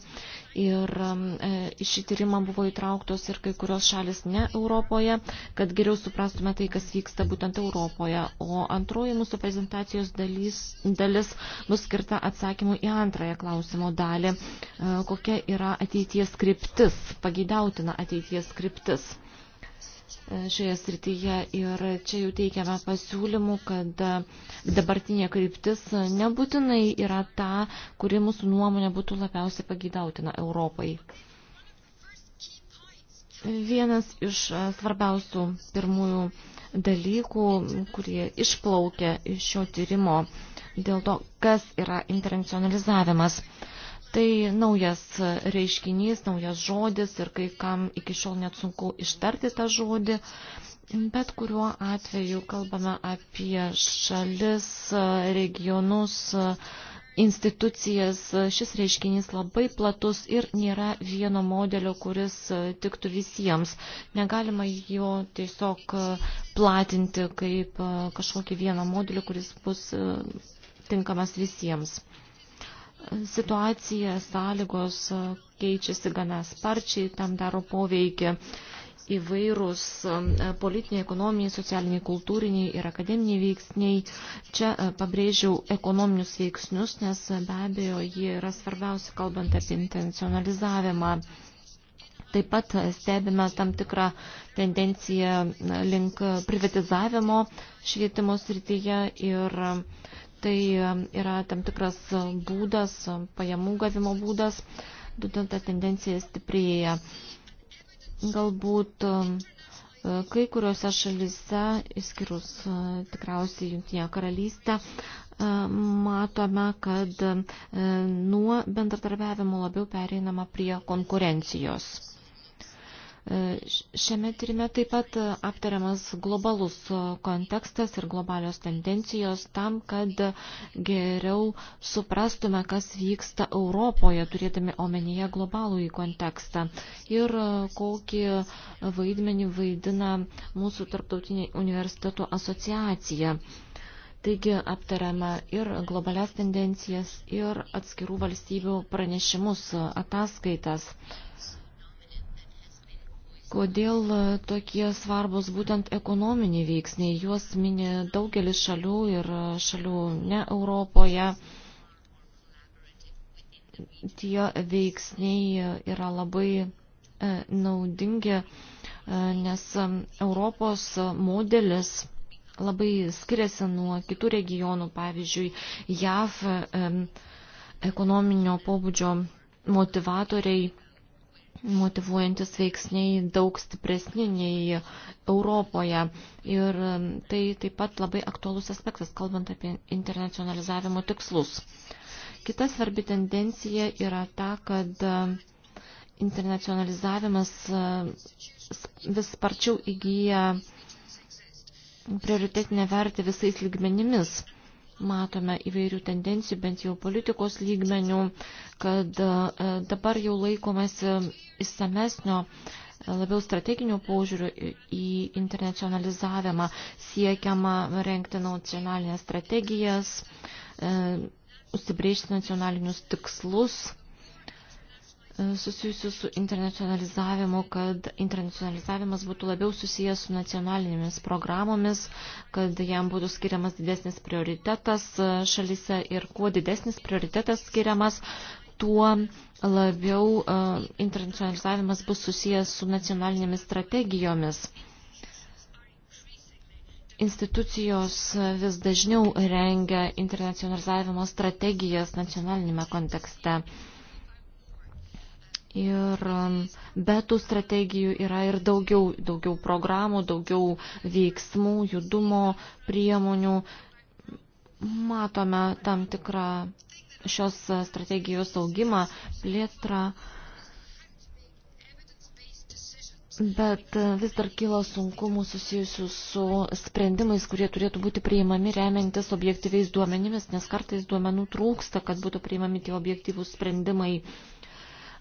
Ir į šį tyrimą buvo įtrauktos ir kai kurios šalis ne Europoje, kad geriau suprastume tai, kas vyksta būtent Europoje. O antroji mūsų prezentacijos dalys, dalis bus skirta atsakymui į antrąją klausimo dalį, kokia yra ateities kryptis, pagydautina ateities kryptis. E, šioje srityje ir čia jau teikiame pasiūlymų, kad e, dabartinė kryptis e, nebūtinai yra ta, kuri mūsų nuomonė būtų labiausiai pagydautina Europai. Vienas iš svarbiausių pirmųjų dalykų, kurie išplaukia iš šio tyrimo dėl to, kas yra internacionalizavimas. Tai naujas reiškinys, naujas žodis ir kai kam iki šiol net sunku ištarti tą žodį. Bet kuriuo atveju kalbame apie šalis, regionus, institucijas. Šis reiškinys labai platus ir nėra vieno modelio, kuris tiktų visiems. Negalima jo tiesiog platinti kaip kažkokį vieną modelį, kuris bus tinkamas visiems situacija, sąlygos e, keičiasi gana sparčiai, tam daro poveikį įvairūs e, politiniai, ekonominiai, socialiniai, kultūriniai ir akademiniai veiksniai. Čia e, pabrėžiau ekonominius veiksnius, nes be abejo jie yra svarbiausi, kalbant apie intencionalizavimą. Taip pat stebime tam tikrą tendenciją link privatizavimo švietimo srityje ir Tai yra tam tikras būdas, pajamų gavimo būdas, būtent ta tendencija stiprėja. Galbūt e, kai kuriuose šalise, išskyrus e, tikriausiai Junktinėje karalystę, e, matome, kad nuo bendradarbiavimo labiau pereinama prie konkurencijos. E, šiame tyrime taip pat e, aptariamas globalus e, kontekstas ir globalios tendencijos tam, kad geriau suprastume, kas vyksta Europoje, turėdami omenyje globalų į kontekstą ir kokį vaidmenį vaidina mūsų tarptautinė universitetų asociacija. Taigi aptariame ir globalias tendencijas, ir atskirų valstybių pranešimus, ataskaitas kodėl e, tokie svarbus būtent ekonominiai veiksniai. Juos mini daugelis šalių ir e, šalių ne Europoje. Tie veiksniai e, yra labai naudingi, nes Europos modelis labai skiriasi nuo kitų regionų, pavyzdžiui, JAV ekonominio pobūdžio motivatoriai motivuojantis veiksniai daug stipresni nei Europoje. Ir um, tai taip pat labai aktualus aspektas, kalbant apie internacionalizavimo tikslus. Kita svarbi tendencija yra ta, kad um, internacionalizavimas um, vis sparčiau įgyja prioritetinę vertę visais lygmenimis matome įvairių tendencijų, bent jau politikos lygmenių, kad e, dabar jau laikomasi įsamesnio, e, labiau strateginio požiūrių į internacionalizavimą, siekiama renkti nacionalinės strategijas, e, užsibriežti nacionalinius tikslus susijusių su internacionalizavimu, kad internacionalizavimas būtų labiau susijęs su nacionalinėmis programomis, kad jam būtų skiriamas didesnis prioritetas e, šalise ir kuo didesnis prioritetas skiriamas, tuo labiau e, internacionalizavimas bus susijęs su nacionalinėmis strategijomis. Institucijos vis dažniau rengia internacionalizavimo strategijas nacionalinėme kontekste. Ir um, be tų strategijų yra ir daugiau, daugiau programų, daugiau veiksmų, judumo priemonių. Matome tam tikrą šios strategijos augimą, plėtrą. Bet uh, vis dar kyla sunkumų susijusių su sprendimais, kurie turėtų būti priimami remiantis objektyviais duomenimis, nes kartais duomenų trūksta, kad būtų priimami tie objektyvūs sprendimai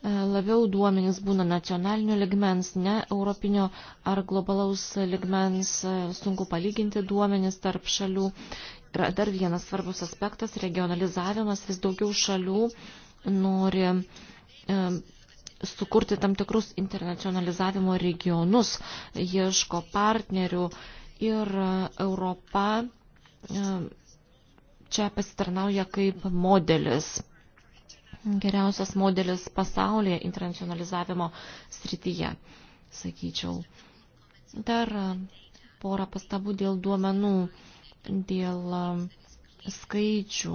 E, labiau duomenys būna nacionalinio ligmens, ne europinio ar globalaus ligmens, e, sunku palyginti duomenys tarp šalių. Yra dar vienas svarbus aspektas - regionalizavimas, vis daugiau šalių nori e, sukurti tam tikrus internacionalizavimo regionus, ieško partnerių ir Europa čia pasitarnauja kaip modelis geriausias modelis pasaulyje internacionalizavimo srityje, sakyčiau. Dar e, porą pastabų dėl duomenų, dėl e, skaičių,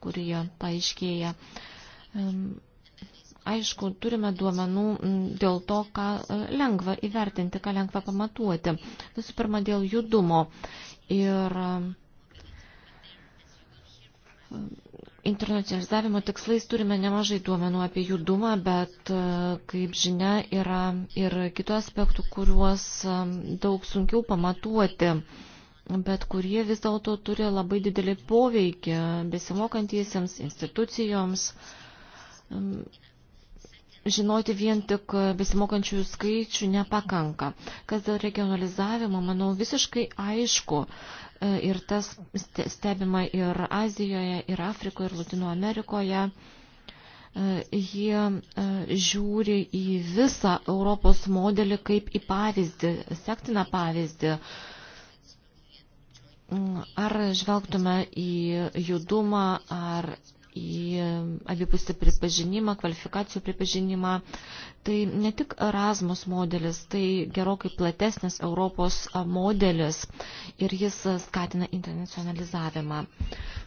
kurie paaiškėja. Aišku, turime duomenų dėl to, ką e, lengva įvertinti, ką lengva pamatuoti. Visų pirma, dėl judumo. Ir internacionalizavimo tikslais turime nemažai duomenų apie judumą, bet, e, kaip žinia, yra ir kitų aspektų, kuriuos e, daug sunkiau pamatuoti, bet kurie vis dėlto turi labai didelį poveikį besimokantiesiems institucijoms. Žinoti vien tik besimokančiųjų skaičių nepakanka. Kas dėl regionalizavimo, manau, visiškai aišku, E, ir tas stebima ir Azijoje, ir Afrikoje, ir Latino Amerikoje. E, jie e, žiūri į visą Europos modelį kaip į pavyzdį, sektiną pavyzdį. Mm, ar žvelgtume į judumą, ar į abipusį pripažinimą, kvalifikacijų pripažinimą. Tai ne tik Erasmus modelis, tai gerokai platesnis Europos modelis ir jis skatina internacionalizavimą.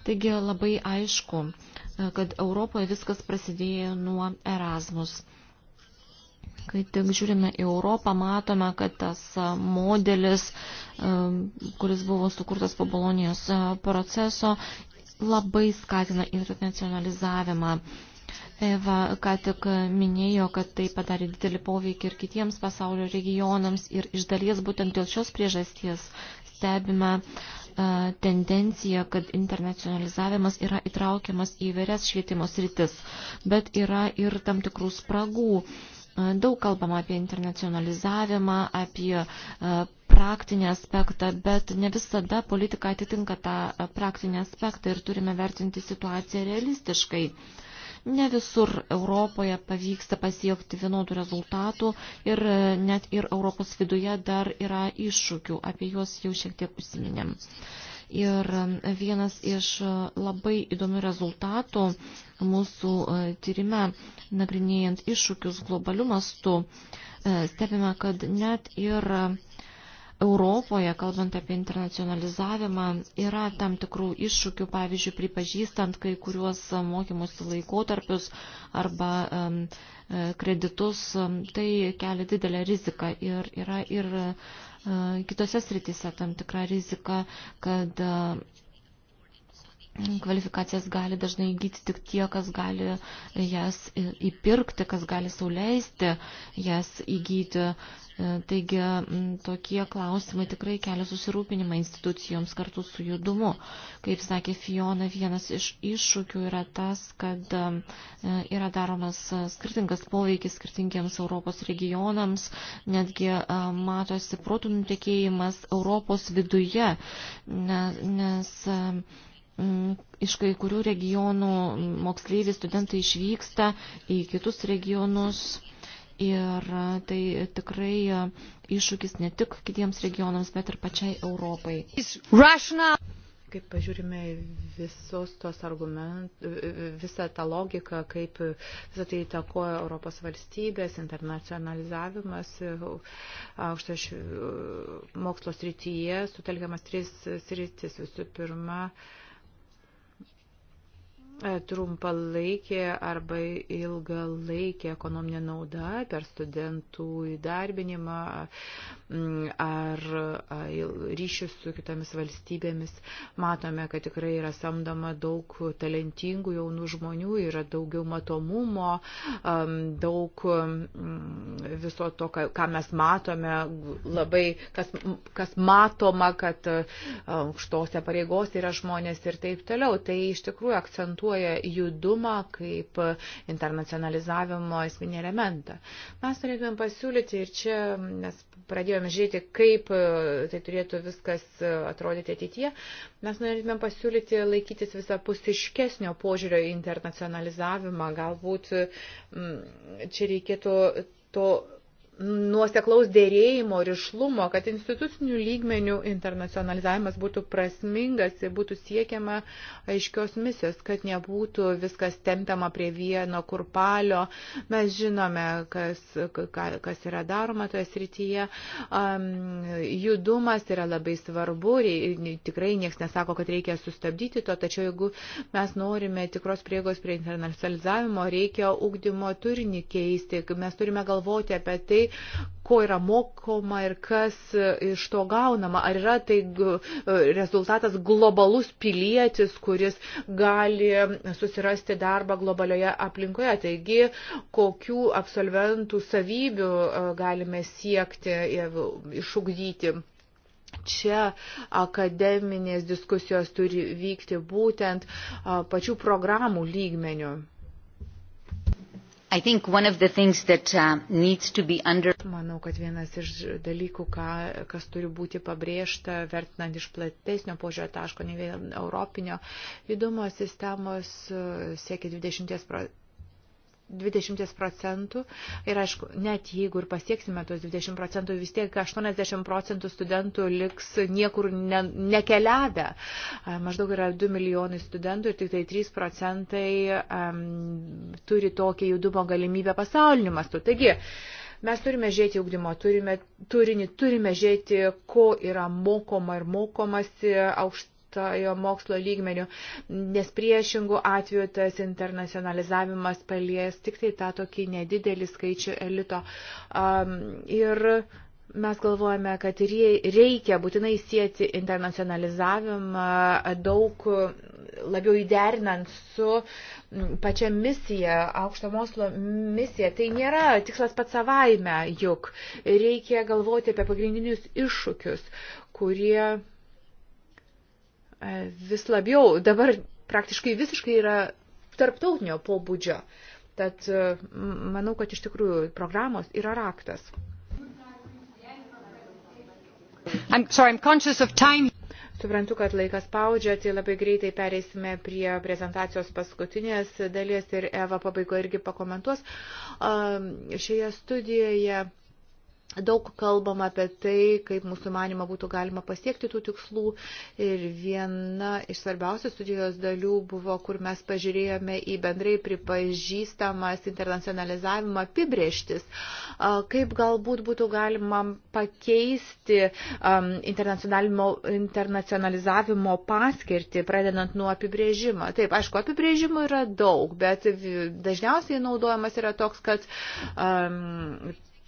Taigi labai aišku, e, kad Europoje viskas prasidėjo nuo Erasmus. Kai tik žiūrime į Europą, matome, kad tas e, modelis, kuris buvo sukurtas po Bolonijos e, proceso, labai skatina internacionalizavimą. Eva ką tik minėjo, kad tai padarė didelį poveikį ir kitiems pasaulio regionams ir iš dalies būtent dėl šios priežasties stebime tendencija, kad internacionalizavimas yra įtraukiamas į vairias švietimo sritis, bet yra ir tam tikrų spragų. Daug kalbama apie internacionalizavimą, apie praktinį aspektą, bet ne visada politika atitinka tą praktinį aspektą ir turime vertinti situaciją realistiškai. Ne visur Europoje pavyksta pasiekti vienodų rezultatų ir net ir Europos viduje dar yra iššūkių, apie juos jau šiek tiek užsiminėm. Ir vienas iš labai įdomių rezultatų mūsų tyrime, nagrinėjant iššūkius globaliu mastu, stebime, kad net ir Europoje, kalbant apie internacionalizavimą, yra tam tikrų iššūkių, pavyzdžiui, pripažįstant kai kuriuos mokymosi laikotarpius arba um, kreditus, tai kelia didelę riziką ir yra ir uh, kitose sritise tam tikra rizika, kad uh, kvalifikacijas gali dažnai įgyti tik tie, kas gali jas įpirkti, kas gali sauliaisti jas įgyti. E, taigi tokie klausimai tikrai kelia susirūpinimą institucijoms kartu su judumu. Kaip sakė Fiona, vienas iš iššūkių yra tas, kad e, yra daromas skirtingas poveikis skirtingiems Europos regionams, netgi e, matosi protų nutekėjimas Europos viduje, nes, nes Mm, iš kai kurių regionų moksleiviai studentai išvyksta į kitus regionus. Ir tai tikrai iššūkis ne tik kitiems regionams, bet ir pačiai Europai. Kaip pažiūrime visos tos argument, visą tą logiką, kaip visą tai įtakoja Europos valstybės, internacionalizavimas, e, aukštas mokslo srityje sutelkiamas tris sritis. Visų pirma, uh, E, trumpalaikė arba ilgalaikė ekonominė nauda per studentų įdarbinimą, Mm, ar ryšius su kitomis valstybėmis. Matome, kad tikrai yra samdoma daug talentingų jaunų žmonių, yra daugiau matomumo, daug mm, viso to, ką mes matome, labai, kas, kas matoma, kad aukštose pareigos yra žmonės ir taip toliau. Tai iš tikrųjų akcentuoja judumą kaip internacionalizavimo esminį elementą. Mes norėtume pasiūlyti ir čia mes pradėjome turėtumėm žiūrėti, kaip e, tai turėtų viskas e, atrodyti ateityje, mes norėtumėm pasiūlyti laikytis visapusiškesnio požiūrio į internacionalizavimą. Galbūt čia reikėtų to nuoseklaus dėrėjimo ir išlumo, kad institucinių lygmenių internacionalizavimas būtų prasmingas ir būtų siekiama aiškios misijos, kad nebūtų viskas tempiama prie vieno kurpalio. Mes žinome, kas, kas yra daroma toje srityje. Um, judumas yra labai svarbu, rei, tikrai niekas nesako, kad reikia sustabdyti to, tačiau jeigu mes norime tikros priegos prie internacionalizavimo, reikia ugdymo turinį keisti. Mes turime galvoti apie tai, tai, ko yra mokoma ir kas iš to gaunama. Ar yra tai e, rezultatas globalus pilietis, kuris gali susirasti darbą globalioje aplinkoje. Taigi, kokių absolventų savybių e, galime siekti, e, išugdyti čia akademinės diskusijos turi vykti būtent pačių programų lygmenių. Uh, under... Manau, kad vienas iš dalykų, ką, kas turi būti pabrėžta, vertinant iš platesnio požiūrio taško, ne vien europinio, judumo sistemos uh, siekia 20 procentų 20 procentų. Ir aišku, net jeigu ir pasieksime tos 20 procentų, vis tiek 80 procentų studentų liks niekur ne, nekeliavę. Maždaug yra 2 milijonai studentų ir tik tai 3 procentai um, turi tokią judumo galimybę pasauliniu mastu. Taigi, mes turime žiūrėti ugdymo turime, turinį, turime žiūrėti, ko yra mokoma ir mokomasi aukšt aukštojo mokslo lygmenių, nes priešingų atveju tas internacionalizavimas palies tik tai tą tokį nedidelį skaičių elito. Um, ir mes galvojame, kad reikia būtinai sieti internacionalizavimą daug labiau įderinant su pačia misija, aukšto mokslo misija. Tai nėra tikslas pats savaime, juk reikia galvoti apie pagrindinius iššūkius, kurie vis labiau, dabar praktiškai visiškai yra tarptautinio pobūdžio. Tad e, manau, kad iš tikrųjų programos yra raktas. I'm sorry, I'm conscious of time. Suprantu, kad laikas spaudžia, tai labai greitai pereisime prie prezentacijos paskutinės dalies ir Eva pabaigoje irgi pakomentuos. Šioje studijoje Daug kalbam apie tai, kaip mūsų manima būtų galima pasiekti tų tikslų. Ir viena iš svarbiausių studijos dalių buvo, kur mes pažiūrėjome į bendrai pripažįstamas internacionalizavimą apibrieštis. Kaip galbūt būtų galima pakeisti internacionalizavimo paskirtį, pradedant nuo apibrėžimo. Taip, aišku, apibrėžimų yra daug, bet dažniausiai naudojamas yra toks, kad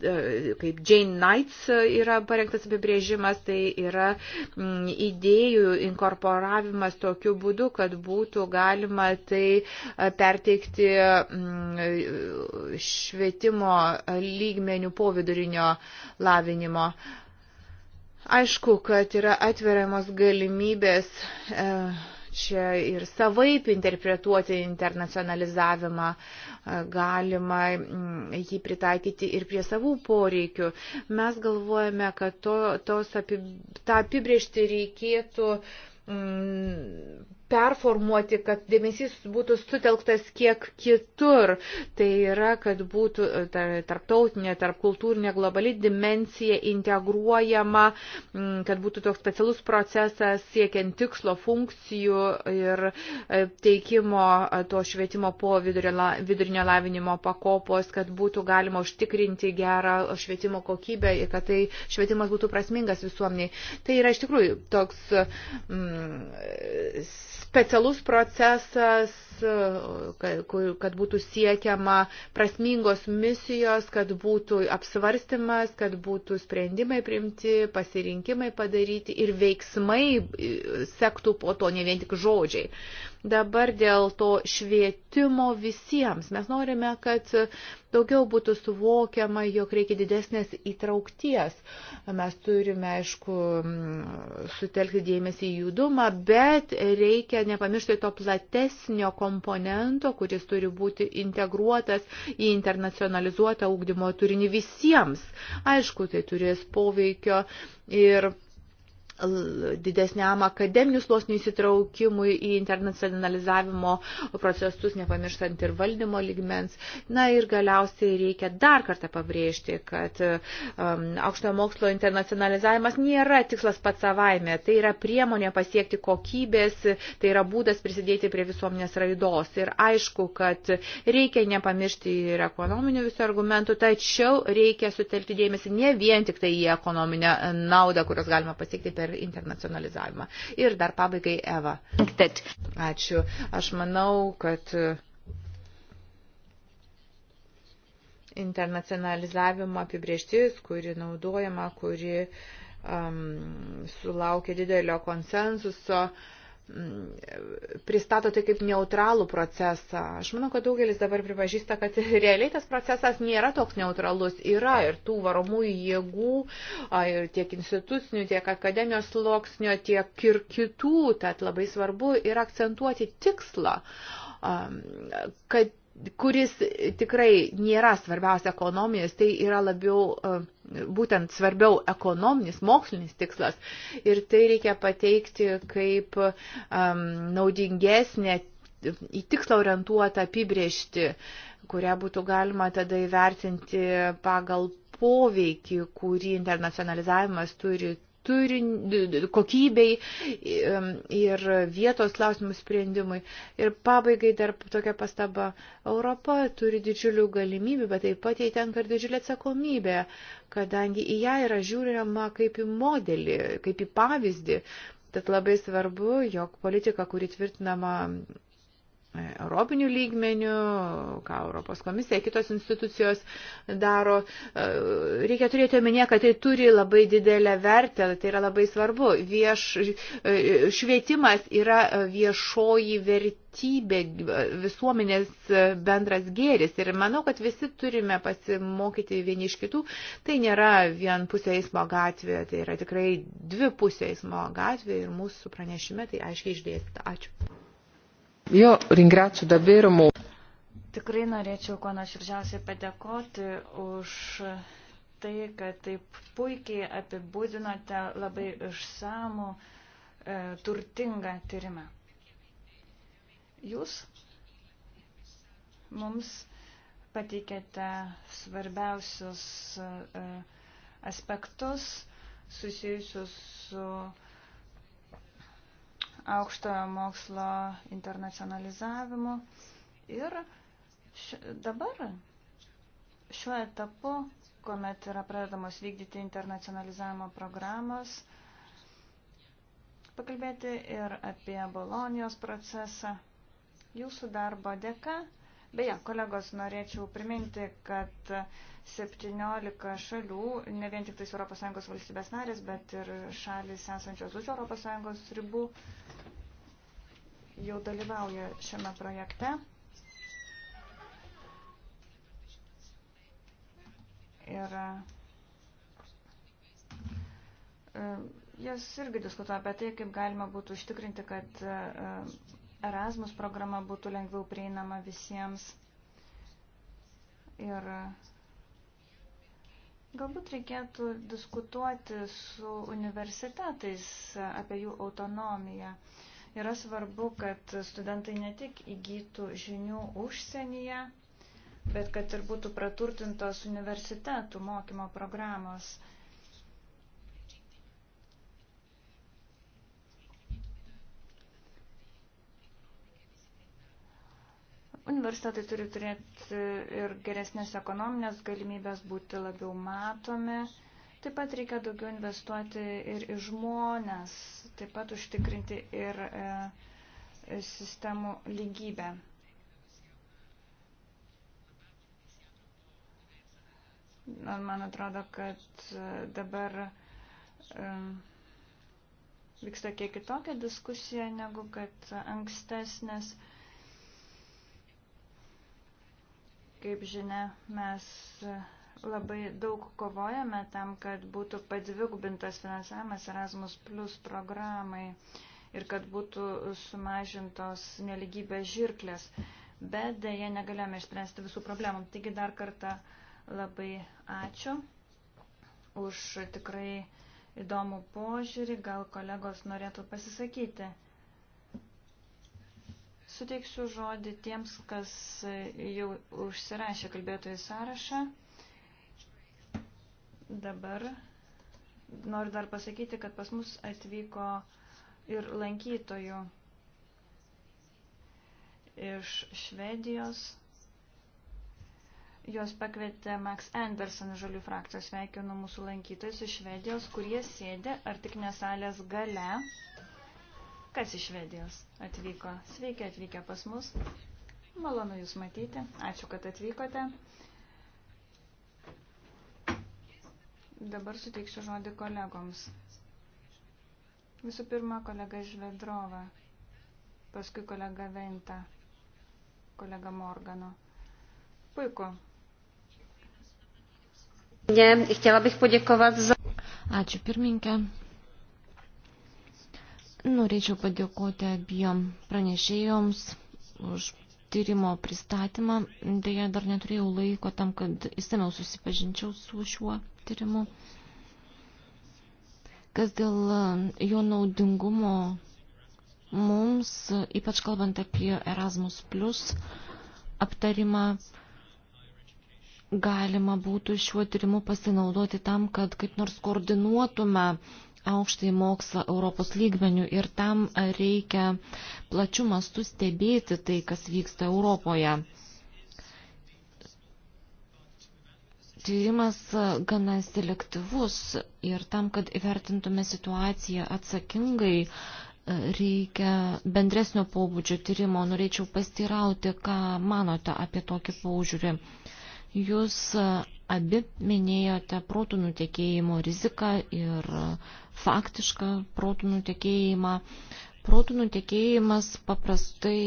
E, kaip Jane Knights yra parengtas apibrėžimas, tai yra mm, idėjų inkorporavimas tokiu būdu, kad būtų galima tai e, perteikti mm, švietimo lygmenių po vidurinio lavinimo. Aišku, kad yra atveriamos galimybės. E, čia ir savaip interpretuoti internacionalizavimą, e, galima mm, jį pritaikyti ir prie savų poreikių. Mes galvojame, kad to, tos apib, tą apibriežti reikėtų mm, performuoti, kad dėmesys būtų sutelktas kiek kitur. Tai yra, kad būtų e, tarptautinė, tarpkultūrinė, globali dimencija integruojama, kad būtų toks specialus procesas siekiant tikslo funkcijų ir e, teikimo e, to švietimo po vidurinio lavinimo pakopos, kad būtų galima užtikrinti gerą švietimo kokybę ir kad tai švietimas būtų prasmingas visuomeniai. Tai yra iš tikrųjų toks mm, specialus procesas, kad būtų siekiama prasmingos misijos, kad būtų apsvarstymas, kad būtų sprendimai priimti, pasirinkimai padaryti ir veiksmai e, sektų po to, ne vien tik žodžiai. Dabar dėl to švietimo visiems. Mes norime, kad daugiau būtų suvokiama, jog reikia didesnės įtraukties. Mes turime, aišku, sutelkti dėmesį į judumą, bet reikia nepamiršti to platesnio komponento, kuris turi būti integruotas į internacionalizuotą ūkdymo turinį visiems. Aišku, tai turės poveikio ir didesniam akademinių sluoksnių įsitraukimui į internacionalizavimo procesus, nepamirštant ir valdymo ligmens. Na ir galiausiai reikia dar kartą pabrėžti, kad um, aukštojo mokslo internacionalizavimas nėra tikslas pats savaime, tai yra priemonė pasiekti kokybės, tai yra būdas prisidėti prie visuomenės raidos. Ir aišku, kad reikia nepamiršti ir ekonominių visų argumentų, tačiau reikia sutelkti dėmesį ne vien tik tai į ekonominę naudą, kurios galima pasiekti per per internacionalizavimą. Ir dar pabaigai Eva. Ačiū. Aš manau, kad internacionalizavimo apibrieštis, kuri naudojama, kuri um, sulaukia didelio konsensuso, uh, Mm, pristato tai kaip neutralų procesą. Aš manau, kad daugelis dabar pripažįsta, kad realiai tas procesas nėra toks neutralus. Yra ir tų varomųjų jėgų, ir tiek institucinių, tiek akademijos sloksnio, tiek ir kitų. Tad labai svarbu yra akcentuoti tikslą, kad kuris tikrai nėra svarbiausia ekonominis, tai yra labiau e, būtent svarbiau ekonominis, mokslinis tikslas. Ir tai reikia pateikti kaip um, naudingesnė, į tikslą orientuotą apibriežti, kurią būtų galima tada įvertinti pagal poveikį, kurį internacionalizavimas turi turin, kokybei ir vietos klausimų sprendimui. Ir pabaigai dar tokia pastaba. Europa turi didžiulių galimybių, bet taip pat jai tenka ir didžiulė atsakomybė, kadangi į ją yra žiūrima kaip į modelį, kaip į pavyzdį. Tad labai svarbu, jog politika, kuri tvirtinama Europinių lygmenių, ką Europos komisija, kitos institucijos daro. E, reikia turėti omenyje, kad tai turi labai didelę vertę, tai yra labai svarbu. Vieš, e, švietimas yra viešoji vertybė, visuomenės bendras gėris ir manau, kad visi turime pasimokyti vieni iš kitų. Tai nėra vien pusė eismo gatvė, tai yra tikrai dvi pusė eismo gatvė ir mūsų pranešime tai aiškiai išdėstyta. Ačiū. Jo, ringračiu davvero mūsų. Tikrai norėčiau kuo nuoširdžiausiai padėkoti už tai, kad taip puikiai apibūdinote labai išsamų, e, turtingą tyrimą. Jūs mums pateikėte svarbiausius e, aspektus susijusius su e, aukštojo mokslo internacionalizavimu. Ir ši, dabar šiuo etapu, kuomet yra pradedamos vykdyti internacionalizavimo programos, pakalbėti ir apie Bolonijos procesą. Jūsų darbo dėka Beje, kolegos, norėčiau priminti, kad 17 šalių, ne vien tik tais ES valstybės narės, bet ir šalis esančios už ES ribų, jau dalyvauja šiame projekte. Ir e, jas irgi diskutuoja apie tai, kaip galima būtų užtikrinti, kad e, Erasmus programa būtų lengviau prieinama visiems. Ir galbūt reikėtų diskutuoti su universitetais apie jų autonomiją. Yra svarbu, kad studentai ne tik įgytų žinių užsienyje, bet kad ir būtų praturtintos universitetų mokymo programos. Universitetai turi turėti ir geresnės ekonominės galimybės būti labiau matomi. Taip pat reikia daugiau investuoti ir į žmonės, taip pat užtikrinti ir e, sistemų lygybę. Man atrodo, kad e, dabar e, vyksta kiek kitokia diskusija negu kad ankstesnės. E, Kaip žinia, mes labai daug kovojame tam, kad būtų padvigubintas finansavimas Erasmus Plus programai ir kad būtų sumažintos neligybės žirklės. Bet dėje negalėjome išspręsti visų problemų. Taigi dar kartą labai ačiū už tikrai įdomų požiūrį. Gal kolegos norėtų pasisakyti. Suteiksiu žodį tiems, kas jau užsirašė kalbėtojų sąrašą. Dabar noriu dar pasakyti, kad pas mus atvyko ir lankytojų iš Švedijos. Jos pakvietė Max Anderson žalių frakcijos sveikinu mūsų lankytojus iš Švedijos, kurie sėdė ar tik nesalės gale kas iš Švedijos atvyko. Sveiki atvykę pas mus. Malonu Jūs matyti. Ačiū, kad atvykote. Dabar suteiksiu žodį kolegoms. Visų pirma, kolega Žvedrova, paskui kolega Venta, kolega Morgano. Puiku. Ačiū pirminkė. Norėčiau padėkoti abiem pranešėjoms už tyrimo pristatymą. Deja, dar neturėjau laiko tam, kad įsamiau susipažinčiau su šiuo tyrimu. Kas dėl e, jo naudingumo mums, ypač kalbant apie Erasmus, aptarimą, galima būtų šiuo tyrimu pasinaudoti tam, kad kaip nors koordinuotume aukštai mokslą Europos lygmenių ir tam reikia plačių mastų stebėti tai, kas vyksta Europoje. Tyrimas gana selektyvus ir tam, kad įvertintume situaciją atsakingai, reikia bendresnio pobūdžio tyrimo. Norėčiau pastirauti, ką manote apie tokį paužiūrį. Jūs abi minėjote protų nutekėjimo riziką ir faktišką protų nutekėjimą. Protų nutekėjimas paprastai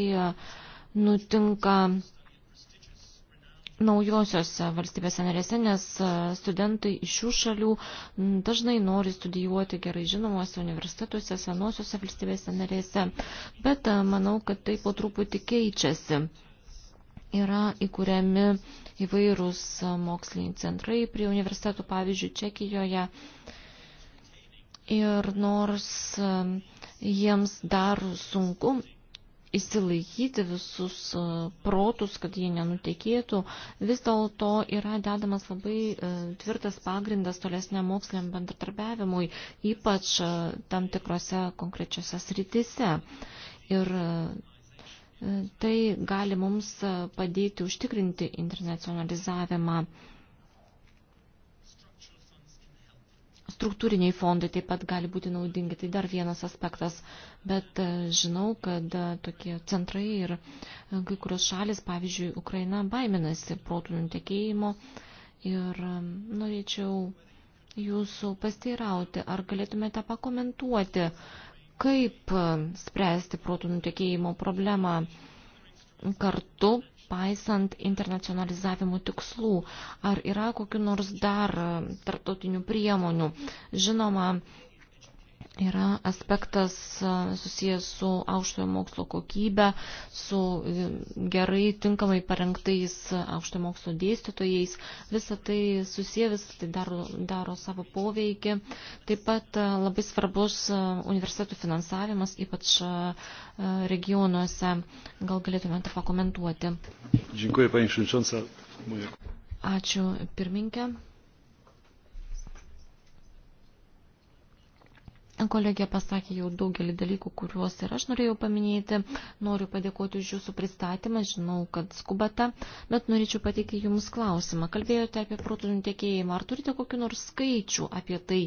nutinka naujosiose valstybėse narėse, nes studentai iš šių šalių dažnai nori studijuoti gerai žinomuose universitetuose, senosiuose valstybėse narėse, bet manau, kad tai po truputį keičiasi. Yra įkūriami įvairūs moksliniai centrai prie universitetų, pavyzdžiui, Čekijoje. Ir nors um, jiems dar sunku įsilaikyti visus uh, protus, kad jie nenutekėtų, vis dėlto yra dedamas labai uh, tvirtas pagrindas tolesniam moksliniam bendradarbiavimui, ypač uh, tam tikrose konkrečiose sritise. Ir Tai gali mums padėti užtikrinti internacionalizavimą. Struktūriniai fondai taip pat gali būti naudingi, tai dar vienas aspektas, bet e, žinau, kad e, tokie centrai ir e, kai kurios šalis, pavyzdžiui, Ukraina baiminasi protų nutekėjimo ir norėčiau jūsų pasteirauti, ar galėtumėte pakomentuoti, uh, kaip e, spręsti protų nutekėjimo problemą kartu, paisant internacionalizavimo tikslų. Ar yra kokiu nors dar e, tarptautinių priemonių? Žinoma, yra aspektas susijęs su aukštojo mokslo kokybė, su e, gerai tinkamai parengtais aukštojo mokslo dėstytojais. Visa tai susiję, visa tai daro, daro savo poveikį. Taip pat labai svarbus universitetų finansavimas, ypač regionuose. Gal galėtumėte pakomentuoti. Dziękuję, Pani Ačiū, pirminkė. Kolegija pasakė jau daugelį dalykų, kuriuos ir aš norėjau paminėti. Noriu padėkoti už jūsų pristatymą, žinau, kad skubate, bet norėčiau pateikti jums klausimą. Kalbėjote apie protų nutekėjimą. Ar turite kokiu nors skaičių apie tai,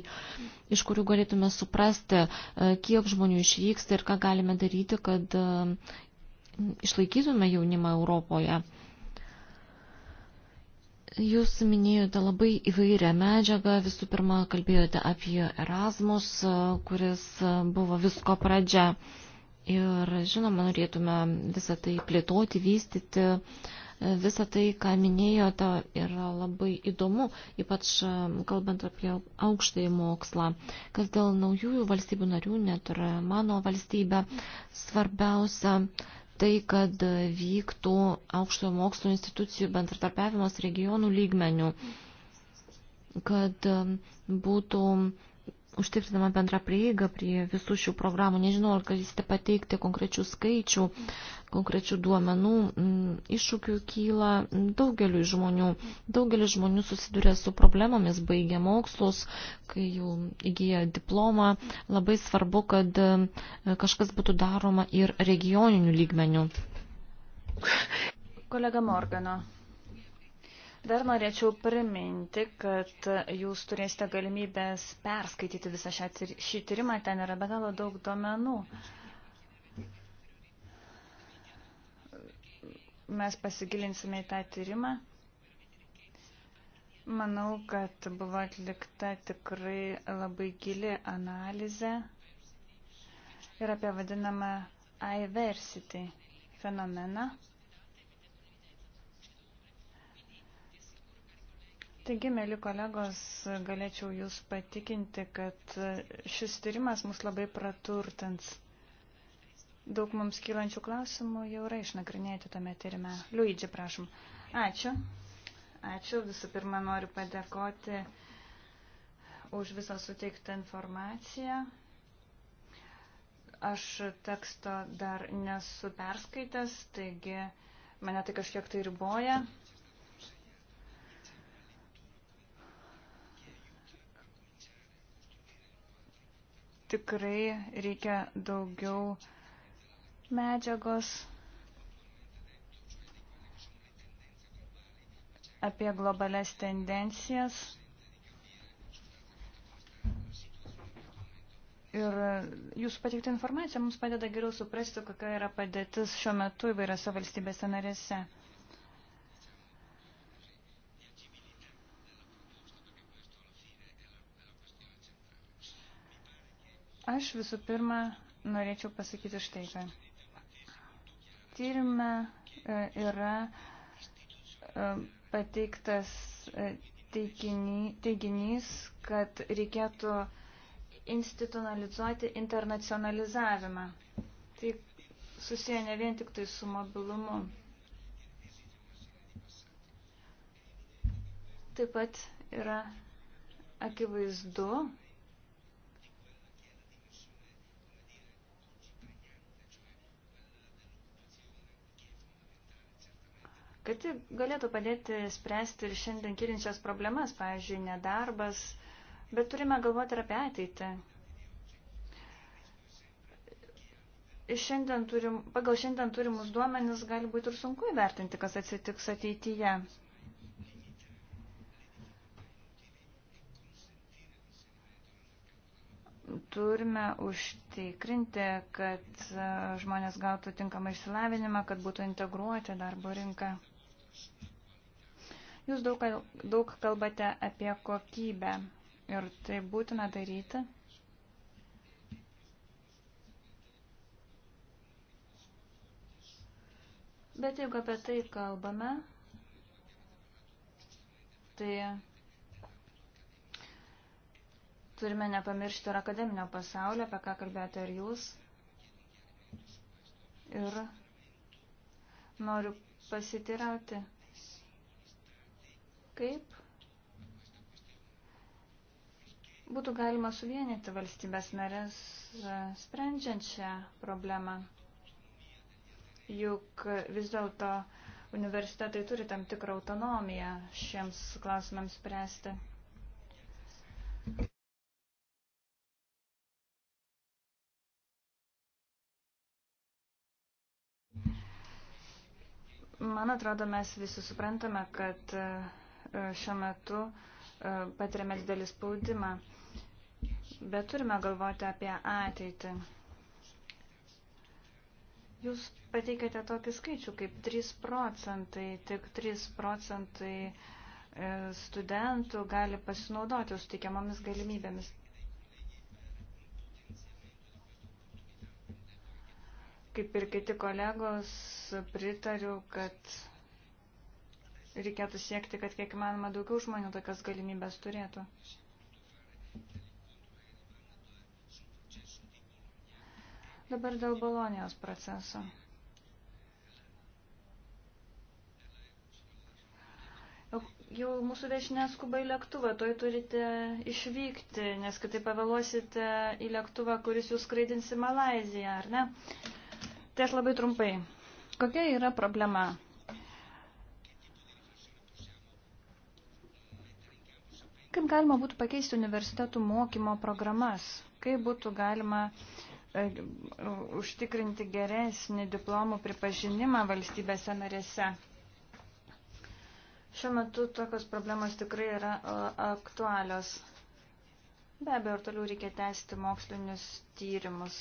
iš kurių galėtume suprasti, e, kiek žmonių išvyksta ir ką galime daryti, kad e, išlaikytume jaunimą Europoje? Jūs minėjote labai įvairią medžiagą. Visų pirma, kalbėjote apie Erasmus, kuris buvo visko pradžia. Ir žinoma, norėtume visą tai plėtoti, vystyti. Visą tai, ką minėjote, yra labai įdomu, ypač kalbant apie aukštąjį mokslą. Kas dėl naujųjų valstybių narių, net ir mano valstybė, svarbiausia tai, kad vyktų aukštojo mokslo institucijų bendratarpiavimas regionų lygmenių, kad um, būtų užtikrinama bendra prieiga prie visų šių programų. Nežinau, ar galėsite pateikti konkrečių skaičių, konkrečių duomenų. Iššūkių kyla daugeliu žmonių. Daugelis žmonių susiduria su problemomis, baigia mokslus, kai jau įgyja diplomą. Labai svarbu, kad e, kažkas būtų daroma ir regioninių lygmenių. Kolega Morgano. Dar norėčiau priminti, kad jūs turėsite galimybės perskaityti visą šią, šį tyrimą, ten yra be galo daug domenų. Mes pasigilinsime į tą tyrimą. Manau, kad buvo atlikta tikrai labai gili analizė ir apie vadinamą iversity fenomeną. Taigi, mėly kolegos, galėčiau Jūs patikinti, kad šis tyrimas mus labai praturtins. Daug mums kylančių klausimų jau yra išnagrinėti tame tyrime. Luidži, prašom. Ačiū. Ačiū. Visų pirma, noriu padėkoti už visą suteiktą informaciją. Aš teksto dar nesu perskaitęs, taigi mane tai kažkiek tai riboja. tikrai reikia daugiau medžiagos apie globales tendencijas. Ir jūsų pateikta informacija mums padeda geriau suprasti, kokia yra padėtis šiuo metu įvairiose valstybėse narėse. Aš visų pirma norėčiau pasakyti štai ką. Tyrime e, yra e, pateiktas e, teiginys, kad reikėtų institucionalizuoti internacionalizavimą. Tai susiję ne vien tik tai su mobilumu. Taip pat yra akivaizdu, kad ji galėtų padėti spręsti ir šiandien kilinčias problemas, pavyzdžiui, nedarbas, bet turime galvoti ir apie ateitį. Šiandien turim, pagal šiandien turimus duomenis gali būti ir sunku įvertinti, kas atsitiks ateityje. turime užtikrinti, kad žmonės gautų tinkamą išsilavinimą, kad būtų integruoti darbo rinką. Jūs daug, daug kalbate apie kokybę ir tai būtina daryti. Bet jeigu apie tai kalbame, tai turime nepamiršti ir akademinio pasaulio, apie ką kalbėjote ir jūs. Ir noriu pasitirauti, kaip būtų galima suvienyti valstybės narės e, sprendžiant šią problemą. Juk vis dėlto universitetai turi tam tikrą autonomiją šiems klausimams spręsti. Man atrodo, mes visi suprantame, kad uh, E, šiuo metu e, patiriame didelį spaudimą, bet turime galvoti apie ateitį. Jūs pateikėte tokį skaičių kaip 3 procentai, tik 3 procentai e, studentų gali pasinaudoti suteikiamomis galimybėmis. Kaip ir kiti kolegos, pritariu, kad reikėtų siekti, kad kiek įmanoma daugiau žmonių tokias galimybės turėtų. Dabar dėl Bolonijos proceso. Jau mūsų viešinė skuba į lėktuvą, toj turite išvykti, nes kitaip pavėluosite į lėktuvą, kuris jūs skraidins į Malaziją, ar ne? Tai aš labai trumpai. Kokia yra problema? Kaip galima būtų pakeisti universitetų mokymo programas? Kaip būtų galima e, užtikrinti geresnį diplomų pripažinimą valstybėse narėse? Šiuo metu tokios problemos tikrai yra aktualios. Be abejo, ir toliau reikia tęsti mokslinius tyrimus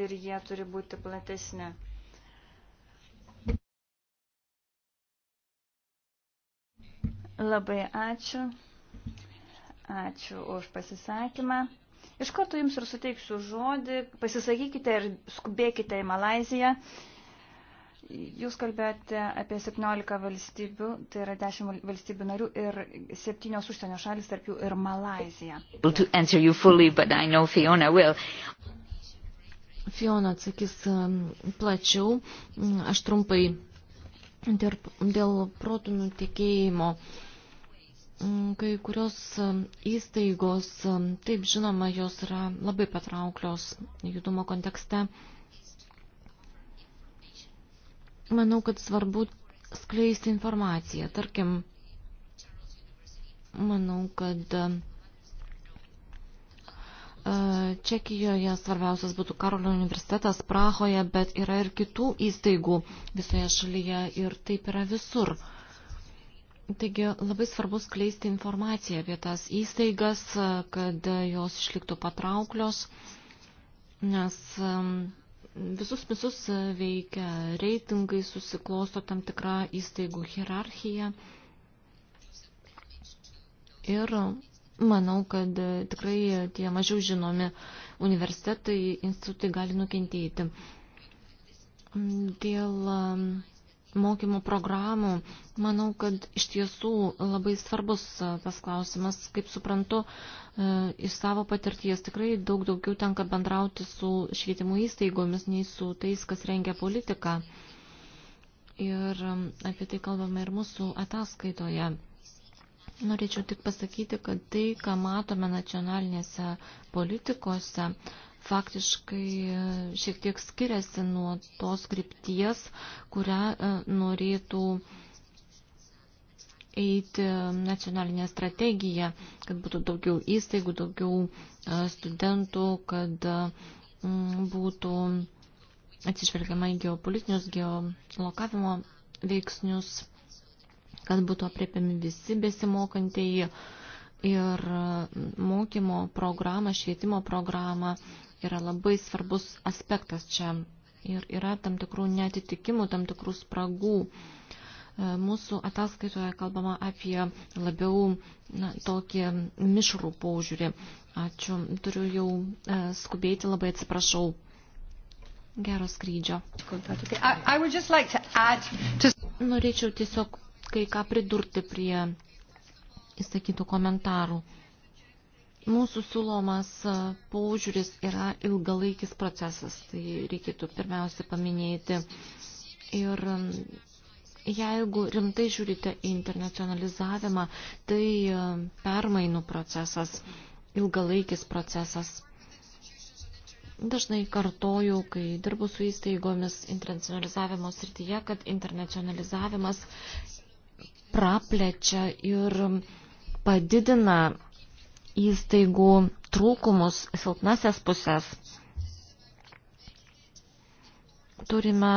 ir jie turi būti platesni. Labai ačiū. Ačiū už pasisakymą. Iš karto jums ir suteiksiu žodį. Pasisakykite ir skubėkite į Malaziją. Jūs kalbėjote apie 17 valstybių, tai yra 10 valstybių narių ir 7 užsienio šalis, tarp jų ir Malazija. Fully, Fiona, Fiona atsakys um, plačiau. Mm, aš trumpai dėl protų nutikėjimo. Uh, Mm, kai kurios mm, įstaigos, mm, taip žinoma, jos yra labai patrauklios judumo kontekste. Manau, kad svarbu skleisti informaciją. Tarkim, manau, kad e, Čekijoje svarbiausias būtų Karolio universitetas Prahoje, bet yra ir kitų įstaigų visoje šalyje ir taip yra visur. Taigi labai svarbu skleisti informaciją apie tas įstaigas, kad jos išliktų patrauklios, nes um, visus visus veikia reitingai, susiklosto tam tikra įstaigų hierarchija. Ir manau, kad tikrai tie mažiau žinomi universitetai, institutai gali nukentėti. Dėl um, mokymų programų. Manau, kad iš tiesų labai svarbus e, tas klausimas. Kaip suprantu, e, iš savo patirties tikrai daug daugiau tenka bendrauti su švietimo įstaigomis, nei su tais, kas rengia politiką. Ir e, apie tai kalbame ir mūsų ataskaitoje. Norėčiau tik pasakyti, kad tai, ką matome nacionalinėse politikose, faktiškai e, šiek tiek skiriasi nuo tos krypties, kurią e, norėtų eiti nacionalinė strategija, kad būtų daugiau įstaigų, daugiau e, studentų, kad būtų atsižvelgiama į geopolitinius, geolokavimo veiksnius, kad būtų apriepiami visi besimokantieji ir mokymo programą, švietimo programą yra labai svarbus aspektas čia ir yra tam tikrų netitikimų, tam tikrų spragų. E, mūsų ataskaitoje kalbama apie labiau na, tokį mišrų paužiūrį. Ačiū, turiu jau e, skubėti, labai atsiprašau. Gero skrydžio. Norėčiau tiesiog kai ką pridurti prie įsakytų komentarų. Mūsų siūlomas paužiūris yra ilgalaikis procesas, tai reikėtų pirmiausia paminėti. Ir jeigu rimtai žiūrite į internacionalizavimą, tai permainų procesas, ilgalaikis procesas. Dažnai kartoju, kai dirbu su įstaigomis internacionalizavimo srityje, kad internacionalizavimas praplečia ir padidina įstaigų trūkumus, silpnasias pusės. Turime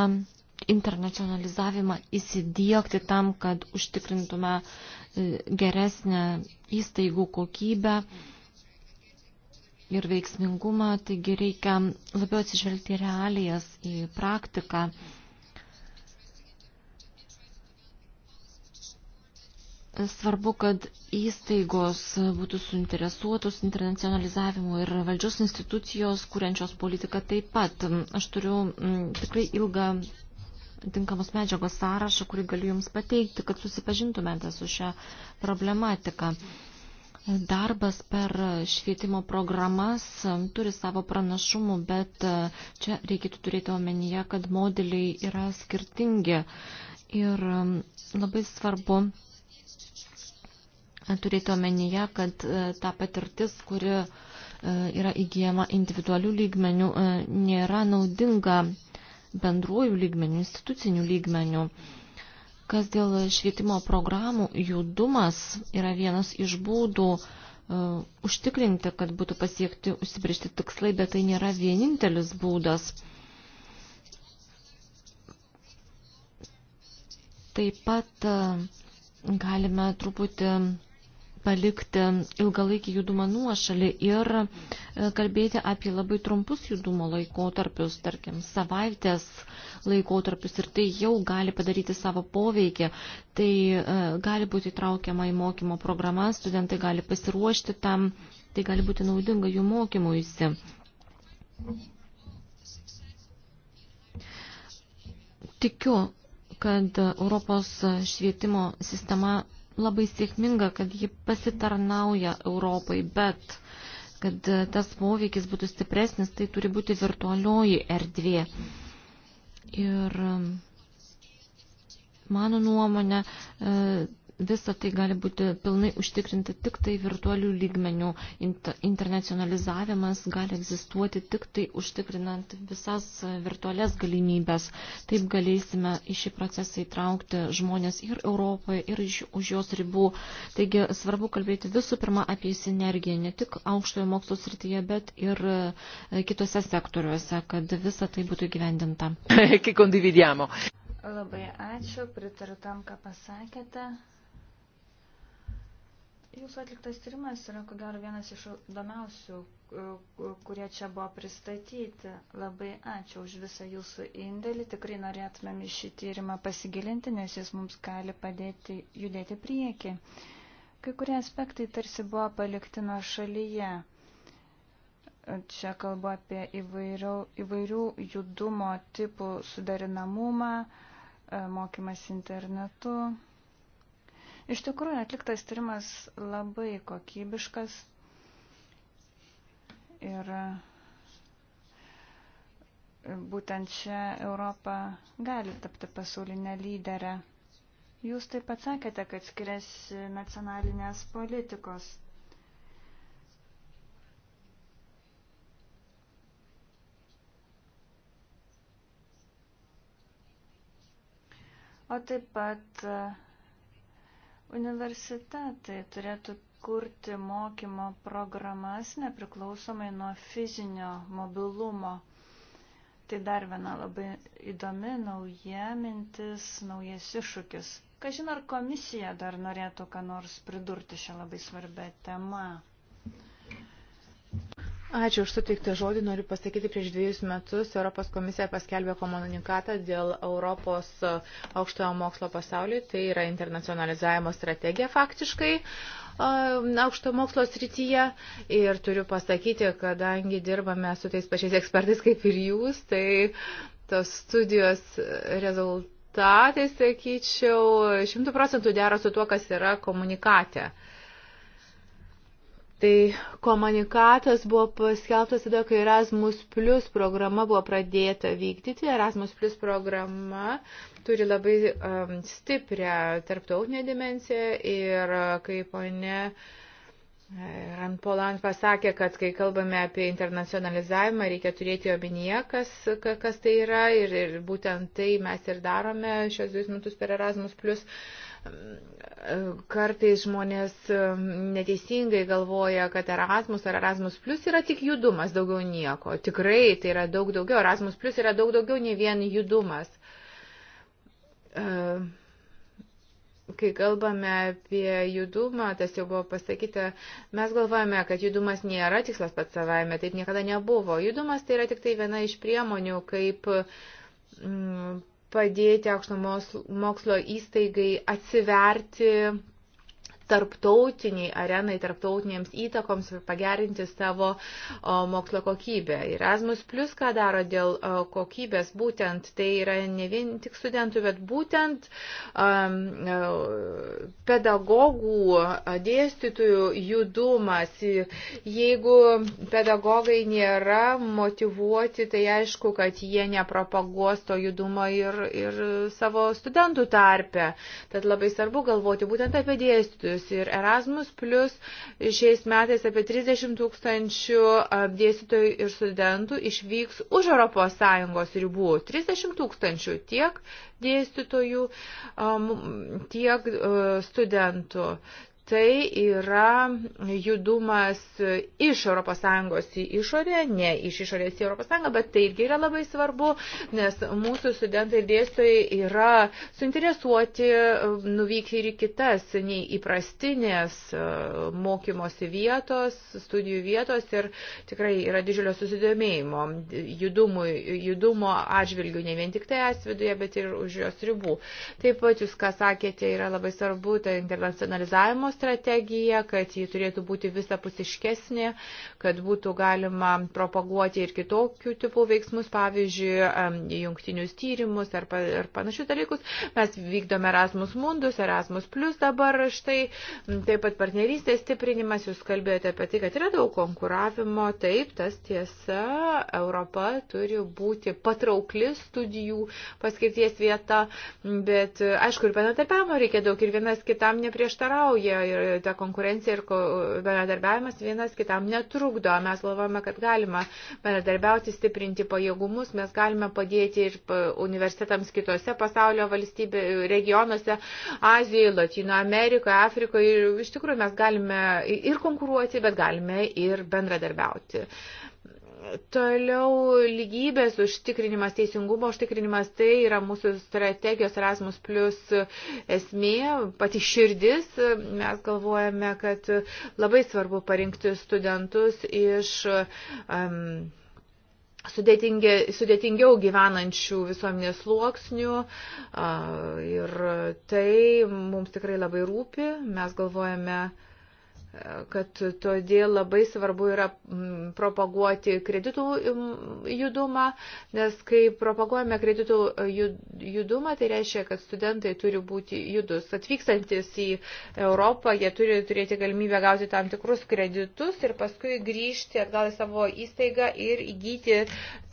internacionalizavimą įsidėkti tam, kad užtikrintume e, geresnę įstaigų kokybę ir veiksmingumą, taigi reikia labiau atsižvelgti realijas į praktiką. Svarbu, kad įstaigos būtų suinteresuotos internacionalizavimu ir valdžios institucijos, kuriančios politiką taip pat. Aš turiu mm, tikrai ilgą tinkamos medžiagos sąrašą, kurį galiu Jums pateikti, kad susipažintumėte su šią problematiką. Darbas per švietimo programas turi savo pranašumų, bet čia reikėtų turėti omenyje, kad modeliai yra skirtingi ir mm, labai svarbu turėti omenyje, kad e, ta patirtis, kuri e, yra įgyjama individualių lygmenių, e, nėra naudinga bendruojų lygmenių, institucinių lygmenių. Kas dėl švietimo programų, judumas yra vienas iš būdų užtikrinti, kad būtų pasiekti užsibriežti tikslai, bet tai nėra vienintelis būdas. Taip pat galime truputį palikti ilgalaikį judumą nuošalį ir e, kalbėti apie labai trumpus judumo laikotarpius, tarkim, savaitės laikotarpius ir tai jau gali padaryti savo poveikį. Tai e, gali būti traukiama į mokymo programą, studentai gali pasiruošti tam, tai gali būti naudinga jų mokymuisi. Tikiu, kad Europos švietimo sistema labai sėkminga, kad ji pasitarnauja Europai, bet kad tas poveikis būtų stipresnis, tai turi būti virtualioji erdvė. Ir e, mano nuomonė, e, Visa tai gali būti pilnai užtikrinta tik tai virtualių lygmenių. Internacionalizavimas gali egzistuoti tik tai užtikrinant visas virtualias galimybės. Taip galėsime į šį procesą įtraukti žmonės ir Europoje, ir už jos ribų. Taigi svarbu kalbėti visų pirma apie sinergiją, ne tik aukštojo mokslo srityje, bet ir e, kitose sektoriuose, kad visa tai būtų įgyvendinta. Labai ačiū, pritariu tam, ką pasakėte. Jūsų atliktas tyrimas yra, ko gero, vienas iš įdomiausių, e, kurie čia buvo pristatyti. Labai ačiū už visą jūsų indėlį. Tikrai norėtumėm į šį tyrimą pasigilinti, nes jis mums gali padėti judėti prieki. Kai kurie aspektai tarsi buvo palikti nuo šalyje. Čia kalbu apie įvairių, įvairių judumo tipų sudarinamumą, e, mokymas internetu. Iš tikrųjų, atliktas tyrimas labai kokybiškas ir būtent čia Europa gali tapti pasaulinę lyderę. Jūs taip pat sakėte, kad skiriasi nacionalinės politikos. O taip pat Universitetai turėtų kurti mokymo programas nepriklausomai nuo fizinio mobilumo. Tai dar viena labai įdomi nauja mintis, naujas iššūkis. Kažin ar komisija dar norėtų ką nors pridurti šią labai svarbę temą. Ačiū už suteiktą žodį. Noriu pasakyti, prieš dviejus metus Europos komisija paskelbė komunikatą dėl Europos aukštojo mokslo pasaulyje. Tai yra internacionalizavimo strategija faktiškai aukšto mokslo srityje ir turiu pasakyti, kadangi dirbame su tais pačiais ekspertais kaip ir jūs, tai tos studijos rezultatai, sakyčiau, šimtų procentų dera su tuo, kas yra komunikate. Tai komunikatas buvo paskelbtas tada, kai Erasmus Plus programa buvo pradėta vykdyti. Erasmus Plus programa turi labai um, stiprią tarptautinę dimenciją ir uh, kaip ponė Ranpolan uh, pasakė, kad kai kalbame apie internacionalizavimą, reikia turėti omenyje, kas, kas tai yra ir, ir būtent tai mes ir darome šios dviejus metus per Erasmus Plus. Uh, Kartais žmonės um, neteisingai galvoja, kad Erasmus ar Erasmus Plus yra tik judumas, daugiau nieko. Tikrai tai yra daug daugiau. Erasmus Plus yra daug daugiau nei vien judumas. Uh kai kalbame apie judumą, tas jau buvo pasakyta, mes galvojame, kad judumas nėra tikslas pats savaime, taip niekada nebuvo. Judumas tai yra tik tai viena iš priemonių, kaip mm, padėti aukšto mokslo įstaigai atsiverti tarptautiniai arenai, tarptautinėms įtakoms ir pagerinti savo mokslo kokybę. Erasmus Plus ką daro dėl kokybės, būtent tai yra ne vien tik studentų, bet būtent um, pedagogų, dėstytojų judumas. Jeigu pedagogai nėra motivuoti, tai aišku, kad jie nepropaguos to judumo ir, ir savo studentų tarpe. Tad labai svarbu galvoti būtent apie dėstytojus dėstytojus. Ir Erasmus Plus šiais metais apie 30 tūkstančių dėstytojų ir studentų išvyks už ES ribų. 30 tūkstančių tiek dėstytojų, tiek studentų tai yra judumas iš ES į išorę, ne iš išorės į ES, bet tai irgi yra labai svarbu, nes mūsų studentai ir dėstytojai yra suinteresuoti um, nuvykti ir į kitas, nei įprastinės uh, mokymosi vietos, studijų vietos ir tikrai yra didžiulio susidomėjimo judumui, judumo atžvilgių, ne vien tik tai es viduje, bet ir už jos ribų. Taip pat jūs, ką sakėte, yra labai svarbu ta internacionalizavimo strategija, kad ji turėtų būti visapusiškesnė, kad būtų galima propaguoti ir kitokių tipų veiksmus, pavyzdžiui, jungtinius tyrimus ar, ar panašius dalykus. Mes vykdome Erasmus Mundus, Erasmus Plus dabar štai, taip pat partnerystės stiprinimas, jūs kalbėjote apie tai, kad yra daug konkuravimo, taip, tas tiesa, Europa turi būti patraukli studijų paskirties vieta, bet aišku, ir bendradarbiavimo reikia daug ir vienas kitam neprieštarauja ir ta konkurencija ir bendradarbiavimas vienas kitam netrukdo. Mes galvojame, kad galima bendradarbiauti, stiprinti pajėgumus, mes galime padėti ir universitetams kitose pasaulio valstybė, regionuose, Azijoje, Latino Amerikoje, Afrikoje. Ir iš tikrųjų mes galime ir konkuruoti, bet galime ir bendradarbiauti. Toliau lygybės užtikrinimas, teisingumo užtikrinimas, tai yra mūsų strategijos Erasmus plus esmė, pati širdis. Mes galvojame, kad labai svarbu parinkti studentus iš um, sudėtingia, sudėtingiau gyvenančių visuomenės sluoksnių uh, ir tai mums tikrai labai rūpi. Mes galvojame, uh, kad todėl labai svarbu yra mm, propaguoti kreditų mm, judumą, nes kai propaguojame kreditų e, judumą, tai reiškia, kad studentai turi būti judus. Atvykstantis į Europą, jie turi turėti galimybę gauti tam tikrus kreditus ir paskui grįžti atgal į savo įstaigą ir įgyti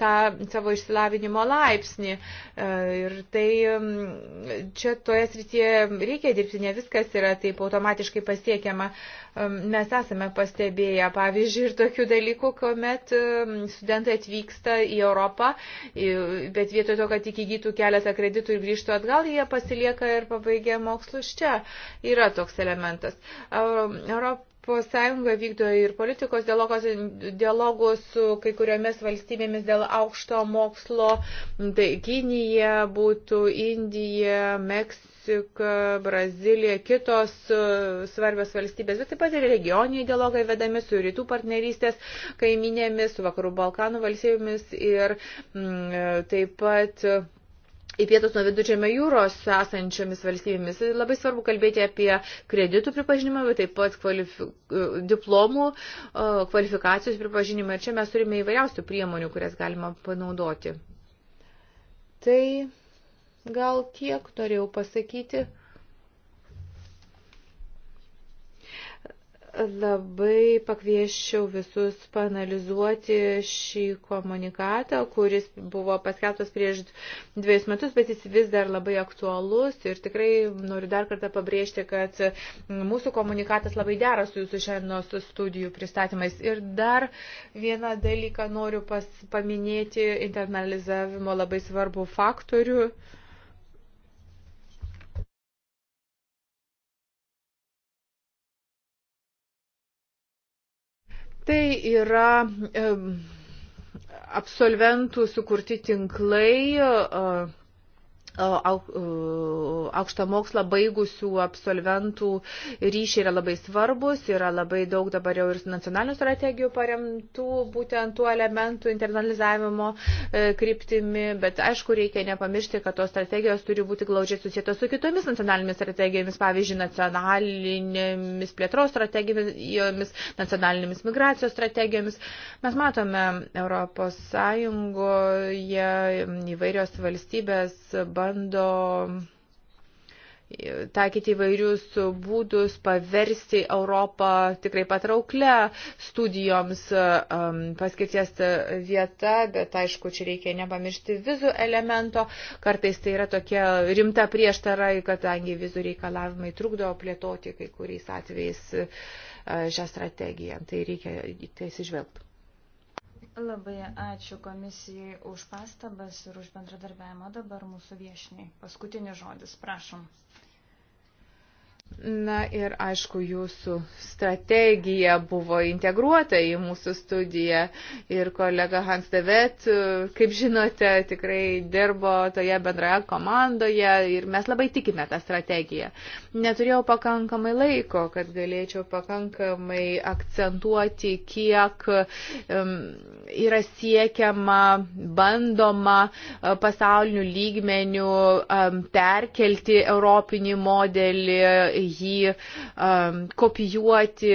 tą savo išsilavinimo laipsnį. E, ir tai mm, čia toje srityje reikia dirbti, ne viskas yra taip automatiškai pasiekiama. Mes esame pastebėję, pavyzdžiui, ir tokių dalykų, kuomet studentai atvyksta į Europą, bet vietoj to, kad įgytų keletą kreditų ir grįžtų atgal, jie pasilieka ir pabaigia mokslus čia. Yra toks elementas. Europ Sąjunga vykdo ir politikos dialogos, dialogus su kai kuriomis valstybėmis dėl aukšto mokslo. Tai Kinija būtų, Indija, Meksika, Brazilija, kitos e, svarbios valstybės, bet taip pat ir regioniniai dialogai vedami su rytų partnerystės kaiminėmis, su vakarų Balkanų valstybėmis ir m, mm, e, taip pat į pietus nuo viduržėmio jūros esančiomis valstybėmis. Labai svarbu kalbėti apie kreditų pripažinimą, bet taip pat kvalifi... E, diplomų, e, kvalifikacijos pripažinimą. Ir čia mes turime įvairiausių priemonių, kurias galima panaudoti. Tai gal tiek norėjau pasakyti. labai pakvieščiau visus panalizuoti šį komunikatą, kuris buvo paskelbtas prieš dviejus metus, bet jis vis dar labai aktualus ir tikrai noriu dar kartą pabrėžti, kad mūsų komunikatas labai dera su jūsų šiandienos studijų pristatymais. Ir dar vieną dalyką noriu pas, paminėti internalizavimo labai svarbų faktorių. Uh, Tai yra absolventų sukurti tinklai aukštą mokslą baigusių absolventų ryšiai yra labai svarbus, yra labai daug dabar jau ir nacionalinių strategijų paremtų būtent tų elementų internalizavimo e, kryptimi, bet aišku, reikia nepamiršti, kad tos strategijos turi būti glaudžiai susijętos su kitomis nacionalinėmis strategijomis, pavyzdžiui, nacionalinėmis plėtros strategijomis, nacionalinėmis migracijos strategijomis. Mes matome Europos Sąjungoje įvairios valstybės bando bando taikyti įvairius būdus, paversti Europą tikrai patrauklę studijoms um, paskirties vieta, bet aišku, čia reikia nepamiršti vizų elemento. Kartais tai yra tokia rimta prieštara, kadangi vizų reikalavimai trukdo plėtoti kai kuriais atvejais uh, šią strategiją. Tai reikia į tai atsižvelgti. Labai ačiū komisijai už pastabas ir už bendradarbiavimą dabar mūsų viešiniai. Paskutinis žodis, prašom. Na ir aišku, jūsų strategija buvo integruota į mūsų studiją ir kolega Hans Devet, kaip žinote, tikrai dirbo toje bendroje komandoje ir mes labai tikime tą strategiją. Neturėjau pakankamai laiko, kad galėčiau pakankamai akcentuoti, kiek um, yra siekiama, bandoma e, pasaulinių lygmenių um, perkelti europinį modelį jį um, kopijuoti,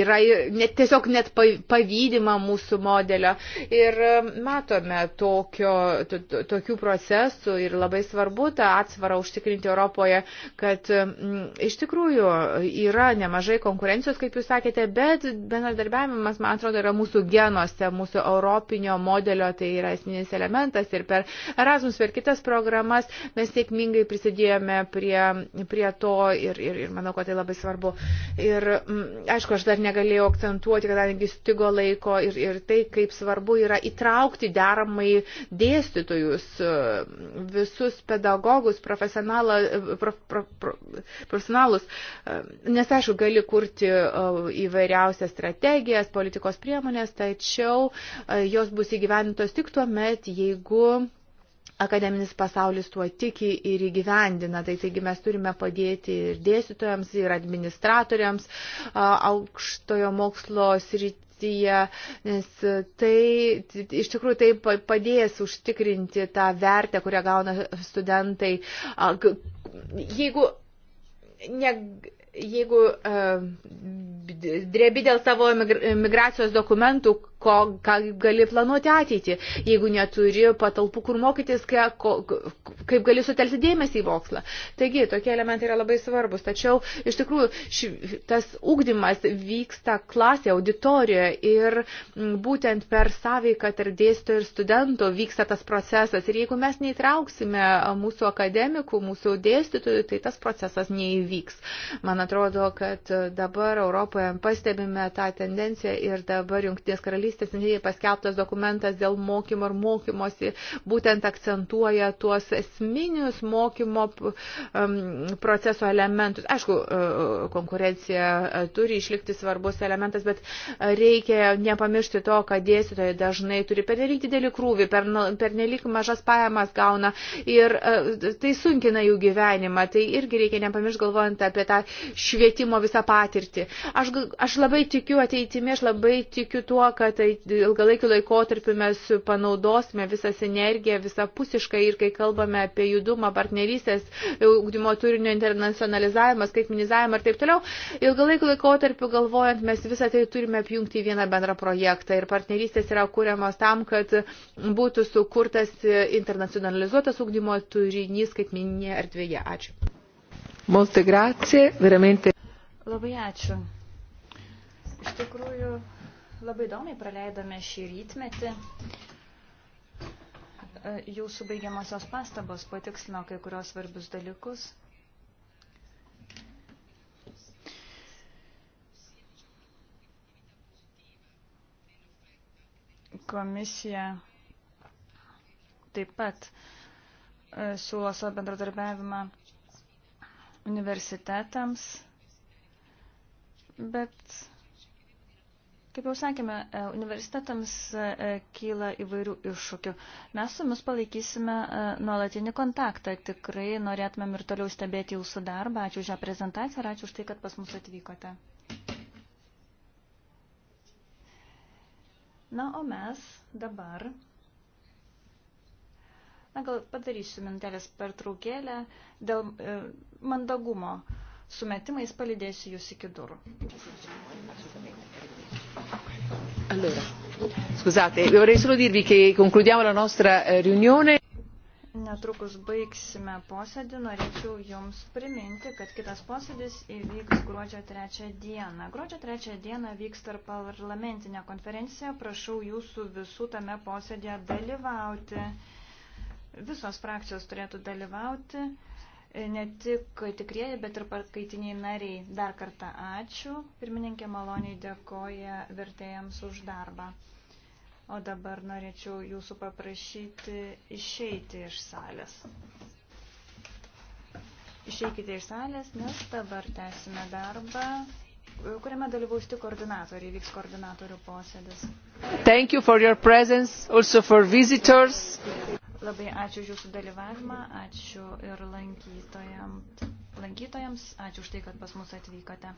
yra net, tiesiog net pavydima mūsų modelio. Ir um, matome tokio, to, to, tokių procesų ir labai svarbu tą atsvarą užtikrinti Europoje, kad m, um, iš tikrųjų yra nemažai konkurencijos, kaip jūs sakėte, bet bendradarbiavimas, man atrodo, yra mūsų genuose, mūsų europinio modelio, tai yra esminis elementas ir per Erasmus, per kitas programas mes sėkmingai prisidėjome prie, prie to ir, ir ir manau, kad tai labai svarbu. Ir mm, aišku, aš dar negalėjau akcentuoti, kadangi stigo laiko ir, ir tai, kaip svarbu yra įtraukti deramai dėstytojus, mm, visus pedagogus, prof, prof, profesionalus, mm, nes aišku, gali kurti įvairiausias strategijas, politikos priemonės, tačiau e, jos bus įgyvenintos tik tuo met, jeigu akademinis pasaulis tuo tiki ir įgyvendina. Tai taigi mes turime padėti ir dėstytojams, ir administratoriams aukštojo mokslo srityje, nes tai iš tikrųjų tai padės užtikrinti tą vertę, kurią gauna studentai. Jeigu ne, jeigu uh, drebi dėl savo migracijos dokumentų, ko, ką gali planuoti ateitį. Jeigu neturi patalpų, kur mokytis, kai, ko, kaip gali sutelti dėmesį į mokslą. Taigi, tokie elementai yra labai svarbus. Tačiau, iš tikrųjų, ši, tas ūkdymas vyksta klasėje, auditorijoje ir būtent per sąveiką tarp dėstytojų ir studentų vyksta tas procesas. Ir jeigu mes neįtrauksime mūsų akademikų, mūsų dėstytojų, tai tas procesas neįvyks. Man atrodo, kad dabar Europoje pastebime tą tendenciją ir dabar Junktinės karalystės karalystės paskelbtas dokumentas dėl mokymo ir mokymosi būtent akcentuoja tuos esminius mokymo um, proceso elementus. Aišku, uh, konkurencija uh, turi išlikti svarbus elementas, bet uh, reikia nepamiršti to, kad dėstytojai dažnai turi pernelyg didelį krūvį, pernelyg mažas pajamas gauna ir tai sunkina jų gyvenimą. Tai irgi reikia nepamiršti galvojant apie tą švietimo visą patirtį. Aš, aš labai tikiu ateitimi, aš labai tikiu tuo, kad tai ilgalaikiu laikotarpiu mes panaudosime visą sinergiją, visapusiškai ir kai kalbame apie judumą, partnerystės, ugdymo turinio internacionalizavimą, skaitminizavimą ir taip toliau, ilgalaikiu laikotarpiu galvojant mes visą tai turime apjungti į vieną bendrą projektą ir partnerystės yra kūriamos tam, kad būtų sukurtas internacionalizuotas ugdymo turinys skaitmininėje erdvėje. Ačiū. Molte grazie, veramente. Labai ačiū. Iš tikrųjų, Labai įdomiai praleidome šį rytmetį. E, jūsų baigiamosios pastabos patikslino kai kurios svarbius dalykus. Komisija taip pat e, siūlo savo bendradarbiavimą universitetams, bet Kaip jau sakėme, e, universitetams e, kyla įvairių iššūkių. Mes su jumis palaikysime e, nuolatinį kontaktą. Tikrai norėtumėm ir toliau stebėti jūsų darbą. Ačiū už šią prezentaciją ir ačiū už tai, kad pas mus atvykote. Na, o mes dabar. Na, gal padarysiu mintelės per traukėlę dėl e, mandagumo. Sumetimais palidėsiu jūs iki durų. Ačiū. Allora, scusate, vorrei solo dirvi che concludiamo la nostra eh, riunione. Netrukus baigsime posėdį, norėčiau Jums priminti, kad kitas posėdis įvyks gruodžio 3 dieną. Gruodžio 3 dieną vyks tarp parlamentinė konferencija, prašau Jūsų visų tame posėdėje dalyvauti. Visos frakcijos turėtų dalyvauti ne tik tikrieji, bet ir paskaitiniai nariai. Dar kartą ačiū. Pirmininkė maloniai dėkoja vertėjams už darbą. O dabar norėčiau jūsų paprašyti išeiti iš salės. Išeikite iš salės, nes dabar tęsime darbą, kuriame dalyvaus tik koordinatoriai, vyks koordinatorių posėdis. Thank you for your presence, also for visitors. Labai ačiū už jūsų dalyvavimą, ačiū ir lankytojams, lankytojams ačiū už tai, kad pas mus atvykote.